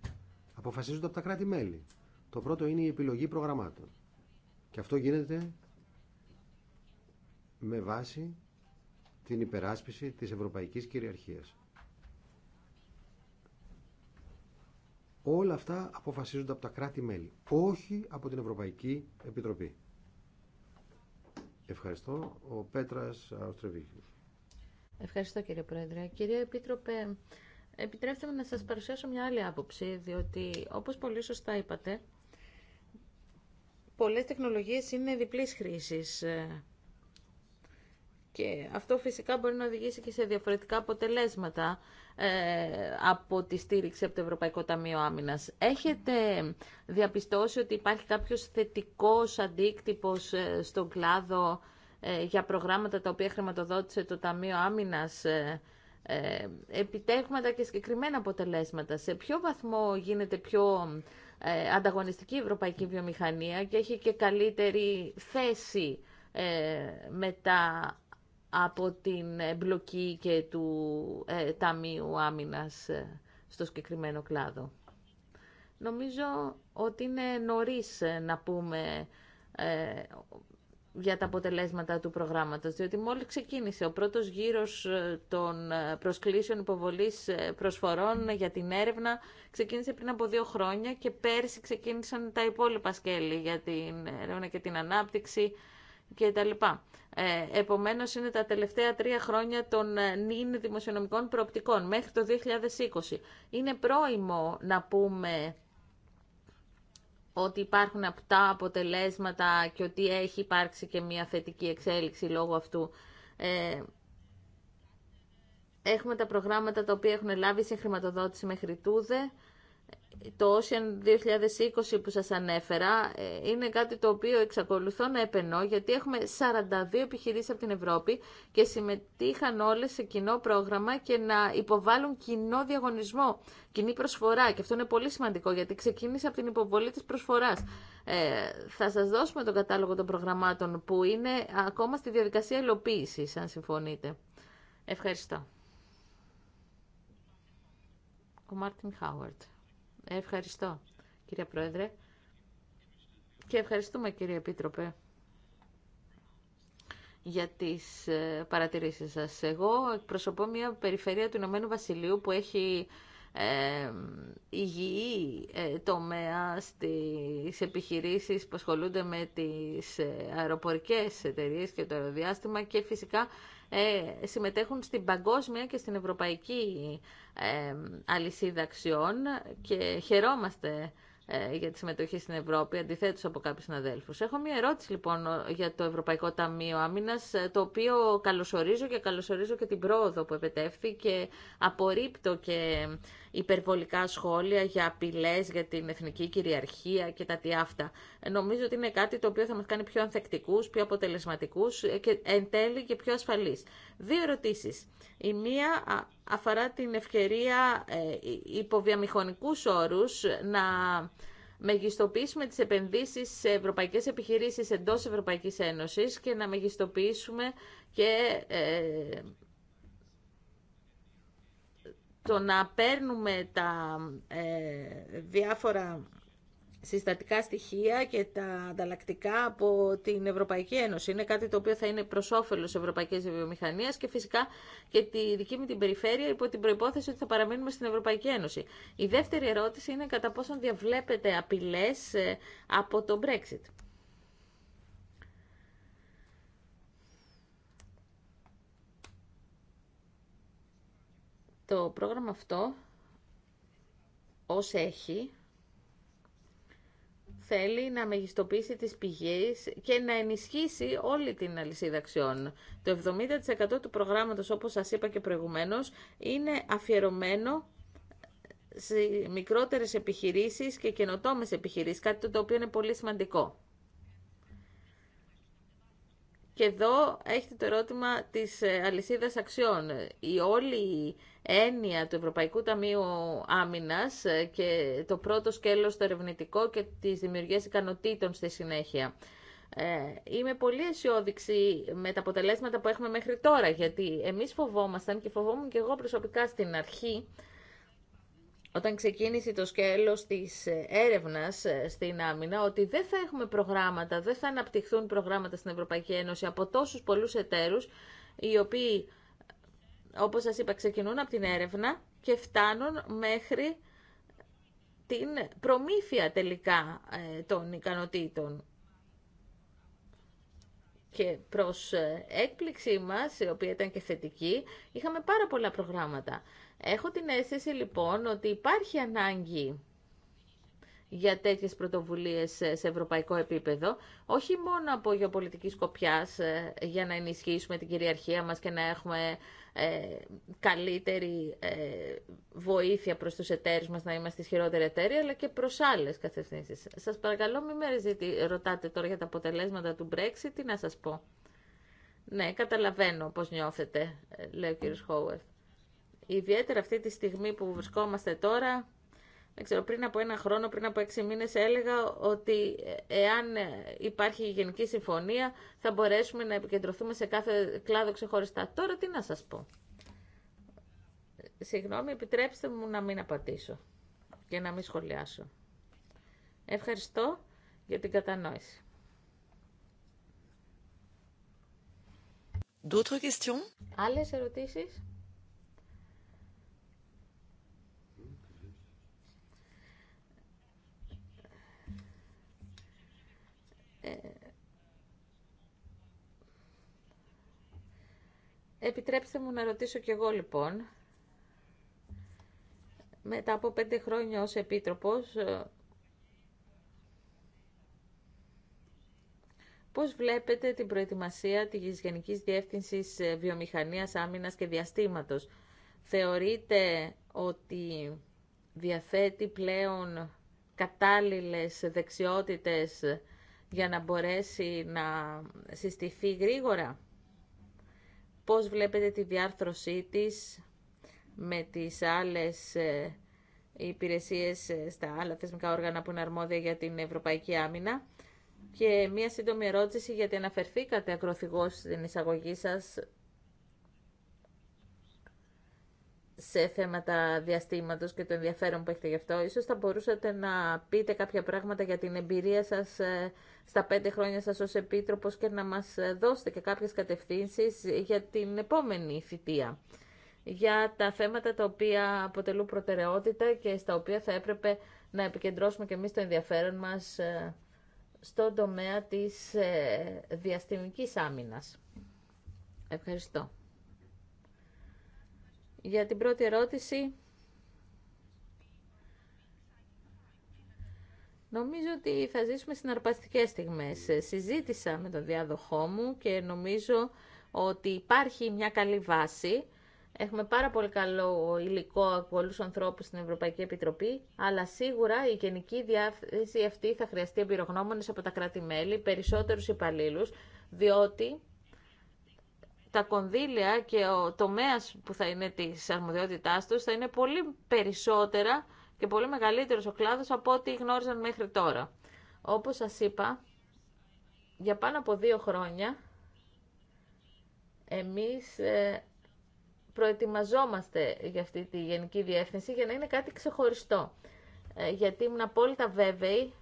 αποφασίζονται από τα κράτη-μέλη. Το πρώτο είναι η επιλογή προγραμμάτων. Και αυτό γίνεται με βάση την υπεράσπιση της ευρωπαϊκής κυριαρχίας. Όλα αυτά αποφασίζονται από τα κράτη-μέλη, όχι από την Ευρωπαϊκή Επιτροπή. Ευχαριστώ. Ο Πέτρας Αουστρεβίχιος. Ευχαριστώ κύριε Πρόεδρε. Κύριε Επίτροπε, επιτρέψτε μου να σας παρουσιάσω μια άλλη άποψη, διότι όπως πολύ σωστά είπατε, πολλές τεχνολογίες είναι διπλής χρήσης ε, και αυτό φυσικά μπορεί να οδηγήσει και σε διαφορετικά αποτελέσματα ε, από τη στήριξη από το Ευρωπαϊκό Ταμείο Άμυνας. Έχετε διαπιστώσει ότι υπάρχει κάποιος θετικός αντίκτυπος ε, στον κλάδο για προγράμματα τα οποία χρηματοδότησε το Ταμείο Άμυνας ε, και συγκεκριμένα αποτελέσματα. Σε ποιο βαθμό γίνεται πιο ε, ανταγωνιστική η ευρωπαϊκή βιομηχανία και έχει και καλύτερη θέση ε, μετά από την εμπλοκή και του ε, Ταμείου Άμυνας στο συγκεκριμένο κλάδο. Νομίζω ότι είναι νωρίς να πούμε για τα αποτελέσματα του προγράμματος, διότι μόλις ξεκίνησε ο πρώτος γύρος ε, των ε, προσκλήσεων υποβολής ε, προσφορών για την έρευνα ξεκίνησε πριν από δύο χρόνια και πέρσι ξεκίνησαν τα υπόλοιπα σκέλη για την έρευνα και την ανάπτυξη και τα λοιπά. επομένως είναι τα τελευταία τρία χρόνια των νυν δημοσιονομικών προοπτικών μέχρι το 2020. Είναι πρόημο να πούμε ότι υπάρχουν αυτά αποτελέσματα και ότι έχει υπάρξει και μια θετική εξέλιξη λόγω αυτού. Ε, έχουμε τα προγράμματα τα οποία έχουν λάβει σε χρηματοδότηση μέχρι τούδε το Ocean 2020 που σας ανέφερα ε, είναι κάτι το οποίο εξακολουθώ να επενώ γιατί έχουμε 42 επιχειρήσεις από την Ευρώπη και συμμετείχαν όλες σε κοινό πρόγραμμα και να υποβάλουν κοινό διαγωνισμό, κοινή προσφορά και αυτό είναι πολύ σημαντικό γιατί ξεκίνησε από την υποβολή της προσφοράς. Ε, θα σας δώσουμε τον κατάλογο των προγραμμάτων που είναι ακόμα στη διαδικασία υλοποίησης αν συμφωνείτε. Ευχαριστώ. Ο Μάρτιν Χάουαρτ. Ευχαριστώ, κύριε Πρόεδρε. Και ευχαριστούμε, κύριε Επίτροπε, για τις ε, παρατηρήσεις σας. Εγώ εκπροσωπώ μια περιφερεια του Ηνωμένου Βασιλείου που έχει ε, υγιή ε, τομέα στις επιχειρήσεις που ασχολούνται με τις ε, αεροπορικές εταιρείες και το αεροδιάστημα και φυσικά ε, συμμετέχουν στην παγκόσμια και στην ευρωπαϊκή ε, αλυσίδα αξιών και χαιρόμαστε ε, για τη συμμετοχή στην Ευρώπη, Αντιθέτω από κάποιου συναδέλφου. Έχω μία ερώτηση λοιπόν για το Ευρωπαϊκό Ταμείο Άμυνα, ε, το οποίο καλωσορίζω και καλωσορίζω και την πρόοδο που επετεύχθη και απορρίπτω και υπερβολικά σχόλια για απειλέ για την εθνική κυριαρχία και τα τι αυτά. Νομίζω ότι είναι κάτι το οποίο θα μα κάνει πιο ανθεκτικού, πιο αποτελεσματικού και εν τέλει και πιο ασφαλεί. Δύο ερωτήσει. Η μία αφορά την ευκαιρία ε, υποβιαμηχανικού όρου να μεγιστοποιήσουμε τις επενδύσεις σε ευρωπαϊκές επιχειρήσεις εντός Ευρωπαϊκής Ένωσης και να μεγιστοποιήσουμε και ε, το να παίρνουμε τα ε, διάφορα συστατικά στοιχεία και τα ανταλλακτικά από την Ευρωπαϊκή Ένωση. Είναι κάτι το οποίο θα είναι προ όφελο Ευρωπαϊκή Βιομηχανία και φυσικά και τη δική μου την περιφέρεια υπό την προπόθεση ότι θα παραμείνουμε στην Ευρωπαϊκή Ένωση. Η δεύτερη ερώτηση είναι κατά πόσον διαβλέπετε απειλέ ε, από το Brexit. Το πρόγραμμα αυτό, ως έχει, θέλει να μεγιστοποιήσει τις πηγές και να ενισχύσει όλη την αλυσίδα αξιών. Το 70% του προγράμματος, όπως σας είπα και προηγουμένως, είναι αφιερωμένο σε μικρότερες επιχειρήσεις και καινοτόμες επιχειρήσεις, κάτι το οποίο είναι πολύ σημαντικό. Και εδώ έχετε το ερώτημα της ε, αλυσίδας αξιών. Η όλη έννοια του Ευρωπαϊκού Ταμείου Άμυνας ε, και το πρώτο σκέλος το ερευνητικό και τις δημιουργίες ικανοτήτων στη συνέχεια. Ε, είμαι πολύ αισιόδοξη με τα αποτελέσματα που έχουμε μέχρι τώρα, γιατί εμείς φοβόμασταν και φοβόμουν και εγώ προσωπικά στην αρχή, όταν ξεκίνησε το σκέλος της ε, έρευνας στην άμυνα, ότι δεν θα έχουμε προγράμματα, δεν θα αναπτυχθούν προγράμματα στην Ευρωπαϊκή Ένωση από τόσους πολλούς εταίρους, οι οποίοι όπως σας είπα, ξεκινούν από την έρευνα και φτάνουν μέχρι την προμήθεια τελικά ε, των ικανοτήτων. Και προς ε, έκπληξή μας, η οποία ήταν και θετική, είχαμε πάρα πολλά προγράμματα. Έχω την αίσθηση λοιπόν ότι υπάρχει ανάγκη για τέτοιες πρωτοβουλίες ε, σε ευρωπαϊκό επίπεδο, όχι μόνο από γεωπολιτική σκοπιά για να ενισχύσουμε την κυριαρχία μας και να έχουμε ε, καλύτερη ε, βοήθεια προς τους εταίρους μας να είμαστε ισχυρότεροι εταιρεία, αλλά και προς άλλες κατευθύνσεις. Σας παρακαλώ μην με ρωτάτε τώρα για τα αποτελέσματα του Brexit, τι να σας πω. Ναι, καταλαβαίνω πώς νιώθετε, ε, λέει ο κύριος Χόουερ. Ιδιαίτερα αυτή τη στιγμή που βρισκόμαστε τώρα, δεν πριν από ένα χρόνο, πριν από έξι μήνες έλεγα ότι εάν υπάρχει γενική συμφωνία θα μπορέσουμε να επικεντρωθούμε σε κάθε κλάδο ξεχωριστά. Τώρα τι να σας πω. Συγγνώμη, επιτρέψτε μου να μην απαντήσω και να μην σχολιάσω. Ευχαριστώ για την κατανόηση. Άλλες ερωτήσεις? Επιτρέψτε μου να ρωτήσω κι εγώ λοιπόν, μετά από πέντε χρόνια ως Επίτροπος, ε, Πώς βλέπετε την προετοιμασία της Γενικής Διεύθυνσης ε, Βιομηχανίας Άμυνας και Διαστήματος. Θεωρείτε ότι διαθέτει πλέον κατάλληλες δεξιότητες για να μπορέσει να συστηθεί γρήγορα πώς βλέπετε τη διάρθρωσή της με τις άλλες ε, υπηρεσίες ε, στα άλλα θεσμικά όργανα που είναι αρμόδια για την Ευρωπαϊκή Άμυνα. Και μία σύντομη ερώτηση γιατί αναφερθήκατε ακροθυγώς στην εισαγωγή σας σε θέματα διαστήματος και το ενδιαφέρον που έχετε γι' αυτό. Ίσως θα μπορούσατε να πείτε κάποια πράγματα για την εμπειρία σας ε, στα πέντε χρόνια σας ως Επίτροπος και να μας ε, δώσετε και κάποιες κατευθύνσεις για την επόμενη θητεία. Για τα θέματα τα οποία αποτελούν προτεραιότητα και στα οποία θα έπρεπε να επικεντρώσουμε και εμείς το ενδιαφέρον μας ε, στον τομέα της διαστημικής άμυνας. Ευχαριστώ. Για την πρώτη ερώτηση, Νομίζω ότι θα ζήσουμε συναρπαστικές στιγμές. Συζήτησα με τον διάδοχό μου και νομίζω ότι υπάρχει μια καλή βάση. Έχουμε πάρα πολύ καλό υλικό από πολλού ανθρώπους στην Ευρωπαϊκή Επιτροπή, αλλά σίγουρα η γενική διάθεση αυτή θα χρειαστεί εμπειρογνώμονες από τα κράτη-μέλη, περισσότερους υπαλλήλους, διότι τα κονδύλια και ο τομέας που θα είναι τη αρμοδιότητάς τους θα είναι πολύ περισσότερα και πολύ μεγαλύτερος ο κλάδος από ό,τι γνώριζαν μέχρι τώρα. Όπως σας είπα, για πάνω από δύο χρόνια εμείς ε, προετοιμαζόμαστε για αυτή τη Γενική Διεύθυνση για να είναι κάτι ξεχωριστό. Ε, γιατί ήμουν απόλυτα βέβαιη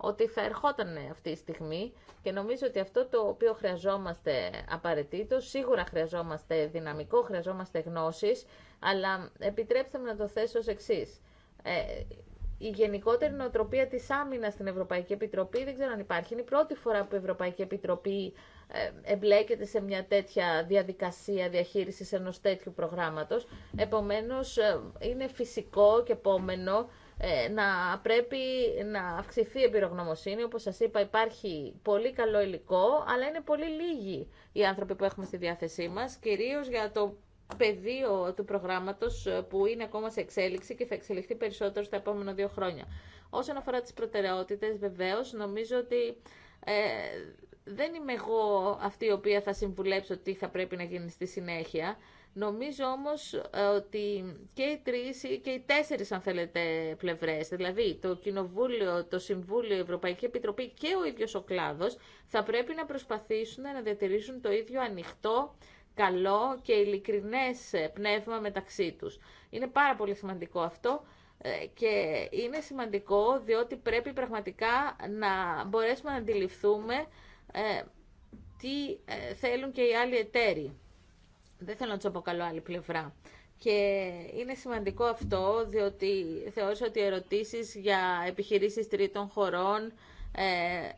ότι θα ερχόταν αυτή η στιγμή και νομίζω ότι αυτό το οποίο χρειαζόμαστε απαραίτητο, σίγουρα χρειαζόμαστε δυναμικό, χρειαζόμαστε γνώσεις, αλλά επιτρέψτε μου να το θέσω ως εξής. Ε, η γενικότερη νοοτροπία της άμυνας στην Ευρωπαϊκή Επιτροπή, δεν ξέρω αν υπάρχει, είναι η πρώτη φορά που η Ευρωπαϊκή Επιτροπή ε, εμπλέκεται σε μια τέτοια διαδικασία διαχείρισης ενός τέτοιου προγράμματος. Επομένως, ε, είναι φυσικό και επόμενο ε, να πρέπει να αυξηθεί η εμπειρογνωμοσύνη. Όπως σας είπα υπάρχει πολύ καλό υλικό, αλλά είναι πολύ λίγοι οι άνθρωποι που έχουμε στη διάθεσή μας, κυρίως για το πεδίο του προγράμματος ε, που είναι ακόμα σε εξέλιξη και θα εξελιχθεί περισσότερο στα επόμενα δύο χρόνια. Όσον αφορά τις προτεραιότητες, βεβαίως, νομίζω ότι ε, δεν είμαι εγώ αυτή η οποία θα συμβουλέψω τι θα πρέπει να γίνει στη συνέχεια. Νομίζω όμως ε, ότι και οι τρεις ή και οι τέσσερις αν θέλετε πλευρές, δηλαδή το Κοινοβούλιο, το Συμβούλιο, η Ευρωπαϊκή Επιτροπή και ο ίδιος ο κλάδος θα πρέπει να προσπαθήσουν να διατηρήσουν το ίδιο ανοιχτό, καλό και ειλικρινές ε, πνεύμα μεταξύ τους. Είναι πάρα πολύ σημαντικό αυτό ε, και είναι σημαντικό διότι πρέπει πραγματικά να μπορέσουμε να αντιληφθούμε τι θέλουν και οι άλλοι εταίροι. Δεν θέλω να του αποκαλώ άλλη πλευρά. Και είναι σημαντικό αυτό, διότι θεώρησα ότι οι ερωτήσεις για επιχειρήσεις τρίτων χωρών ε,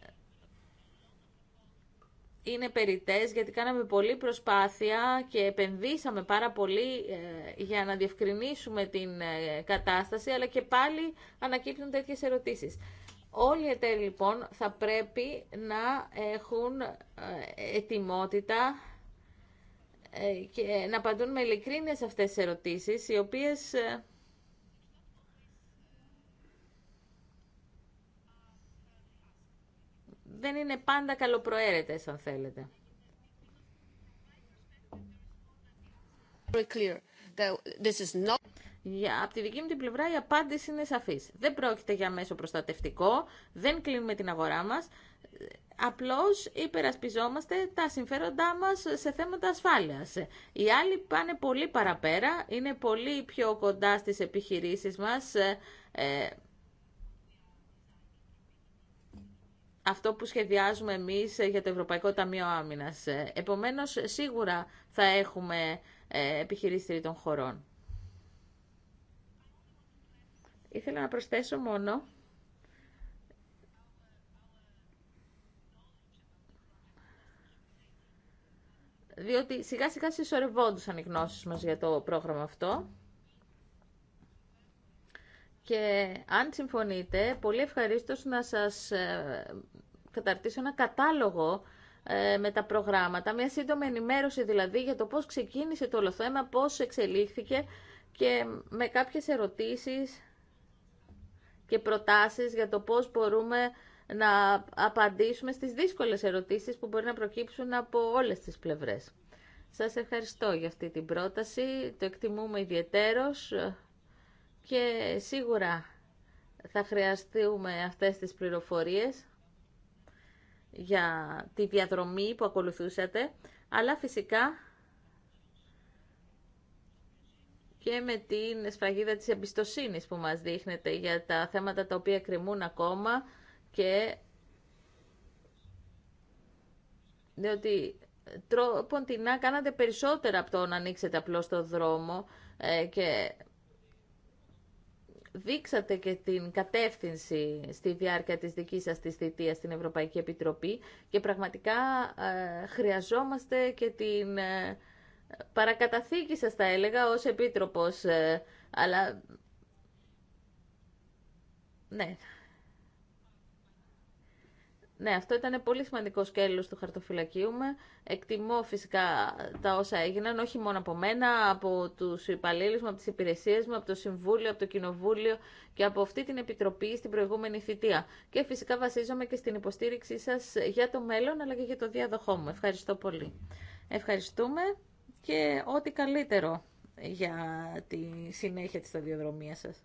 είναι περιτές, γιατί κάναμε πολλή προσπάθεια και επενδύσαμε πάρα πολύ ε, για να διευκρινίσουμε την ε, κατάσταση, αλλά και πάλι ανακύπτουν τέτοιες ερωτήσεις. Όλοι οι εταίροι λοιπόν θα πρέπει να έχουν ε, ετοιμότητα ε, και να απαντούν με ειλικρίνεια σε αυτές τις ερωτήσεις, οι οποίες ε, δεν είναι πάντα καλοπροαίρετες, αν θέλετε. Για, από τη δική μου την πλευρά η απάντηση είναι σαφής. Δεν πρόκειται για μέσο προστατευτικό, δεν κλείνουμε την αγορά μας, απλώς υπερασπιζόμαστε τα συμφέροντά μας σε θέματα ασφάλειας. Οι άλλοι πάνε πολύ παραπέρα, είναι πολύ πιο κοντά στις επιχειρήσεις μας. Ε, ε, αυτό που σχεδιάζουμε εμείς για το Ευρωπαϊκό Ταμείο Άμυνας. Ε, επομένως, σίγουρα θα έχουμε επιχειρήσει των χωρών. Ήθελα να προσθέσω μόνο διότι σιγά σιγά συσσωρευόντουσαν οι γνώσει μας για το πρόγραμμα αυτό. Και αν συμφωνείτε, πολύ ευχαριστώ να σας ε, καταρτήσω ένα κατάλογο ε, με τα προγράμματα, μια σύντομη ενημέρωση δηλαδή για το πώς ξεκίνησε το όλο θέμα, πώς εξελίχθηκε και με κάποιες ερωτήσεις και προτάσεις για το πώς μπορούμε να απαντήσουμε στις δύσκολες ερωτήσεις που μπορεί να προκύψουν από όλες τις πλευρές. Σας ευχαριστώ για αυτή την πρόταση, το εκτιμούμε ιδιαιτέρως και σίγουρα θα χρειαστούμε αυτές τις πληροφορίες για τη διαδρομή που ακολουθούσατε, αλλά φυσικά και με την σφραγίδα της εμπιστοσύνης που μας δείχνετε για τα θέματα τα οποία κρυμούν ακόμα και διότι τρόπον την να κάνατε περισσότερα από το να ανοίξετε απλώς το δρόμο ε, και δείξατε και την κατεύθυνση στη διάρκεια της δικής σας της θητείας στην Ευρωπαϊκή Επιτροπή και πραγματικά ε, χρειαζόμαστε και την ε, παρακαταθήκη σας τα έλεγα ως Επίτροπος αλλά ναι ναι, αυτό ήταν πολύ σημαντικό σκέλος του χαρτοφυλακίου μου. Εκτιμώ φυσικά τα όσα έγιναν, όχι μόνο από μένα, από τους υπαλλήλου μου, από τις υπηρεσίες μου, από το Συμβούλιο, από το Κοινοβούλιο και από αυτή την Επιτροπή στην προηγούμενη θητεία. Και φυσικά βασίζομαι και στην υποστήριξή σας για το μέλλον αλλά και για το διαδοχό μου. Ευχαριστώ πολύ. Ευχαριστούμε και ό,τι καλύτερο για τη συνέχεια της σταδιοδρομίας σας.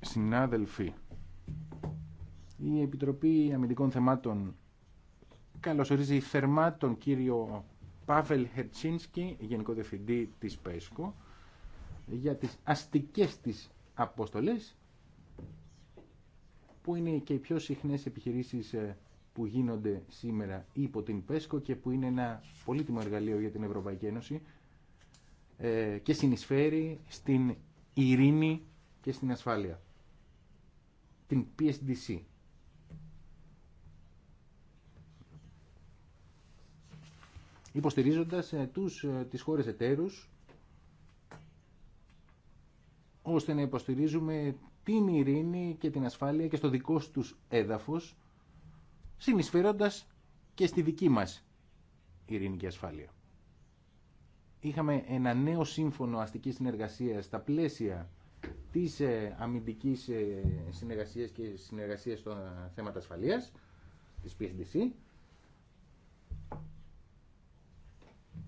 Συνάδελφοι, η Επιτροπή Αμυντικών Θεμάτων καλωσορίζει θερμά τον κύριο Πάβελ Χερτσίνσκι, Γενικό Διευθυντή της ΠΕΣΚΟ, για τις αστικές της αποστολές, που είναι και οι πιο συχνές επιχειρήσεις ε, που γίνονται σήμερα υπό την ΠΕΣΚΟ και που είναι ένα πολύτιμο εργαλείο για την Ευρωπαϊκή Ένωση ε, και συνεισφέρει στην ειρήνη και στην ασφάλεια. Την PSDC. Υποστηρίζοντας ε, τους, ε, τις χώρες εταίρους ώστε να υποστηρίζουμε την ειρήνη και την ασφάλεια και στο δικό τους έδαφος συνεισφέροντας και στη δική μας ειρήνη και ασφάλεια είχαμε ένα νέο σύμφωνο αστικής συνεργασίας στα πλαίσια της ε, αμυντικής ε, συνεργασίας και συνεργασίας θέμα της ασφαλείας, της PSDC,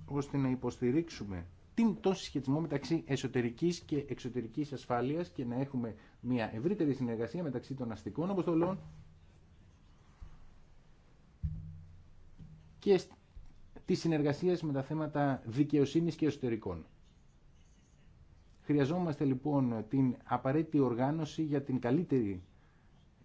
ώστε να υποστηρίξουμε την, τόση σχετισμό μεταξύ εσωτερικής και εξωτερικής ασφάλειας και να έχουμε μια ευρύτερη συνεργασία μεταξύ των αστικών αποστολών και Τη συνεργασία με τα θέματα δικαιοσύνης και εσωτερικών. Χρειαζόμαστε λοιπόν την απαραίτητη οργάνωση για την καλύτερη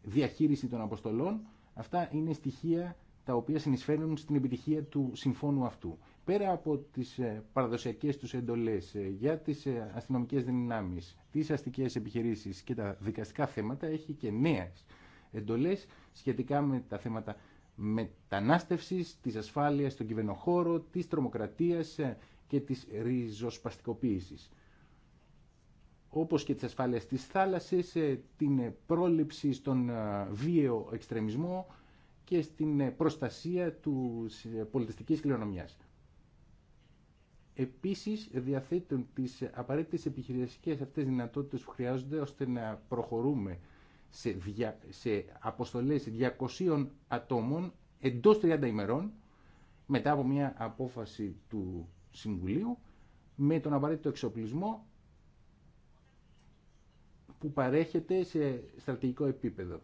διαχείριση των αποστολών. Αυτά είναι στοιχεία τα οποία συνεισφέρουν στην επιτυχία του συμφώνου αυτού. Πέρα από τις ε, παραδοσιακές τους εντολές ε, για τις ε, αστυνομικές δυνάμεις, τις αστικές επιχειρήσεις και τα δικαστικά θέματα, έχει και νέες εντολές σχετικά με τα θέματα μετανάστευσης, της ασφάλειας στον κυβερνοχώρο, της τρομοκρατίας ε, και της ριζοσπαστικοποίησης. Όπως και της ασφάλειας της θάλασσης, ε, την πρόληψη στον ε, βίαιο εξτρεμισμό και στην προστασία του πολιτιστικής κληρονομιάς. Επίσης διαθέτουν τις απαραίτητες επιχειρησιακές αυτές δυνατότητες που χρειάζονται ώστε να προχωρούμε σε, σε αποστολές 200 ατόμων εντός 30 ημερών μετά από μια απόφαση του Συμβουλίου με τον απαραίτητο εξοπλισμό που παρέχεται σε στρατηγικό επίπεδο.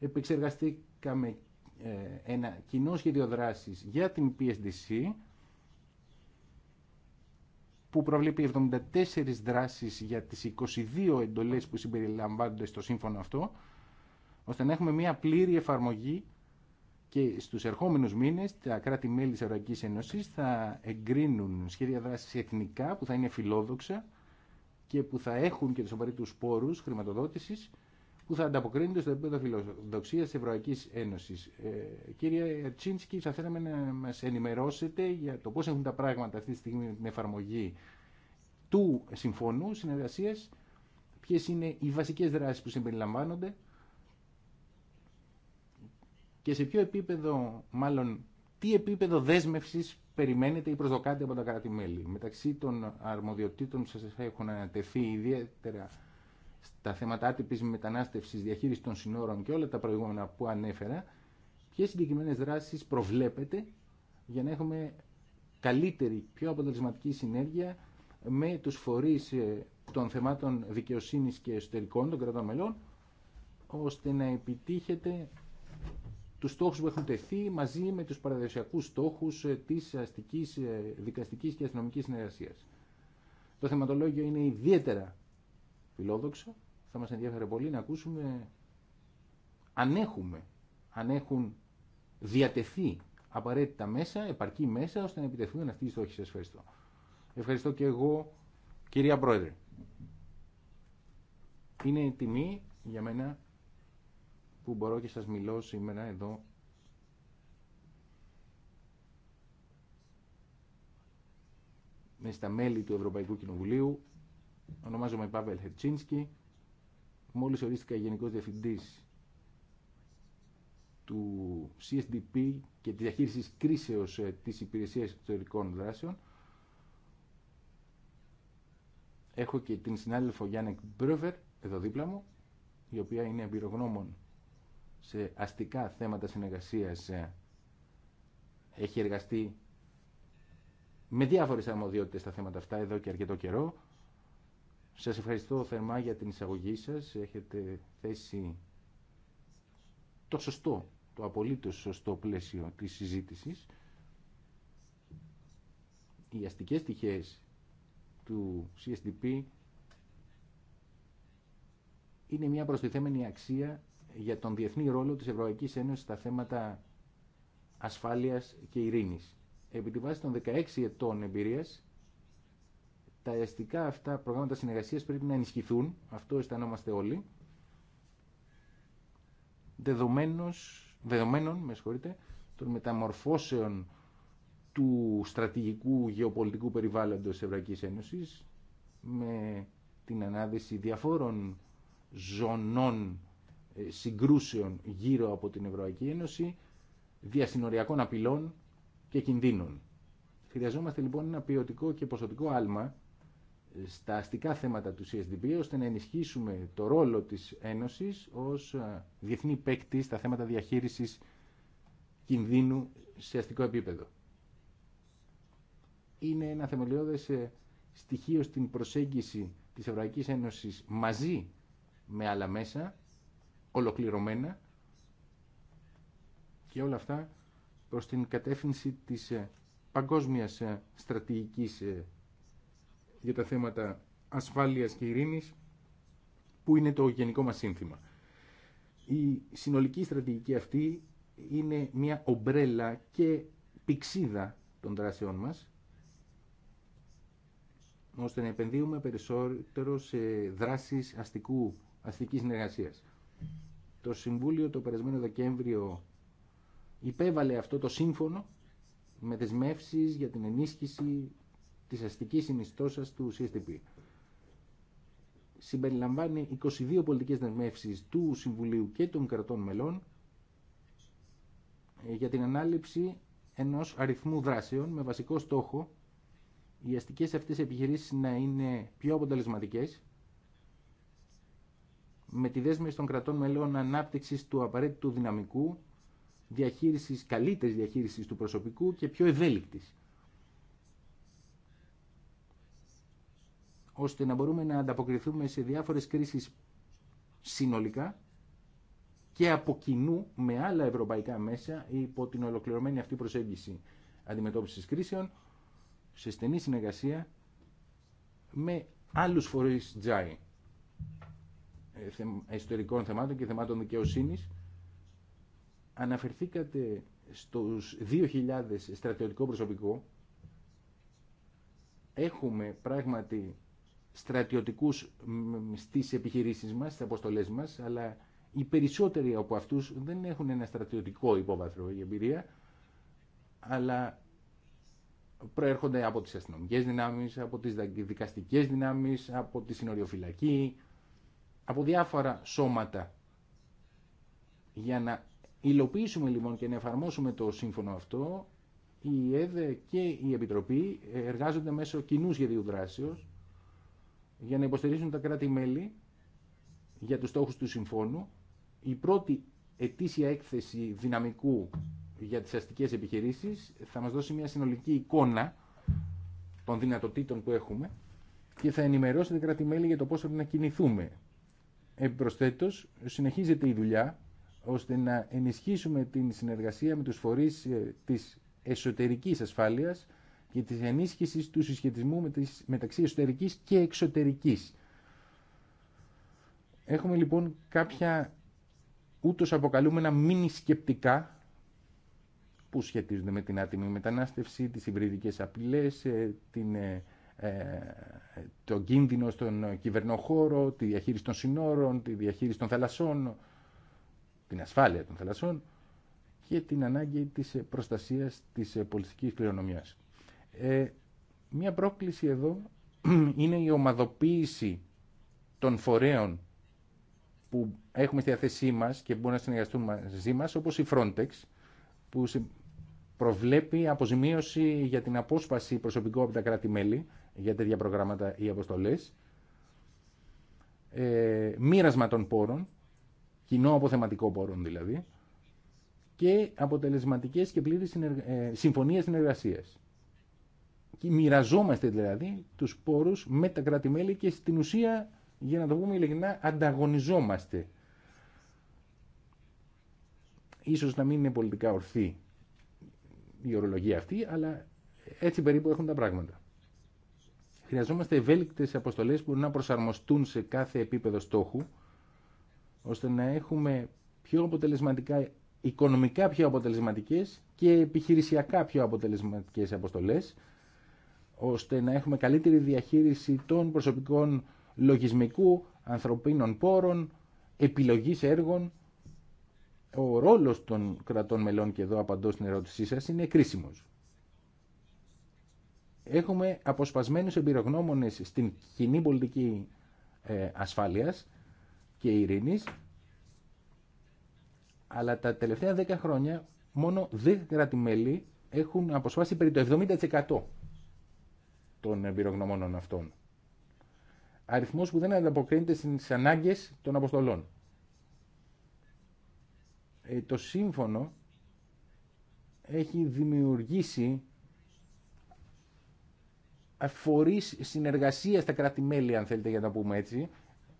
Επεξεργαστήκαμε ε, ένα κοινό σχέδιο δράσης για την PSDC που προβλέπει 74 δράσεις για τις 22 εντολές που συμπεριλαμβάνονται στο σύμφωνο αυτό, ώστε να έχουμε μια πλήρη εφαρμογή και στους ερχόμενους μήνες τα κράτη-μέλη της Ευρωπαϊκής Ένωσης θα εγκρίνουν σχέδια δράσης εθνικά που θα είναι φιλόδοξα και που θα έχουν και τους απαραίτητους πόρους χρηματοδότησης που θα ανταποκρίνεται στο επίπεδο φιλοδοξία τη Ευρωπαϊκή Ένωση. Ε, κύριε Τσίνσκι, θα θέλαμε να μα ενημερώσετε για το πώ έχουν τα πράγματα αυτή τη στιγμή με την εφαρμογή του συμφώνου συνεργασία, ποιε είναι οι βασικέ δράσει που συμπεριλαμβάνονται και σε ποιο επίπεδο, μάλλον τι επίπεδο δέσμευση περιμένετε ή προσδοκάτε από τα κράτη-μέλη. Μεταξύ των αρμοδιοτήτων που σα έχουν ανατεθεί ιδιαίτερα στα θέματα άτυπης μετανάστευσης, διαχείριση των συνόρων και όλα τα προηγούμενα που ανέφερα, ποιες συγκεκριμένε δράσεις προβλέπετε για να έχουμε καλύτερη, πιο αποτελεσματική συνέργεια με τους φορείς ε, των θεμάτων δικαιοσύνης και εσωτερικών των κρατών μελών, ώστε να επιτύχετε τους στόχους που έχουν τεθεί μαζί με τους παραδοσιακούς στόχους ε, της αστικής, ε, δικαστικής και αστυνομικής συνεργασίας. Το θεματολόγιο είναι ιδιαίτερα φιλόδοξο. Θα μας ενδιαφέρει πολύ να ακούσουμε αν αν έχουν διατεθεί απαραίτητα μέσα, επαρκή μέσα, ώστε να επιτεθούν. αυτοί οι στόχοι. Σας ευχαριστώ. Ευχαριστώ και εγώ, κυρία Πρόεδρε. Είναι τιμή για μένα που μπορώ και σας μιλώ σήμερα εδώ στα μέλη του Ευρωπαϊκού Κοινοβουλίου Ονομάζομαι Πάβελ Χερτσίνσκι. Μόλις ορίστηκα Γενικός Διευθυντής του CSDP και τη διαχείρισης κρίσεως ε, της Υπηρεσίας εξωτερικών Δράσεων. Έχω και την συνάδελφο Γιάννεκ Μπρόβερ, εδώ δίπλα μου, η οποία είναι εμπειρογνώμων σε αστικά θέματα συνεργασίας. Ε, έχει εργαστεί με διάφορες αρμοδιότητες στα θέματα αυτά εδώ και αρκετό καιρό. Σας ευχαριστώ θερμά για την εισαγωγή σας. Έχετε θέσει το σωστό, το απολύτως σωστό πλαίσιο της συζήτησης. Οι αστικές στοιχείες του CSDP είναι μια προστιθέμενη αξία για τον διεθνή ρόλο της Ευρωπαϊκής Ένωσης στα θέματα ασφάλειας και ειρήνης. Επί τη βάση των 16 ετών εμπειρίας τα αιστικά αυτά προγράμματα συνεργασίας πρέπει να ενισχυθούν, αυτό αισθανόμαστε όλοι, δεδομένος, δεδομένων με των μεταμορφώσεων του στρατηγικού γεωπολιτικού περιβάλλοντος Ευρωπαϊκής Ένωσης με την ανάδυση διαφόρων ζωνών ε, συγκρούσεων γύρω από την Ευρωπαϊκή Ένωση, διασυνοριακών απειλών και κινδύνων. Χρειαζόμαστε λοιπόν ένα ποιοτικό και ποσοτικό άλμα στα αστικά θέματα του CSDP ώστε να ενισχύσουμε το ρόλο της Ένωσης ως ε, διεθνή παίκτη στα θέματα διαχείρισης κινδύνου σε αστικό επίπεδο. Είναι ένα θεμελιώδες ε, στοιχείο στην προσέγγιση της Ευρωπαϊκής Ένωσης μαζί με άλλα μέσα, ολοκληρωμένα και όλα αυτά προς την κατεύθυνση της ε, παγκόσμιας στρατηγικής για τα θέματα ασφάλειας και ειρήνης, που είναι το γενικό μας σύνθημα. Η συνολική στρατηγική αυτή είναι μια ομπρέλα και πηξίδα των δράσεών μας, ώστε να επενδύουμε περισσότερο σε δράσεις αστικού, αστικής συνεργασίας. Το Συμβούλιο το περασμένο Δεκέμβριο υπέβαλε αυτό το σύμφωνο με δεσμεύσεις για την ενίσχυση της αστικής συνιστώσας του CSTP. Συμπεριλαμβάνει 22 πολιτικές δεσμεύσεις του Συμβουλίου και των κρατών μελών ε, για την ανάληψη ενός αριθμού δράσεων με βασικό στόχο οι αστικές αυτές επιχειρήσεις να είναι πιο αποτελεσματικές με τη δέσμευση των κρατών μελών ανάπτυξης του απαραίτητου δυναμικού, διαχείρισης, καλύτερης διαχείρισης του προσωπικού και πιο ευέλικτης ώστε να μπορούμε να ανταποκριθούμε σε διάφορες κρίσεις συνολικά και από κοινού με άλλα ευρωπαϊκά μέσα υπό την ολοκληρωμένη αυτή προσέγγιση αντιμετώπισης κρίσεων σε στενή συνεργασία με άλλους φορείς τζάι ε, εσωτερικών θεμάτων και θεμάτων δικαιοσύνης αναφερθήκατε στους 2.000 στρατιωτικό προσωπικό έχουμε πράγματι Στρατιωτικού στις επιχειρήσεις μας, στι αποστολέ μα, αλλά οι περισσότεροι από αυτούς δεν έχουν ένα στρατιωτικό υπόβαθρο η εμπειρία, αλλά προέρχονται από τις αστυνομικές δυνάμεις, από τις δικαστικές δυνάμεις, από τη συνοριοφυλακή, από διάφορα σώματα. Για να υλοποιήσουμε λοιπόν και να εφαρμόσουμε το σύμφωνο αυτό, η ΕΔΕ και η Επιτροπή εργάζονται μέσω κοινού σχεδίου δράσεως, για να υποστηρίζουν τα κράτη-μέλη για τους στόχους του συμφώνου. Η πρώτη ετήσια έκθεση δυναμικού για τις αστικές επιχειρήσεις θα μας δώσει μια συνολική εικόνα των δυνατοτήτων που έχουμε και θα ενημερώσει τα κράτη-μέλη για το πώς πρέπει να κινηθούμε. Επιπροσθέτως, συνεχίζεται η δουλειά ώστε να ενισχύσουμε την συνεργασία με τους φορείς ε, της εσωτερικής ασφάλειας και τις ενίσχυση του συσχετισμού μεταξύ εσωτερικής και εξωτερικής. Έχουμε λοιπόν κάποια ούτως αποκαλούμενα μίνι σκεπτικά που σχετίζονται με την άτιμη μετανάστευση, τις υβριδικές απειλές, ε, την, ε, ε, το κίνδυνο στον κυβερνοχώρο, τη διαχείριση των συνόρων, τη διαχείριση των θαλασσών, την ασφάλεια των θαλασσών και την ανάγκη της προστασίας της πολιτικής κληρονομιάς. Ε, μια πρόκληση εδώ είναι η ομαδοποίηση των φορέων που έχουμε στη διαθέσή μας και μπορούν να συνεργαστούν μαζί μας, όπως η Frontex, που προβλέπει αποζημίωση για την απόσπαση προσωπικού από τα κράτη-μέλη για τέτοια προγράμματα ή αποστολές, ε, μοίρασμα των πόρων, κοινό αποθεματικό πόρων δηλαδή, και αποτελεσματικές και πλήρες συνεργα... Ε, συμφωνίες μοιραζόμαστε δηλαδή τους πόρους με τα κράτη-μέλη και στην ουσία, για να το πούμε ειλικρινά, ανταγωνιζόμαστε. Ίσως να μην είναι πολιτικά ορθή η ορολογία αυτή, αλλά έτσι περίπου έχουν τα πράγματα. Χρειαζόμαστε ευέλικτε αποστολέ που να προσαρμοστούν σε κάθε επίπεδο στόχου, ώστε να έχουμε πιο αποτελεσματικά, οικονομικά πιο αποτελεσματικέ και επιχειρησιακά πιο αποτελεσματικέ αποστολέ, ώστε να έχουμε καλύτερη διαχείριση των προσωπικών λογισμικού, ανθρωπίνων πόρων, επιλογής έργων. Ο ρόλος των κρατών μελών, και εδώ απαντώ στην ερώτησή σας, είναι κρίσιμος. Έχουμε αποσπασμένους εμπειρογνώμονες στην κοινή πολιτική ε, ασφάλειας και ειρήνης, αλλά τα τελευταία 10 χρόνια μόνο 10 κράτη-μέλη έχουν αποσπάσει περί το 70% των εμπειρογνωμόνων αυτών. Αριθμό που δεν ανταποκρίνεται στις ανάγκες των αποστολών. Ε, το σύμφωνο έχει δημιουργήσει φορεί συνεργασία στα κράτη-μέλη, αν θέλετε για να πούμε έτσι,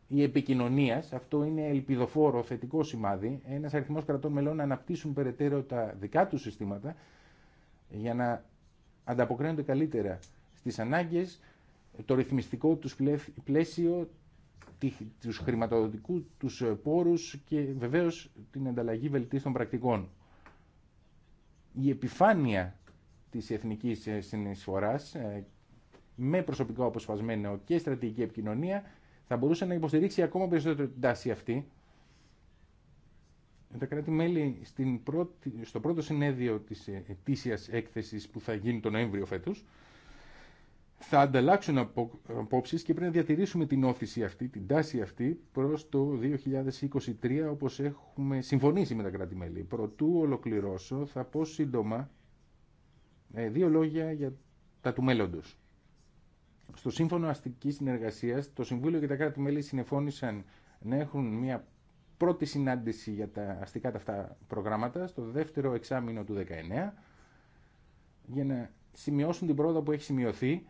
η επικοινωνία, αυτό είναι ελπιδοφόρο, θετικό σημάδι. Ένα αριθμό κρατών μελών να αναπτύσσουν περαιτέρω τα δικά του συστήματα για να ανταποκρίνονται καλύτερα τις ανάγκες, το ρυθμιστικό τους πλαίσιο, τους χρηματοδοτικού τους ε, πόρους και βεβαίως την ανταλλαγή βελτίστων πρακτικών. Η επιφάνεια της εθνικής ε, συνεισφοράς ε, με προσωπικά αποσπασμένο και στρατηγική επικοινωνία θα μπορούσε να υποστηρίξει ακόμα περισσότερο την τάση αυτή. Τα κράτη-μέλη στο πρώτο συνέδριο της ετήσιας έκθεσης που θα γίνει τον Νοέμβριο φέτος θα ανταλλάξουν απόψεις και πρέπει να διατηρήσουμε την όθηση αυτή, την τάση αυτή προς το 2023 όπως έχουμε συμφωνήσει με τα κράτη-μέλη. Προτού ολοκληρώσω θα πω σύντομα ε, δύο λόγια για τα του μέλλοντος. Στο Σύμφωνο Αστικής Συνεργασίας το Συμβούλιο και τα κράτη-μέλη συνεφώνησαν να έχουν μια πρώτη συνάντηση για τα αστικά τα αυτά προγράμματα στο δεύτερο εξάμεινο του 2019, για να σημειώσουν την πρόοδο που έχει σημειωθεί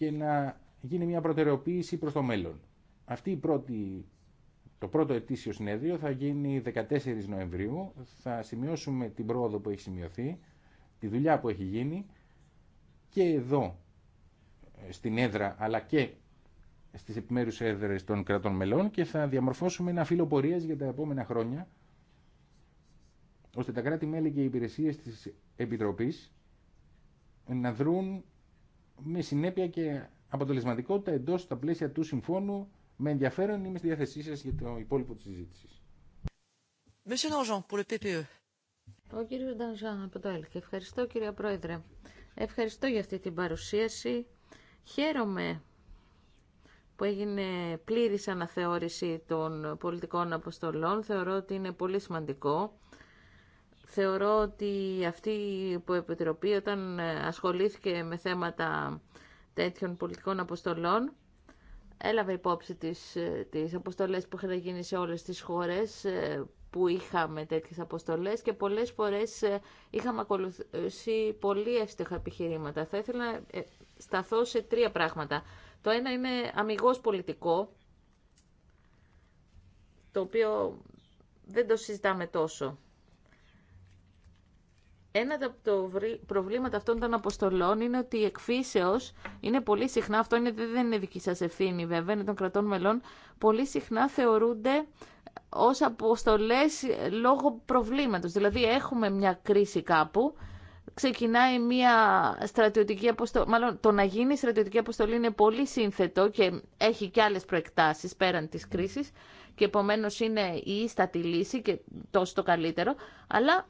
και να γίνει μια προτεραιοποίηση προς το μέλλον. Αυτή η πρώτη, το πρώτο ετήσιο συνέδριο θα γίνει 14 Νοεμβρίου. Θα σημειώσουμε την πρόοδο που έχει σημειωθεί, τη δουλειά που έχει γίνει και εδώ στην έδρα αλλά και στις επιμέρους έδρες των κρατών μελών και θα διαμορφώσουμε ένα φύλλο πορείας για τα επόμενα χρόνια ώστε τα κράτη-μέλη και οι υπηρεσίες της Επιτροπής να δρουν με συνέπεια και αποτελεσματικότητα εντό στα πλαίσια του συμφώνου. Με ενδιαφέρον είμαι στη διάθεσή σα για το υπόλοιπο τη συζήτηση. E. Ο κύριο Ντανζάν από το ΕΛΚ. Ευχαριστώ κύριε Πρόεδρε. Ευχαριστώ για αυτή την παρουσίαση. Χαίρομαι που έγινε πλήρης αναθεώρηση των πολιτικών αποστολών. Θεωρώ ότι είναι πολύ σημαντικό Θεωρώ ότι αυτή που επιτροπή όταν ε, ασχολήθηκε με θέματα τέτοιων πολιτικών αποστολών έλαβε υπόψη τις, ε, τις αποστολές που είχαν γίνει σε όλες τις χώρες ε, που είχαμε τέτοιες αποστολές και πολλές φορές είχαμε ακολουθήσει πολύ εύστοχα επιχειρήματα. Θα ήθελα να σταθώ σε τρία πράγματα. Το ένα είναι αμυγός πολιτικό, το οποίο δεν το συζητάμε τόσο ένα από τα προβλήματα αυτών των αποστολών είναι ότι η εκφύσεως είναι πολύ συχνά, αυτό είναι, δεν είναι δική σα ευθύνη βέβαια, είναι των κρατών μελών, πολύ συχνά θεωρούνται ω αποστολέ λόγω προβλήματο. Δηλαδή έχουμε μια κρίση κάπου, ξεκινάει μια στρατιωτική αποστολή, μάλλον το να γίνει στρατιωτική αποστολή είναι πολύ σύνθετο και έχει και άλλε προεκτάσει πέραν τη κρίση. και επομένω είναι η ίστατη λύση και τόσο το καλύτερο, αλλά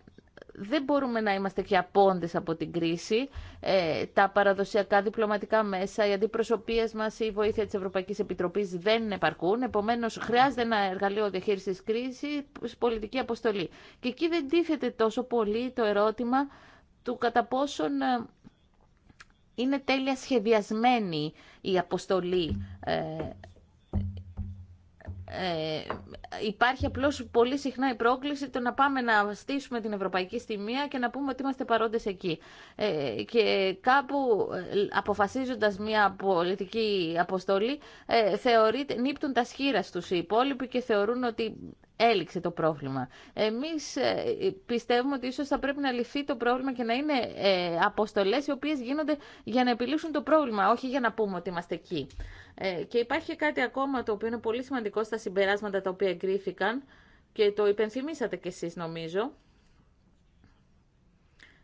δεν μπορούμε να είμαστε και απόντες από την κρίση. Ε, τα παραδοσιακά διπλωματικά μέσα, οι αντιπροσωπείε μα η βοήθεια της Ευρωπαϊκής Επιτροπής δεν επαρκούν. Επομένως, χρειάζεται ένα εργαλείο διαχείρισης κρίσης, πολιτική αποστολή. Και εκεί δεν τίθεται τόσο πολύ το ερώτημα του κατά πόσον ε, είναι τέλεια σχεδιασμένη η αποστολή ε, ε, υπάρχει απλώ πολύ συχνά η πρόκληση το να πάμε να στήσουμε την ευρωπαϊκή στιμία και να πούμε ότι είμαστε παρόντες εκεί. Ε, και κάπου ε, αποφασίζοντας μια πολιτική αποστολή ε, νύπτουν τα σχήρα του οι υπόλοιποι και θεωρούν ότι έληξε το πρόβλημα. Εμείς ε, πιστεύουμε ότι ίσως θα πρέπει να λυθεί το πρόβλημα και να είναι ε, αποστολές οι οποίες γίνονται για να επιλύσουν το πρόβλημα, όχι για να πούμε ότι είμαστε εκεί. Ε, και υπάρχει κάτι ακόμα το οποίο είναι πολύ σημαντικό στα συμπεράσματα τα οποία εγκρίθηκαν και το υπενθυμίσατε κι εσείς νομίζω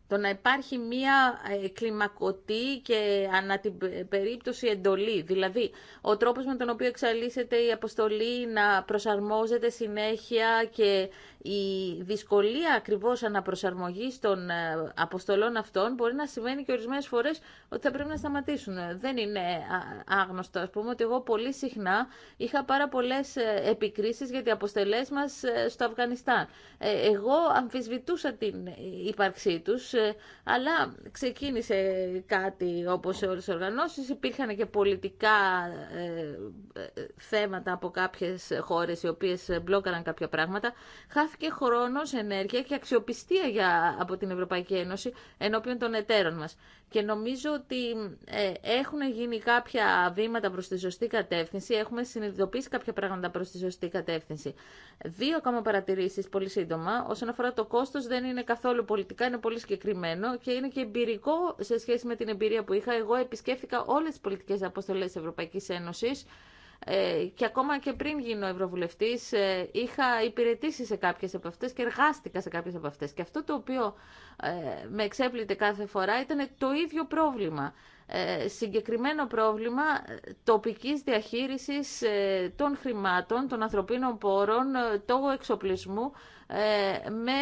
το να υπάρχει μία ε, κλιμακωτή και ανά την περίπτωση εντολή. Δηλαδή, ο τρόπος με τον οποίο εξαλίσσεται η αποστολή να προσαρμόζεται συνέχεια και η δυσκολία ακριβώς αναπροσαρμογής των ε, αποστολών αυτών μπορεί να σημαίνει και ορισμένες φορές ότι θα πρέπει να σταματήσουν. Δεν είναι άγνωστο, ας πούμε, ότι εγώ πολύ συχνά είχα πάρα πολλές ε, επικρίσεις για τις αποστελές μας ε, στο Αφγανιστάν. Εγώ αμφισβητούσα την ύπαρξή τους, αλλά ξεκίνησε κάτι όπως σε όλες τις οργανώσεις. Υπήρχαν και πολιτικά θέματα από κάποιες χώρες οι οποίες μπλόκαραν κάποια πράγματα και χρόνο, ενέργεια και αξιοπιστία για, από την Ευρωπαϊκή Ένωση ενώπιον των εταίρων μα. Και νομίζω ότι ε, έχουν γίνει κάποια βήματα προ τη σωστή κατεύθυνση, έχουμε συνειδητοποιήσει κάποια πράγματα προ τη σωστή κατεύθυνση. Δύο ακόμα παρατηρήσει πολύ σύντομα. Όσον αφορά το κόστο δεν είναι καθόλου πολιτικά, είναι πολύ συγκεκριμένο και είναι και εμπειρικό σε σχέση με την εμπειρία που είχα. Εγώ επισκέφθηκα όλε τι πολιτικέ αποστολέ τη Ευρωπαϊκή Ένωση. Ε, και ακόμα και πριν γίνω Ευρωβουλευτής ε, είχα υπηρετήσει σε κάποιες από αυτές και εργάστηκα σε κάποιες από αυτές. Και αυτό το οποίο ε, με εξέπλητε κάθε φορά ήταν το ίδιο πρόβλημα. Συγκεκριμένο πρόβλημα τοπικής διαχείρισης των χρημάτων, των ανθρωπίνων πόρων, του εξοπλισμού ε, με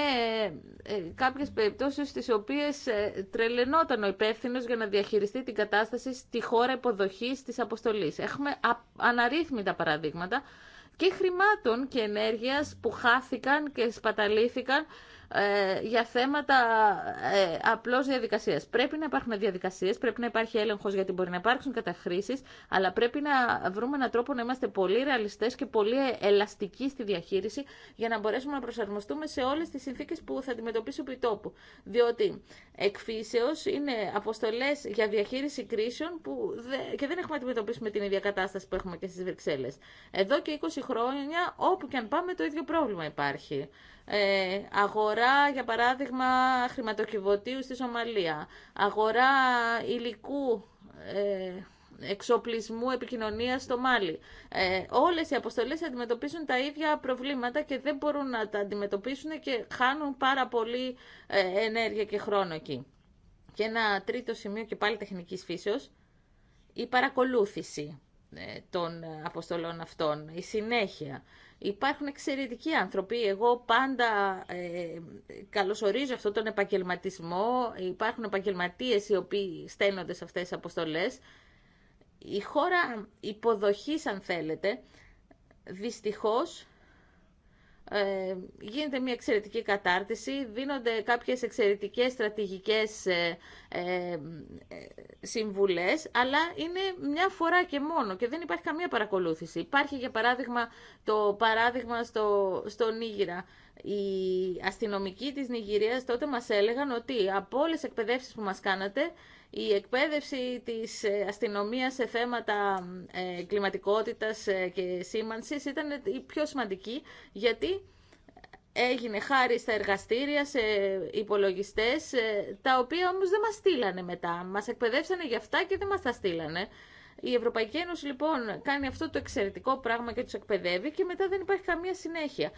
ε, κάποιες περιπτώσεις στις οποίες ε, τρελαινόταν ο υπεύθυνο για να διαχειριστεί την κατάσταση στη χώρα υποδοχής της αποστολής. Έχουμε αναρρύθμιτα παραδείγματα και χρημάτων και ενέργειας που χάθηκαν και σπαταλήθηκαν ε, για θέματα ε, απλώ διαδικασία. Πρέπει να υπάρχουν διαδικασίε, πρέπει να υπάρχει έλεγχο γιατί μπορεί να υπάρξουν καταχρήσεις, αλλά πρέπει να βρούμε έναν τρόπο να είμαστε πολύ ρεαλιστέ και πολύ ελαστικοί στη διαχείριση για να μπορέσουμε να προσαρμοστούμε σε όλε τι συνθήκε που θα αντιμετωπίσει ο τόπου. Διότι εκφύσεως είναι αποστολέ για διαχείριση κρίσεων που και δεν έχουμε αντιμετωπίσει με την ίδια κατάσταση που έχουμε και στι Βρυξέλλε. Εδώ και 20 χρόνια όπου και αν πάμε το ίδιο πρόβλημα υπάρχει. Ε, αγορά, για παράδειγμα, χρηματοκιβωτίου στη Σομαλία, αγορά υλικού ε, εξοπλισμού επικοινωνίας στο Μάλι. Ε, όλες οι αποστολές αντιμετωπίζουν τα ίδια προβλήματα και δεν μπορούν να τα αντιμετωπίσουν και χάνουν πάρα πολύ ε, ενέργεια και χρόνο εκεί. Και ένα τρίτο σημείο και πάλι τεχνικής φύσεως, η παρακολούθηση των αποστολών αυτών, η συνέχεια. Υπάρχουν εξαιρετικοί άνθρωποι. Εγώ πάντα ε, καλωσορίζω αυτόν τον επαγγελματισμό. Υπάρχουν επαγγελματίες οι οποίοι στέλνονται σε αυτές τις αποστολές. Η χώρα υποδοχή, αν θέλετε, δυστυχώς ε, γίνεται μια εξαιρετική κατάρτιση, δίνονται κάποιες εξαιρετικές στρατηγικές ε, ε, συμβουλές, αλλά είναι μια φορά και μόνο και δεν υπάρχει καμία παρακολούθηση. Υπάρχει για παράδειγμα το παράδειγμα στο, στο Νίγηρα. Οι αστυνομικοί της Νιγηρίας τότε μας έλεγαν ότι από όλες τις εκπαιδεύσεις που μας κάνατε η εκπαίδευση της ε, αστυνομίας σε θέματα ε, κλιματικότητας ε, και σήμανσης ήταν η πιο σημαντική γιατί έγινε χάρη στα εργαστήρια, σε υπολογιστές, τα οποία όμως δεν μας στείλανε μετά. Μας εκπαιδεύσανε για αυτά και δεν μας τα στείλανε. Η Ευρωπαϊκή Ένωση λοιπόν κάνει αυτό το εξαιρετικό πράγμα και τους εκπαιδεύει και μετά δεν υπάρχει καμία συνέχεια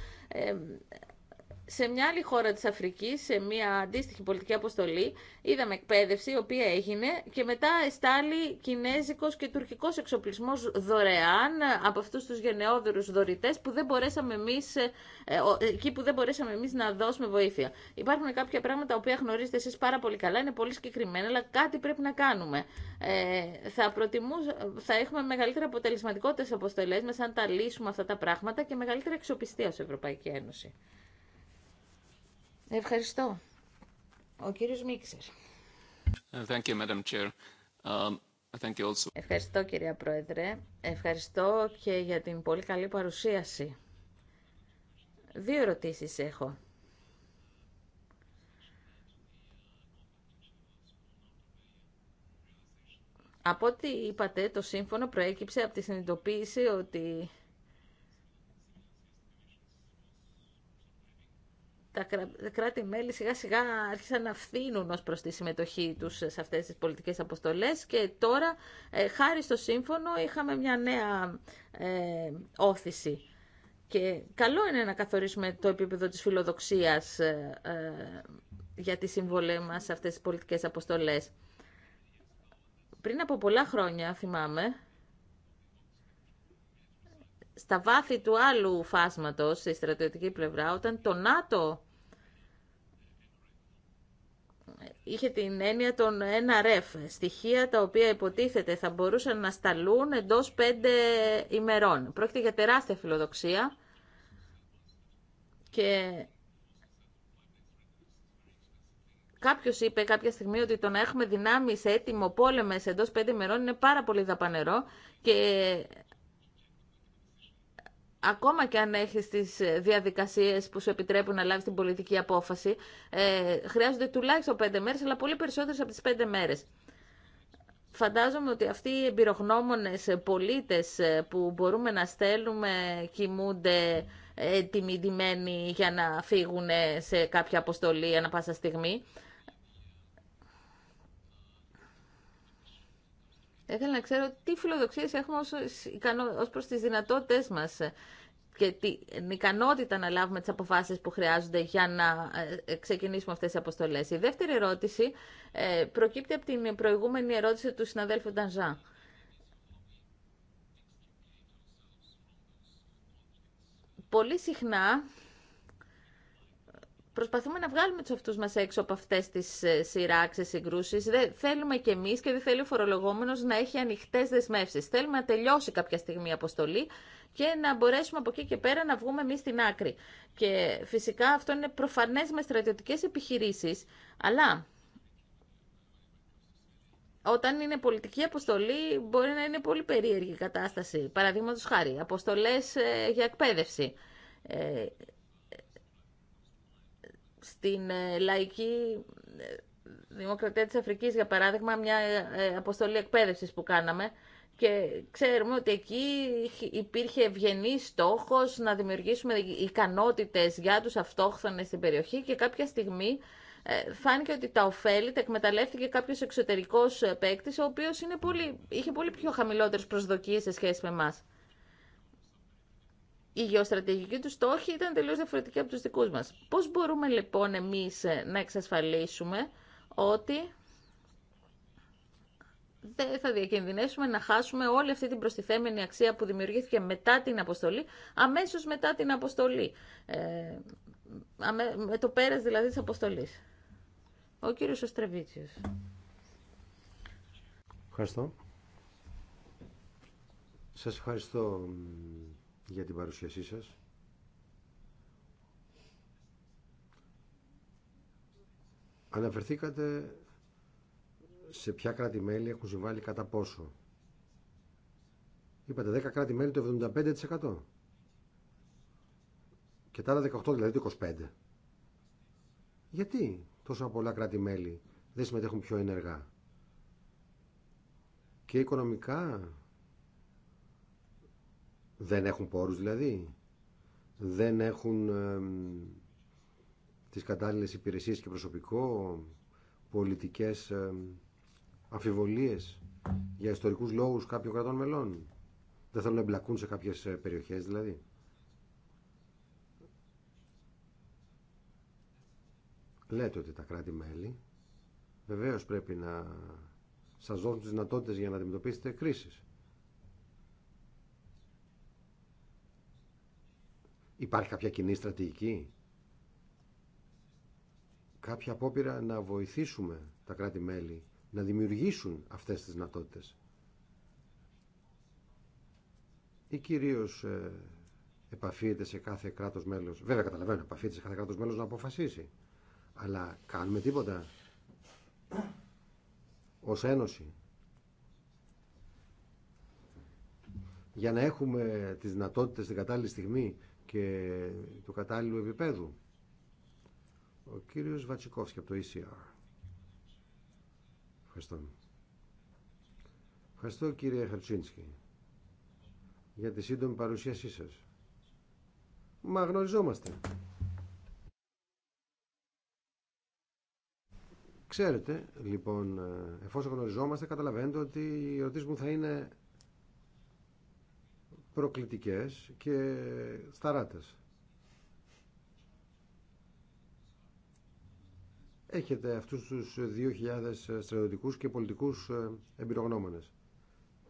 σε μια άλλη χώρα της Αφρικής, σε μια αντίστοιχη πολιτική αποστολή, είδαμε εκπαίδευση, η οποία έγινε και μετά εστάλει κινέζικος και τουρκικός εξοπλισμός δωρεάν από αυτούς τους γενναιόδωρους δωρητές που δεν μπορέσαμε εμείς, ε, ε, εκεί που δεν μπορέσαμε εμείς να δώσουμε βοήθεια. Υπάρχουν κάποια πράγματα οποία γνωρίζετε εσείς πάρα πολύ καλά, είναι πολύ συγκεκριμένα, αλλά κάτι πρέπει να κάνουμε. Ε, θα, θα έχουμε μεγαλύτερα αποτελεσματικότητα στις αποστολές μας αν τα λύσουμε αυτά τα πράγματα και μεγαλύτερη εξοπιστία σε Ευρωπαϊκή Ένωση. Ευχαριστώ. Ο κύριος Μίξερ. Uh, um, Ευχαριστώ κυρία Πρόεδρε. Ευχαριστώ και για την πολύ καλή παρουσίαση. Δύο ερωτήσεις έχω. Από ό,τι είπατε, το σύμφωνο προέκυψε από τη συνειδητοποίηση ότι τα κράτη-μέλη σιγά σιγά άρχισαν να φθήνουν ως προς τη συμμετοχή τους σε αυτές τις πολιτικές αποστολές και τώρα ε, χάρη στο σύμφωνο είχαμε μια νέα ε, όθηση. Και καλό είναι να καθορίσουμε το επίπεδο της φιλοδοξίας ε, για τη συμβολή μας σε αυτές τις πολιτικές αποστολές. Πριν από πολλά χρόνια, θυμάμαι, στα βάθη του άλλου φάσματος, στη στρατιωτική πλευρά, όταν το ΝΑΤΟ είχε την έννοια των NRF, στοιχεία τα οποία υποτίθεται θα μπορούσαν να σταλούν εντός πέντε ημερών. Πρόκειται για τεράστια φιλοδοξία και Κάποιο είπε κάποια στιγμή ότι το να έχουμε δυνάμει σε έτοιμο πόλεμε εντό πέντε ημερών είναι πάρα πολύ δαπανερό και ακόμα και αν έχεις τις ε, διαδικασίες που σου επιτρέπουν να λάβεις την πολιτική απόφαση, ε, χρειάζονται τουλάχιστον πέντε μέρε, αλλά πολύ περισσότερες από τις πέντε μέρε. Φαντάζομαι ότι αυτοί οι εμπειρογνώμονες πολίτες ε, που μπορούμε να στέλνουμε κοιμούνται έτοιμοι, για να φύγουν σε κάποια αποστολή ανά πάσα στιγμή. Θα ήθελα να ξέρω τι φιλοδοξίες έχουμε ως, ως προς τις δυνατότητες μας και την ικανότητα να λάβουμε τις αποφάσεις που χρειάζονται για να ε, ε, ξεκινήσουμε αυτές τις αποστολές. Η δεύτερη ερώτηση ε, προκύπτει από την προηγούμενη ερώτηση του συναδέλφου Ντανζά. Πολύ συχνά Προσπαθούμε να βγάλουμε του αυτού μα έξω από αυτέ τι ε, σειράξει, συγκρούσει. θέλουμε κι εμεί και δεν θέλει ο φορολογόμενο να έχει ανοιχτέ δεσμεύσει. Θέλουμε να τελειώσει κάποια στιγμή η αποστολή και να μπορέσουμε από εκεί και πέρα να βγούμε εμεί στην άκρη. Και φυσικά αυτό είναι προφανέ με στρατιωτικέ επιχειρήσει, αλλά όταν είναι πολιτική αποστολή μπορεί να είναι πολύ περίεργη η κατάσταση. Παραδείγματο χάρη, αποστολέ ε, για εκπαίδευση. Ε, στην ε, λαϊκή ε, Δημοκρατία της Αφρικής, για παράδειγμα, μια ε, αποστολή εκπαίδευσης που κάναμε, και ξέρουμε ότι εκεί υπήρχε ευγενή στόχος να δημιουργήσουμε ικανότητες για τους αυτόχθονες στην περιοχή και κάποια στιγμή φάνηκε ότι τα ωφέλη τα εκμεταλλεύτηκε κάποιος εξωτερικός παίκτη, ο οποίος είναι πολύ, είχε πολύ πιο χαμηλότερες προσδοκίες σε σχέση με εμάς η γεωστρατηγική του στόχη ήταν τελείως διαφορετική από τους δικούς μας. Πώς μπορούμε λοιπόν εμείς ε, να εξασφαλίσουμε ότι δεν θα διακινδυνεύσουμε να χάσουμε όλη αυτή την προστιθέμενη αξία που δημιουργήθηκε μετά την αποστολή, αμέσως μετά την αποστολή, ε, με το πέρας δηλαδή της αποστολής. Ο κύριος Οστρεβίτσιος. Ευχαριστώ. Σας ευχαριστώ για την παρουσίασή σας. Αναφερθήκατε σε ποια κράτη-μέλη έχουν συμβάλει κατά πόσο. Είπατε 10 κράτη-μέλη το 75% και τα άλλα 18 δηλαδή το 25%. γιατι τόσο τόσα πολλά κράτη-μέλη δεν συμμετέχουν πιο ενεργά. Και οικονομικά δεν έχουν πόρους δηλαδή. Δεν έχουν τις κατάλληλες υπηρεσίες και προσωπικό, πολιτικές αμφιβολίες για ιστορικούς λόγους κάποιων κρατών μελών. Δεν θέλουν να εμπλακούν σε κάποιες ε, περιοχές δηλαδή. Λέτε ότι τα κράτη-μέλη βεβαίως πρέπει να σας δώσουν τις δυνατότητες για να αντιμετωπίσετε κρίσεις. Υπάρχει κάποια κοινή στρατηγική. Κάποια απόπειρα να βοηθήσουμε τα κράτη-μέλη να δημιουργήσουν αυτές τις δυνατότητε. Ή κυρίως ε, επαφείται σε κάθε κράτος μέλος, βέβαια καταλαβαίνω, επαφείται σε κάθε κράτος μέλος να αποφασίσει. Αλλά κάνουμε τίποτα ως ένωση για να έχουμε τις δυνατότητες στην κατάλληλη στιγμή και του κατάλληλου επίπεδου. Ο κύριος Βατσικόφσκι από το ECR. Ευχαριστώ. Ευχαριστώ κύριε Χαρτσίνσκι για τη σύντομη παρουσίασή σας. Μα γνωριζόμαστε. Ξέρετε, λοιπόν, ε, εφόσον γνωριζόμαστε, καταλαβαίνετε ότι οι ερωτήσει μου θα είναι προκλητικές και σταράτες. Έχετε αυτούς τους 2.000 στρατιωτικούς και πολιτικούς ε, εμπειρογνώμονες.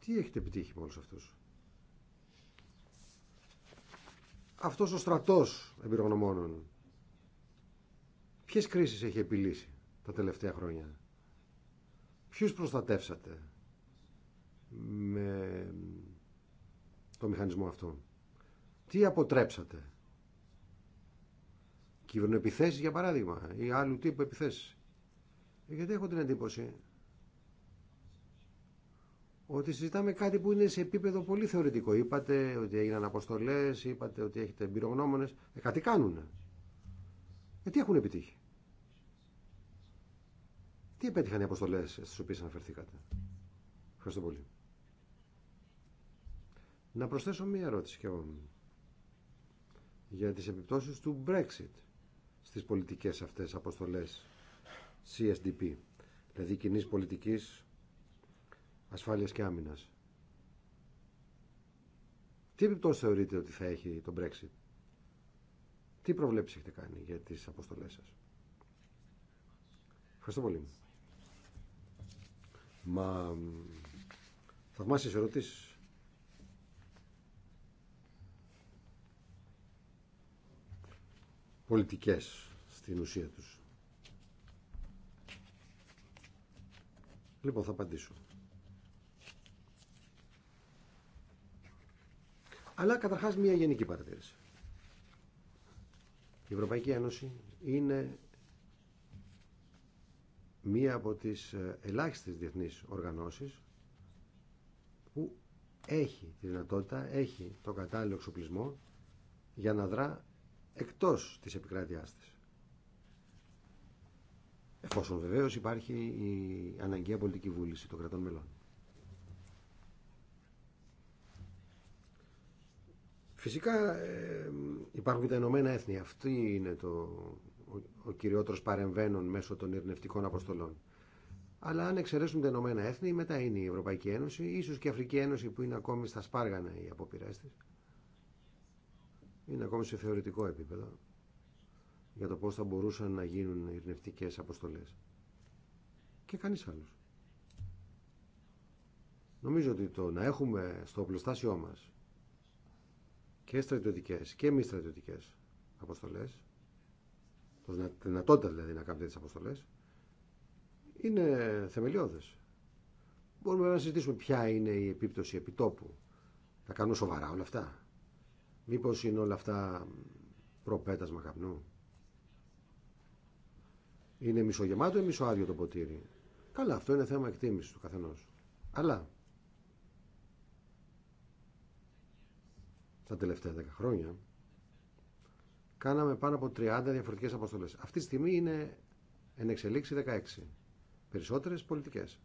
Τι έχετε επιτύχει με όλους αυτούς. Αυτός ο στρατός εμπειρογνωμόνων ποιες κρίσεις έχει επιλύσει τα τελευταία χρόνια. Ποιους προστατεύσατε με το μηχανισμό αυτό. Τι αποτρέψατε. Κυβερνοεπιθέσεις για παράδειγμα ή άλλου τύπου επιθέσεις. Ε, γιατί έχω την εντύπωση ότι συζητάμε κάτι που είναι σε επίπεδο πολύ θεωρητικό. Είπατε ότι έγιναν αποστολές, είπατε ότι έχετε εμπειρογνώμονες. Ε, κάτι κάνουν. Ε, τι έχουν επιτύχει. Τι επέτυχαν οι αποστολές στις οποίες αναφερθήκατε. Ευχαριστώ πολύ. Να προσθέσω μία ερώτηση κι εγώ για τις επιπτώσεις του Brexit στις πολιτικές αυτές αποστολές CSDP, δηλαδή κοινή πολιτικής ασφάλειας και άμυνας. Τι επιπτώσεις θεωρείτε ότι θα έχει το Brexit. Τι προβλέψεις έχετε κάνει για τις αποστολές σας. Ευχαριστώ πολύ. Μα θαυμάσεις ερωτήσεις. πολιτικές στην ουσία τους. Λοιπόν, θα απαντήσω. Αλλά καταρχάς μια γενική παρατήρηση. Η Ευρωπαϊκή Ένωση είναι μία από τις ε, ελάχιστες διεθνείς οργανώσεις που έχει τη δυνατότητα, έχει το κατάλληλο εξοπλισμό για να δρά εκτός της επικράτειάς της. Εφόσον βεβαίως υπάρχει η αναγκαία πολιτική βούληση των κρατών μελών. Φυσικά υπάρχουν και τα Ηνωμένα Έθνη. Αυτή είναι το, ο, ο κυριότερος παρεμβαίνων μέσω των ειρνευτικών αποστολών. Αλλά αν εξαιρέσουν τα Ηνωμένα Έθνη, μετά είναι η Ευρωπαϊκή Ένωση, ίσως και η Αφρική Ένωση που είναι ακόμη στα σπάργανα οι απόπειρές της είναι ακόμη σε θεωρητικό επίπεδο για το πώς θα μπορούσαν να γίνουν ειρνευτικές αποστολές. Και κανείς άλλος. Νομίζω ότι το να έχουμε στο οπλοστάσιό μας και στρατιωτικές και μη στρατιωτικές αποστολές, το δυνατότητα δηλαδή να κάνουμε τις αποστολές, είναι θεμελιώδες. Μπορούμε να συζητήσουμε ποια είναι η επίπτωση επιτόπου. θα κάνουμε σοβαρά όλα αυτά. Μήπως είναι όλα αυτά προπέτασμα καπνού. Είναι μισογεμάτο ή μισοάδιο το ποτήρι. Καλά, αυτό είναι θέμα εκτίμησης του καθενός. Αλλά τα τελευταία 10 χρόνια κάναμε πάνω από 30 διαφορετικές αποστολές. Αυτή τη στιγμή είναι εν εξελίξη 16. Περισσότερες πολιτικές.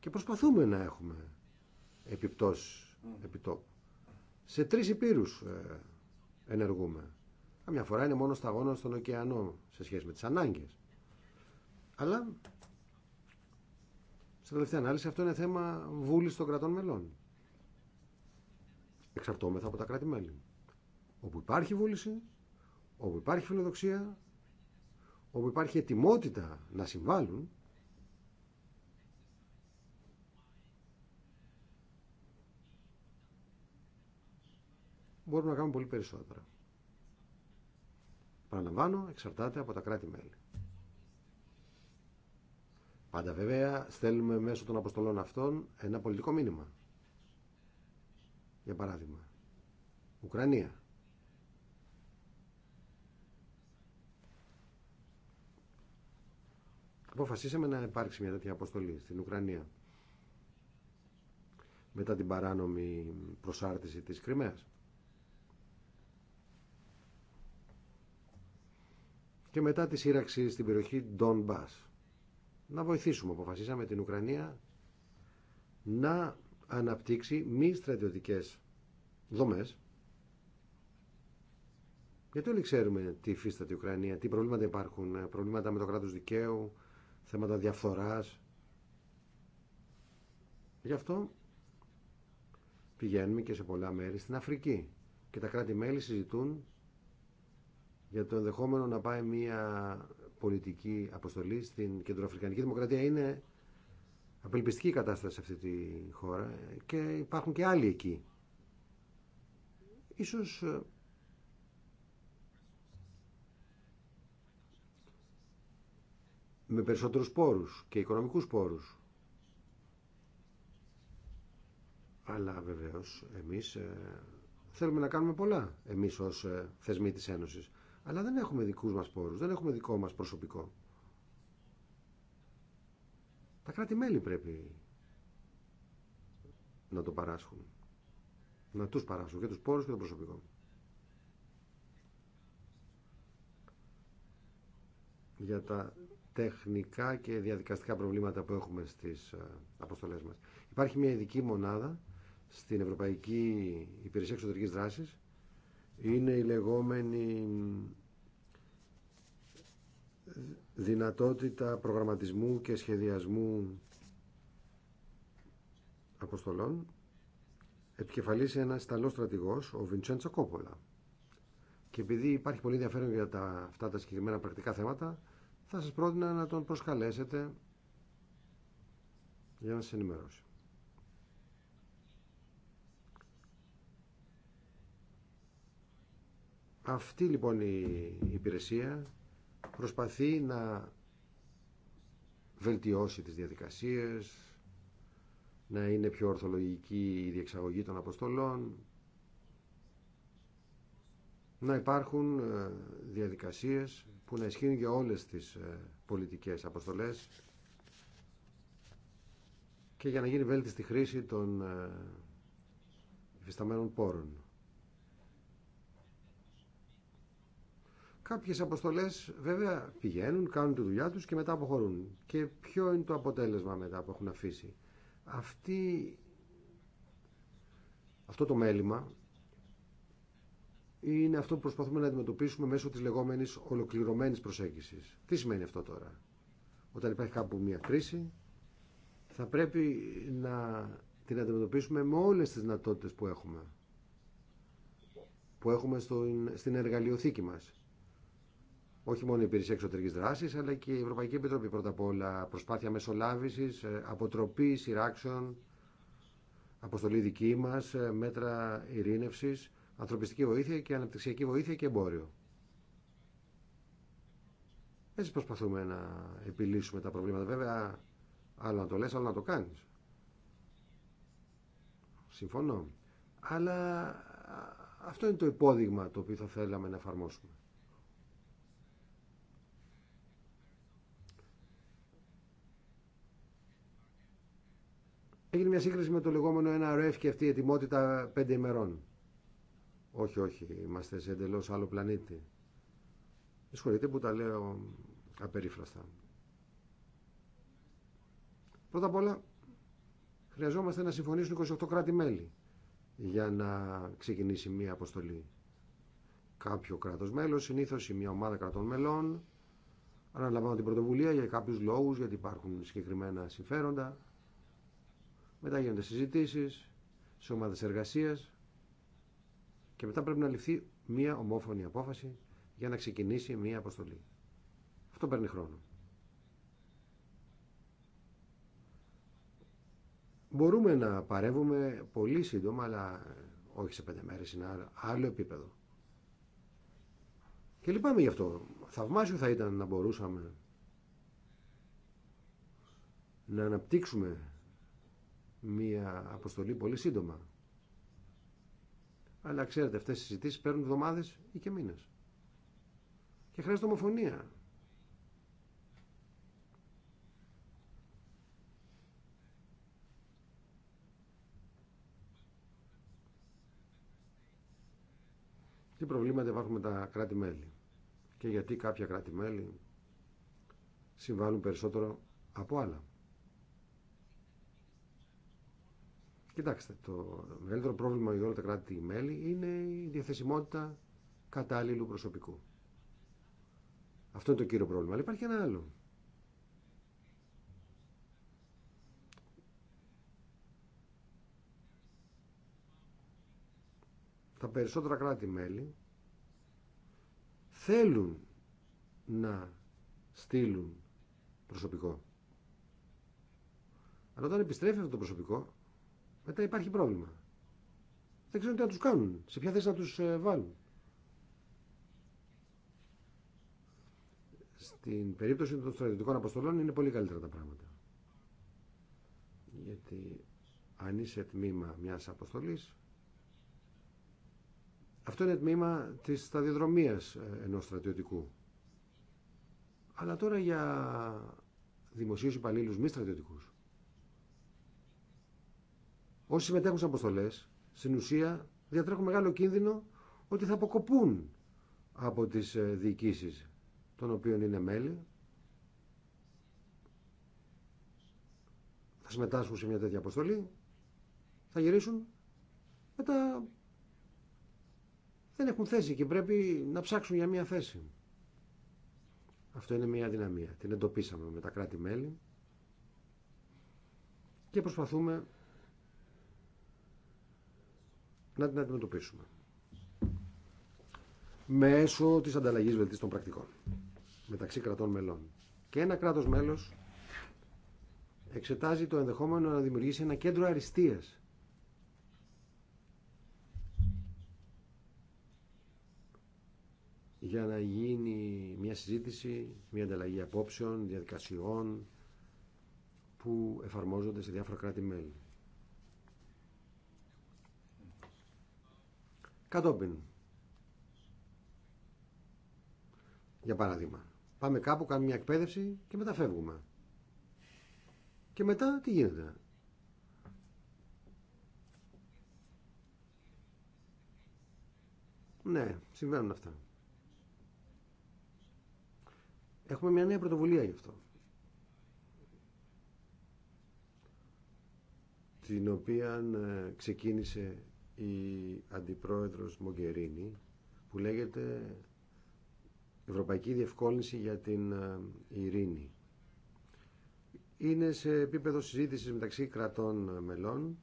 Και προσπαθούμε να έχουμε επιπτώσεις επιτόπου. Σε τρεις υπήρους ε, ενεργούμε. Καμιά φορά είναι μόνο σταγόνα στον ωκεανό σε σχέση με τις ανάγκες. Αλλά στην τελευταία ανάλυση αυτό είναι θέμα βούλης των κρατών μελών. Εξαρτώμεθα από τα κράτη-μέλη. Όπου υπάρχει βούληση, όπου υπάρχει φιλοδοξία, όπου υπάρχει ετοιμότητα να συμβάλλουν, μπορούμε να κάνουμε πολύ περισσότερα. Παραλαμβάνω, εξαρτάται από τα κράτη-μέλη. Πάντα βέβαια στέλνουμε μέσω των αποστολών αυτών ένα πολιτικό μήνυμα. Για παράδειγμα, Ουκρανία. Αποφασίσαμε να υπάρξει μια τέτοια αποστολή στην Ουκρανία μετά την παράνομη προσάρτηση της Κρυμαίας. και μετά τη σύραξη στην περιοχή Ντόν Να βοηθήσουμε, αποφασίσαμε την Ουκρανία να αναπτύξει μη στρατιωτικές δομές γιατί όλοι ξέρουμε τι υφίσταται η Ουκρανία, τι προβλήματα υπάρχουν, ε, προβλήματα με το κράτος δικαίου, θέματα διαφθοράς. Γι' αυτό πηγαίνουμε και σε πολλά μέρη στην Αφρική και τα κράτη-μέλη συζητούν για το ενδεχόμενο να πάει μια πολιτική αποστολή στην Κεντροαφρικανική Δημοκρατία. Είναι απελπιστική κατάσταση σε αυτή τη χώρα και υπάρχουν και άλλοι εκεί. Ίσως ε, με περισσότερους πόρους και οικονομικούς πόρους. Αλλά βεβαίως εμείς ε, θέλουμε να κάνουμε πολλά εμείς ως ε, θεσμοί της Ένωσης. Αλλά δεν έχουμε δικούς μας πόρους, δεν έχουμε δικό μας προσωπικό. Τα κράτη-μέλη πρέπει να το παράσχουν. Να τους παράσχουν και τους πόρους και το προσωπικό. Για τα τεχνικά και διαδικαστικά προβλήματα που έχουμε στις ε, αποστολές μας. Υπάρχει μια ειδική μονάδα στην Ευρωπαϊκή Υπηρεσία Εξωτερικής Δράσης είναι η λεγόμενη δυνατότητα προγραμματισμού και σχεδιασμού αποστολών επικεφαλής ένας Ιταλός στρατηγός, ο Βιντσέντσο Κόπολα. Και επειδή υπάρχει πολύ ενδιαφέρον για τα, αυτά τα συγκεκριμένα πρακτικά θέματα, θα σας πρότεινα να τον προσκαλέσετε για να σας ενημερώσει. Αυτή λοιπόν η υπηρεσία προσπαθεί να βελτιώσει τις διαδικασίες, να είναι πιο ορθολογική η διεξαγωγή των αποστολών, να υπάρχουν ε, διαδικασίες που να ισχύουν για όλες τις ε, πολιτικές αποστολές και για να γίνει βέλτιστη χρήση των ε, υφισταμένων πόρων. Κάποιες αποστολές βέβαια πηγαίνουν, κάνουν τη δουλειά τους και μετά αποχωρούν. Και ποιο είναι το αποτέλεσμα μετά που έχουν αφήσει. Αυτή, αυτό το μέλημα είναι αυτό που προσπαθούμε να αντιμετωπίσουμε μέσω της λεγόμενης ολοκληρωμένης προσέγγισης. Τι σημαίνει αυτό τώρα. Όταν υπάρχει κάπου μια κρίση θα πρέπει να την αντιμετωπίσουμε με όλες τις δυνατότητες που έχουμε. Που έχουμε στην εργαλειοθήκη μας όχι μόνο η υπηρεσία εξωτερική δράση, αλλά και η Ευρωπαϊκή Επιτροπή πρώτα απ' όλα. Προσπάθεια μεσολάβηση, ε, αποτροπή σειράξεων, αποστολή δική μα, ε, μέτρα ειρήνευση, ανθρωπιστική βοήθεια και αναπτυξιακή βοήθεια και εμπόριο. Έτσι προσπαθούμε να επιλύσουμε τα προβλήματα. Βέβαια, άλλο να το λες, άλλο να το κάνεις. Συμφωνώ. Αλλά αυτό είναι το υπόδειγμα το οποίο θα θέλαμε να εφαρμόσουμε. Έγινε μια σύγκριση με το λεγόμενο NRF και αυτή η ετοιμότητα πέντε ημερών. Όχι, όχι, είμαστε σε εντελώ άλλο πλανήτη. Συγχωρείτε που τα λέω απερίφραστα. Πρώτα απ' όλα, χρειαζόμαστε να συμφωνήσουν 28 κράτη-μέλη για να ξεκινήσει μια αποστολή. Κάποιο κράτος μέλος, συνήθως ή μια ομάδα κρατών μελών, Αναλαμβάνω την πρωτοβουλία για κάποιους λόγους, γιατί υπάρχουν συγκεκριμένα συμφέροντα, μετά γίνονται συζητήσεις σε ομάδες εργασίας και μετά πρέπει να ληφθεί μία ομόφωνη απόφαση για να ξεκινήσει μία αποστολή. Αυτό παίρνει χρόνο. Μπορούμε να παρεύουμε πολύ σύντομα, αλλά όχι σε πέντε μέρες, είναι άλλο επίπεδο. Και λυπάμαι γι' αυτό. Θαυμάσιο θα ήταν να μπορούσαμε να αναπτύξουμε μία αποστολή πολύ σύντομα. Αλλά ξέρετε, αυτές οι συζητήσεις παίρνουν εβδομάδες ή και μήνες. Και χρειάζεται ομοφωνία. Τι προβλήματα υπάρχουν με τα κράτη-μέλη και γιατί κάποια κράτη-μέλη συμβάλλουν περισσότερο από άλλα. Κοιτάξτε, το μεγαλύτερο πρόβλημα για όλα τα κράτη-μέλη είναι η διαθεσιμότητα κατάλληλου προσωπικού. Αυτό είναι το κύριο πρόβλημα. Αλλά υπάρχει ένα άλλο. Τα περισσότερα κράτη-μέλη θέλουν να στείλουν προσωπικό. Αλλά όταν επιστρέφει αυτό το προσωπικό, μετά υπάρχει πρόβλημα. Δεν ξέρουν τι να τους κάνουν, σε ποια θέση να τους ε, βάλουν. Στην περίπτωση των στρατιωτικών αποστολών είναι πολύ καλύτερα τα πράγματα. Γιατί αν είσαι τμήμα μιας αποστολής, αυτό είναι τμήμα της σταδιοδρομίας ε, ενός στρατιωτικού. Αλλά τώρα για δημοσίους υπαλλήλους μη στρατιωτικούς όσοι συμμετέχουν σε αποστολέ, στην ουσία διατρέχουν μεγάλο κίνδυνο ότι θα αποκοπούν από τις ε, διοικήσει των οποίων είναι μέλη. Θα συμμετάσχουν σε μια τέτοια αποστολή, θα γυρίσουν, μετά δεν έχουν θέση και πρέπει να ψάξουν για μια θέση. Αυτό είναι μια δυναμία, Την εντοπίσαμε με τα κράτη-μέλη και προσπαθούμε να την αντιμετωπίσουμε μέσω της ανταλλαγής βελτίστων πρακτικών μεταξύ κρατών μελών. Και ένα κράτος μέλος εξετάζει το ενδεχόμενο να δημιουργήσει ένα κέντρο αριστείας για να γίνει μια συζήτηση, μια ανταλλαγή απόψεων, διαδικασιών που εφαρμόζονται σε διάφορα κράτη-μέλη. Κατόπιν. Για παράδειγμα. Πάμε κάπου, κάνουμε μια εκπαίδευση και μετά φεύγουμε. Και μετά τι γίνεται. Ναι, συμβαίνουν αυτά. Έχουμε μια νέα πρωτοβουλία γι' αυτό. Την οποία ε, ξεκίνησε η αντιπρόεδρος Μογκερίνη που λέγεται Ευρωπαϊκή Διευκόλυνση για την ε, Ειρήνη. Είναι σε επίπεδο συζήτησης μεταξύ κρατών μελών,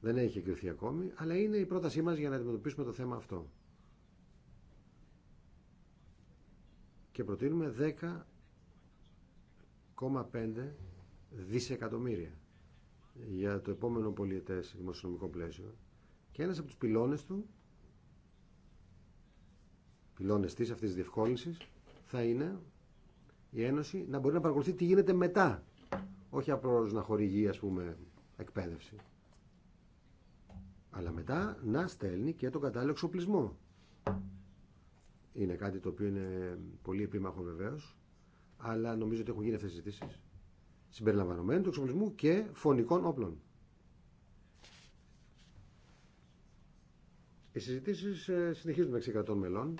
δεν έχει εγκριθεί ακόμη, αλλά είναι η πρότασή μας για να αντιμετωπίσουμε το θέμα αυτό. Και προτείνουμε 10,5 δισεκατομμύρια για το επόμενο πολιετές δημοσιονομικό πλαίσιο και ένας από τους πυλώνες του, πυλώνες της αυτής της διευκόλυνσης, θα είναι η Ένωση να μπορεί να παρακολουθεί τι γίνεται μετά. Όχι απλώς να χορηγεί, ας πούμε, εκπαίδευση. Αλλά μετά να στέλνει και τον κατάλληλο εξοπλισμό. Είναι κάτι το οποίο είναι πολύ επίμαχο βεβαίω, αλλά νομίζω ότι έχουν γίνει αυτέ τι συζητήσει. Συμπεριλαμβανομένου του εξοπλισμού και φωνικών όπλων. Οι συζητήσει ε, συνεχίζουν μεταξύ 100 μελών,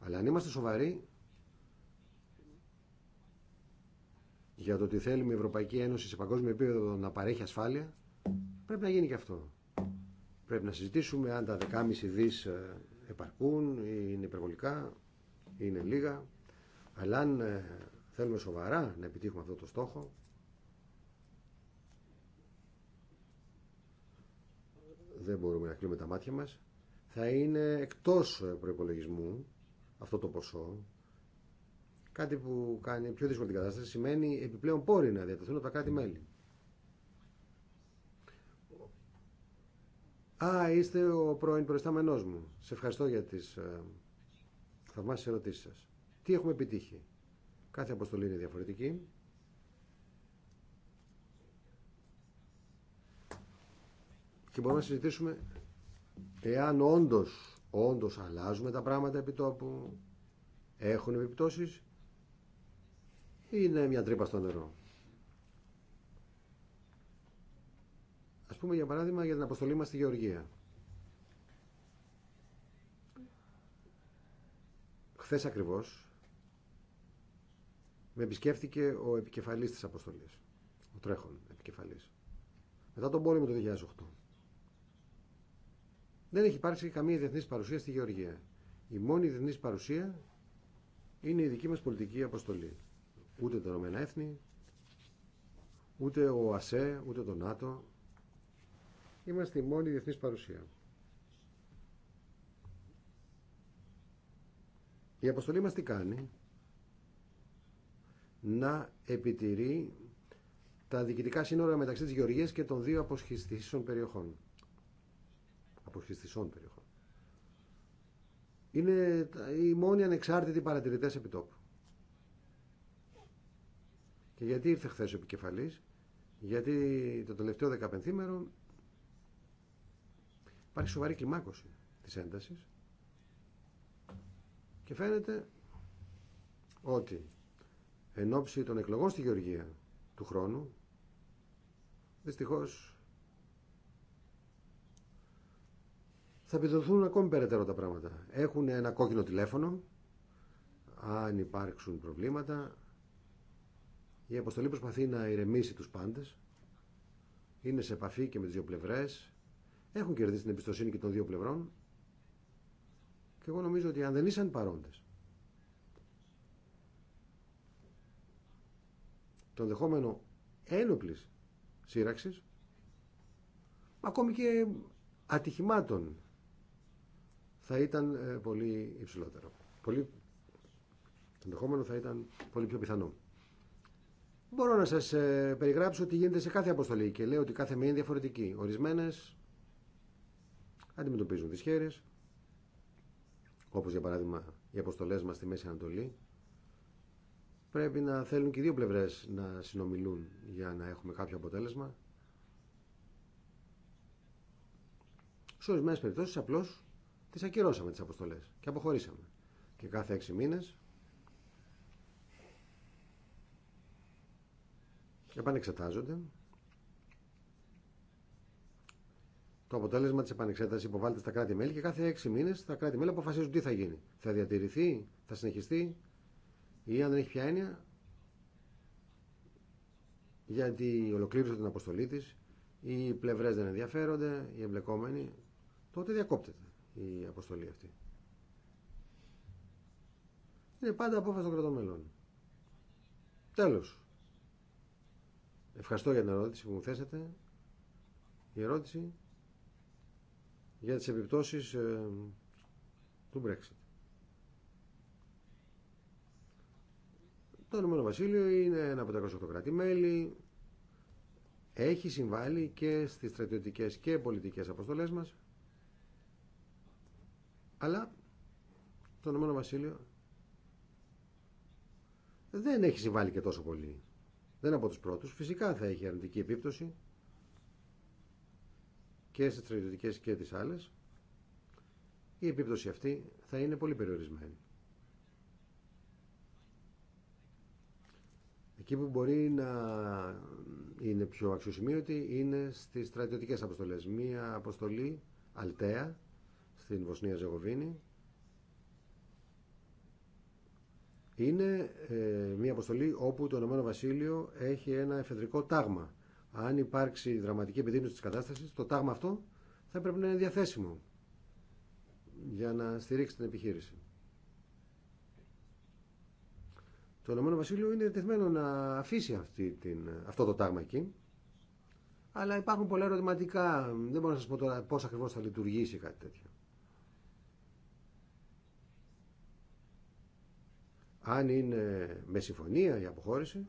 αλλά αν είμαστε σοβαροί για το ότι θέλουμε η Ευρωπαϊκή Ένωση σε παγκόσμιο επίπεδο να παρέχει ασφάλεια, πρέπει να γίνει και αυτό. Πρέπει να συζητήσουμε αν τα 10,5 δις ε, επαρκούν, ή είναι υπερβολικά, ή είναι λίγα. Αλλά αν ε, θέλουμε σοβαρά να επιτύχουμε αυτό το στόχο, δεν μπορούμε να κλείνουμε τα μάτια μας θα είναι εκτός προπολογισμού αυτό το ποσό. Κάτι που κάνει πιο δύσκολη την κατάσταση σημαίνει επιπλέον πόροι να διατεθούν από τα κράτη-μέλη. Α, είστε ο πρώην προϊστάμενός μου. Σε ευχαριστώ για τις ε, θαυμάσεις ερωτήσεις σας. Τι έχουμε επιτύχει. Κάθε αποστολή είναι διαφορετική. Και μπορούμε να συζητήσουμε Εάν όντως, όντως αλλάζουμε τα πράγματα επί τόπου, έχουν επιπτώσεις, είναι μια τρύπα στο νερό. Ας πούμε για παράδειγμα για την αποστολή μας στη Γεωργία. Χθες ακριβώς με επισκέφθηκε ο επικεφαλής της αποστολής. Ο τρέχον επικεφαλής. Μετά τον πόλεμο του 2008 δεν έχει υπάρξει καμία διεθνή παρουσία στη Γεωργία. Η μόνη διεθνή παρουσία είναι η δική μας πολιτική αποστολή. Ούτε το Ρωμένα Έθνη, ούτε ο ΑΣΕ, ούτε το ΝΑΤΟ. Είμαστε η μόνη διεθνής παρουσία. Η αποστολή μας τι κάνει, να επιτηρεί τα διοικητικά σύνορα μεταξύ της Γεωργίας και των δύο αποσχιστήσεων περιοχών. Είναι οι μόνοι ανεξάρτητοι παρατηρητές επιτόπου. Και γιατί ήρθε χθε ο επικεφαλής, γιατί το τελευταίο δεκαπενθήμερο υπάρχει σοβαρή κλιμάκωση της έντασης και φαίνεται ότι εν ώψη των εκλογών στη Γεωργία του χρόνου δυστυχώς θα επιδοθούν ακόμη περαιτέρω τα πράγματα. Έχουν ένα κόκκινο τηλέφωνο, αν υπάρξουν προβλήματα. Η αποστολή προσπαθεί να ηρεμήσει τους πάντες. Είναι σε επαφή και με τις δύο πλευρές. Έχουν κερδίσει την εμπιστοσύνη και των δύο πλευρών. Και εγώ νομίζω ότι αν δεν ήσαν παρόντες, το ενδεχόμενο ένοπλης σύραξης, ακόμη και ατυχημάτων θα ήταν ε, πολύ υψηλότερο. Πολύ... Το ενδεχόμενο θα ήταν πολύ πιο πιθανό. Μπορώ να σας ε, περιγράψω ότι γίνεται σε κάθε αποστολή και λέω ότι κάθε μία είναι διαφορετική. Ορισμένες αντιμετωπίζουν δυσχέρειες, όπως για παράδειγμα οι αποστολές μας στη Μέση Ανατολή. Πρέπει να θέλουν και οι δύο πλευρές να συνομιλούν για να έχουμε κάποιο αποτέλεσμα. Σε ορισμένες περιπτώσεις, απλώς τις ακυρώσαμε τις αποστολές και αποχωρήσαμε. Και κάθε έξι μήνες επανεξετάζονται. Το αποτέλεσμα της επανεξέτασης υποβάλλεται στα κράτη-μέλη και κάθε έξι μήνες τα κράτη-μέλη αποφασίζουν τι θα γίνει. Θα διατηρηθεί, θα συνεχιστεί ή αν δεν έχει πια έννοια γιατί ολοκλήρωσε την αποστολή της οι πλευρές δεν ενδιαφέρονται, οι εμπλεκόμενοι, τότε διακόπτεται η αποστολή αυτή. Είναι πάντα απόφαση των κρατομέλων. μελών. Τέλος. Ευχαριστώ για την ερώτηση που μου θέσατε. Η ερώτηση για τις επιπτώσεις ε, του Brexit. Το Ηνωμένο Βασίλειο είναι ένα από τα 28 κράτη-μέλη. Έχει συμβάλει και στις στρατιωτικές και πολιτικές αποστολές μας. Αλλά το Ηνωμένο Βασίλειο δεν έχει συμβάλει και τόσο πολύ. Δεν από τους πρώτους. Φυσικά θα έχει αρνητική επίπτωση και στις στρατιωτικές και τις άλλες. Η επίπτωση αυτή θα είναι πολύ περιορισμένη. Εκεί που μπορεί να είναι πιο αξιοσημείωτη είναι στις στρατιωτικές αποστολές. Μία αποστολή, Αλτέα, στην Βοσνία Ζεγοβίνη είναι ε, μια αποστολή όπου το Ηνωμένο Βασίλειο έχει ένα εφεδρικό τάγμα. Αν υπάρξει δραματική επιδείνωση της κατάστασης, το τάγμα αυτό θα πρέπει να είναι διαθέσιμο για να στηρίξει την επιχείρηση. Το Ηνωμένο Βασίλειο είναι διατεθειμένο να αφήσει αυτή την, αυτό το τάγμα εκεί, αλλά υπάρχουν πολλά ερωτηματικά. Δεν μπορώ να σας πω τώρα πώς ακριβώς θα λειτουργήσει κάτι τέτοιο. Αν είναι με συμφωνία η αποχώρηση,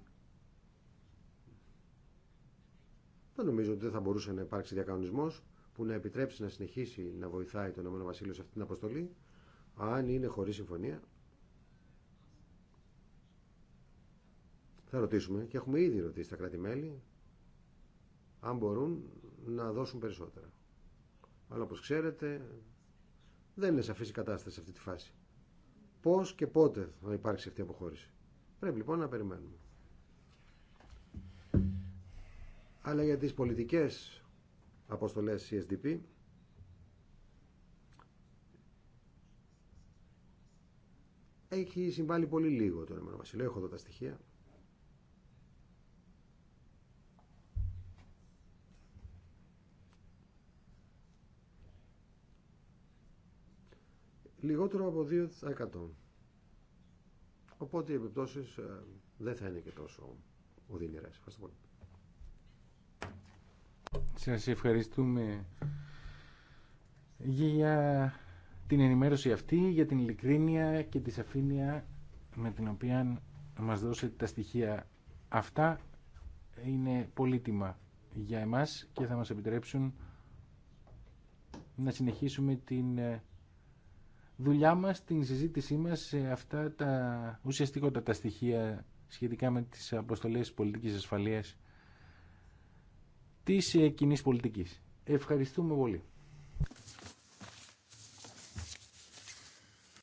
δεν νομίζω ότι δεν θα μπορούσε να υπάρξει διακανονισμός που να επιτρέψει να συνεχίσει να βοηθάει τον Ηνωμένο Βασίλειο σε αυτή την αποστολή, αν είναι χωρίς συμφωνία. Θα ρωτήσουμε και έχουμε ήδη ρωτήσει τα κράτη-μέλη αν μπορούν να δώσουν περισσότερα. Αλλά όπως ξέρετε δεν είναι σαφής η κατάσταση σε αυτή τη φάση πώς και πότε θα υπάρξει αυτή η αποχώρηση. Πρέπει λοιπόν να περιμένουμε. Αλλά για τις πολιτικές αποστολές CSDP έχει συμβάλει πολύ λίγο το Ηνωμένο Βασιλείο, έχω εδώ τα στοιχεία. λιγότερο από 2%. Οπότε οι επιπτώσεις ε, δεν θα είναι και τόσο οδυνηρέ. Ευχαριστώ Σας ευχαριστούμε για την ενημέρωση αυτή, για την ειλικρίνεια και τη σαφήνεια με την οποία μας δώσετε τα στοιχεία αυτά είναι πολύτιμα για εμάς και θα μας επιτρέψουν να συνεχίσουμε την ε, δουλειά μας, την συζήτησή μας σε αυτά τα ουσιαστικότατα στοιχεία σχετικά με τις αποστολές πολιτικής ασφαλείας της ε, κοινή πολιτικής. Ευχαριστούμε πολύ.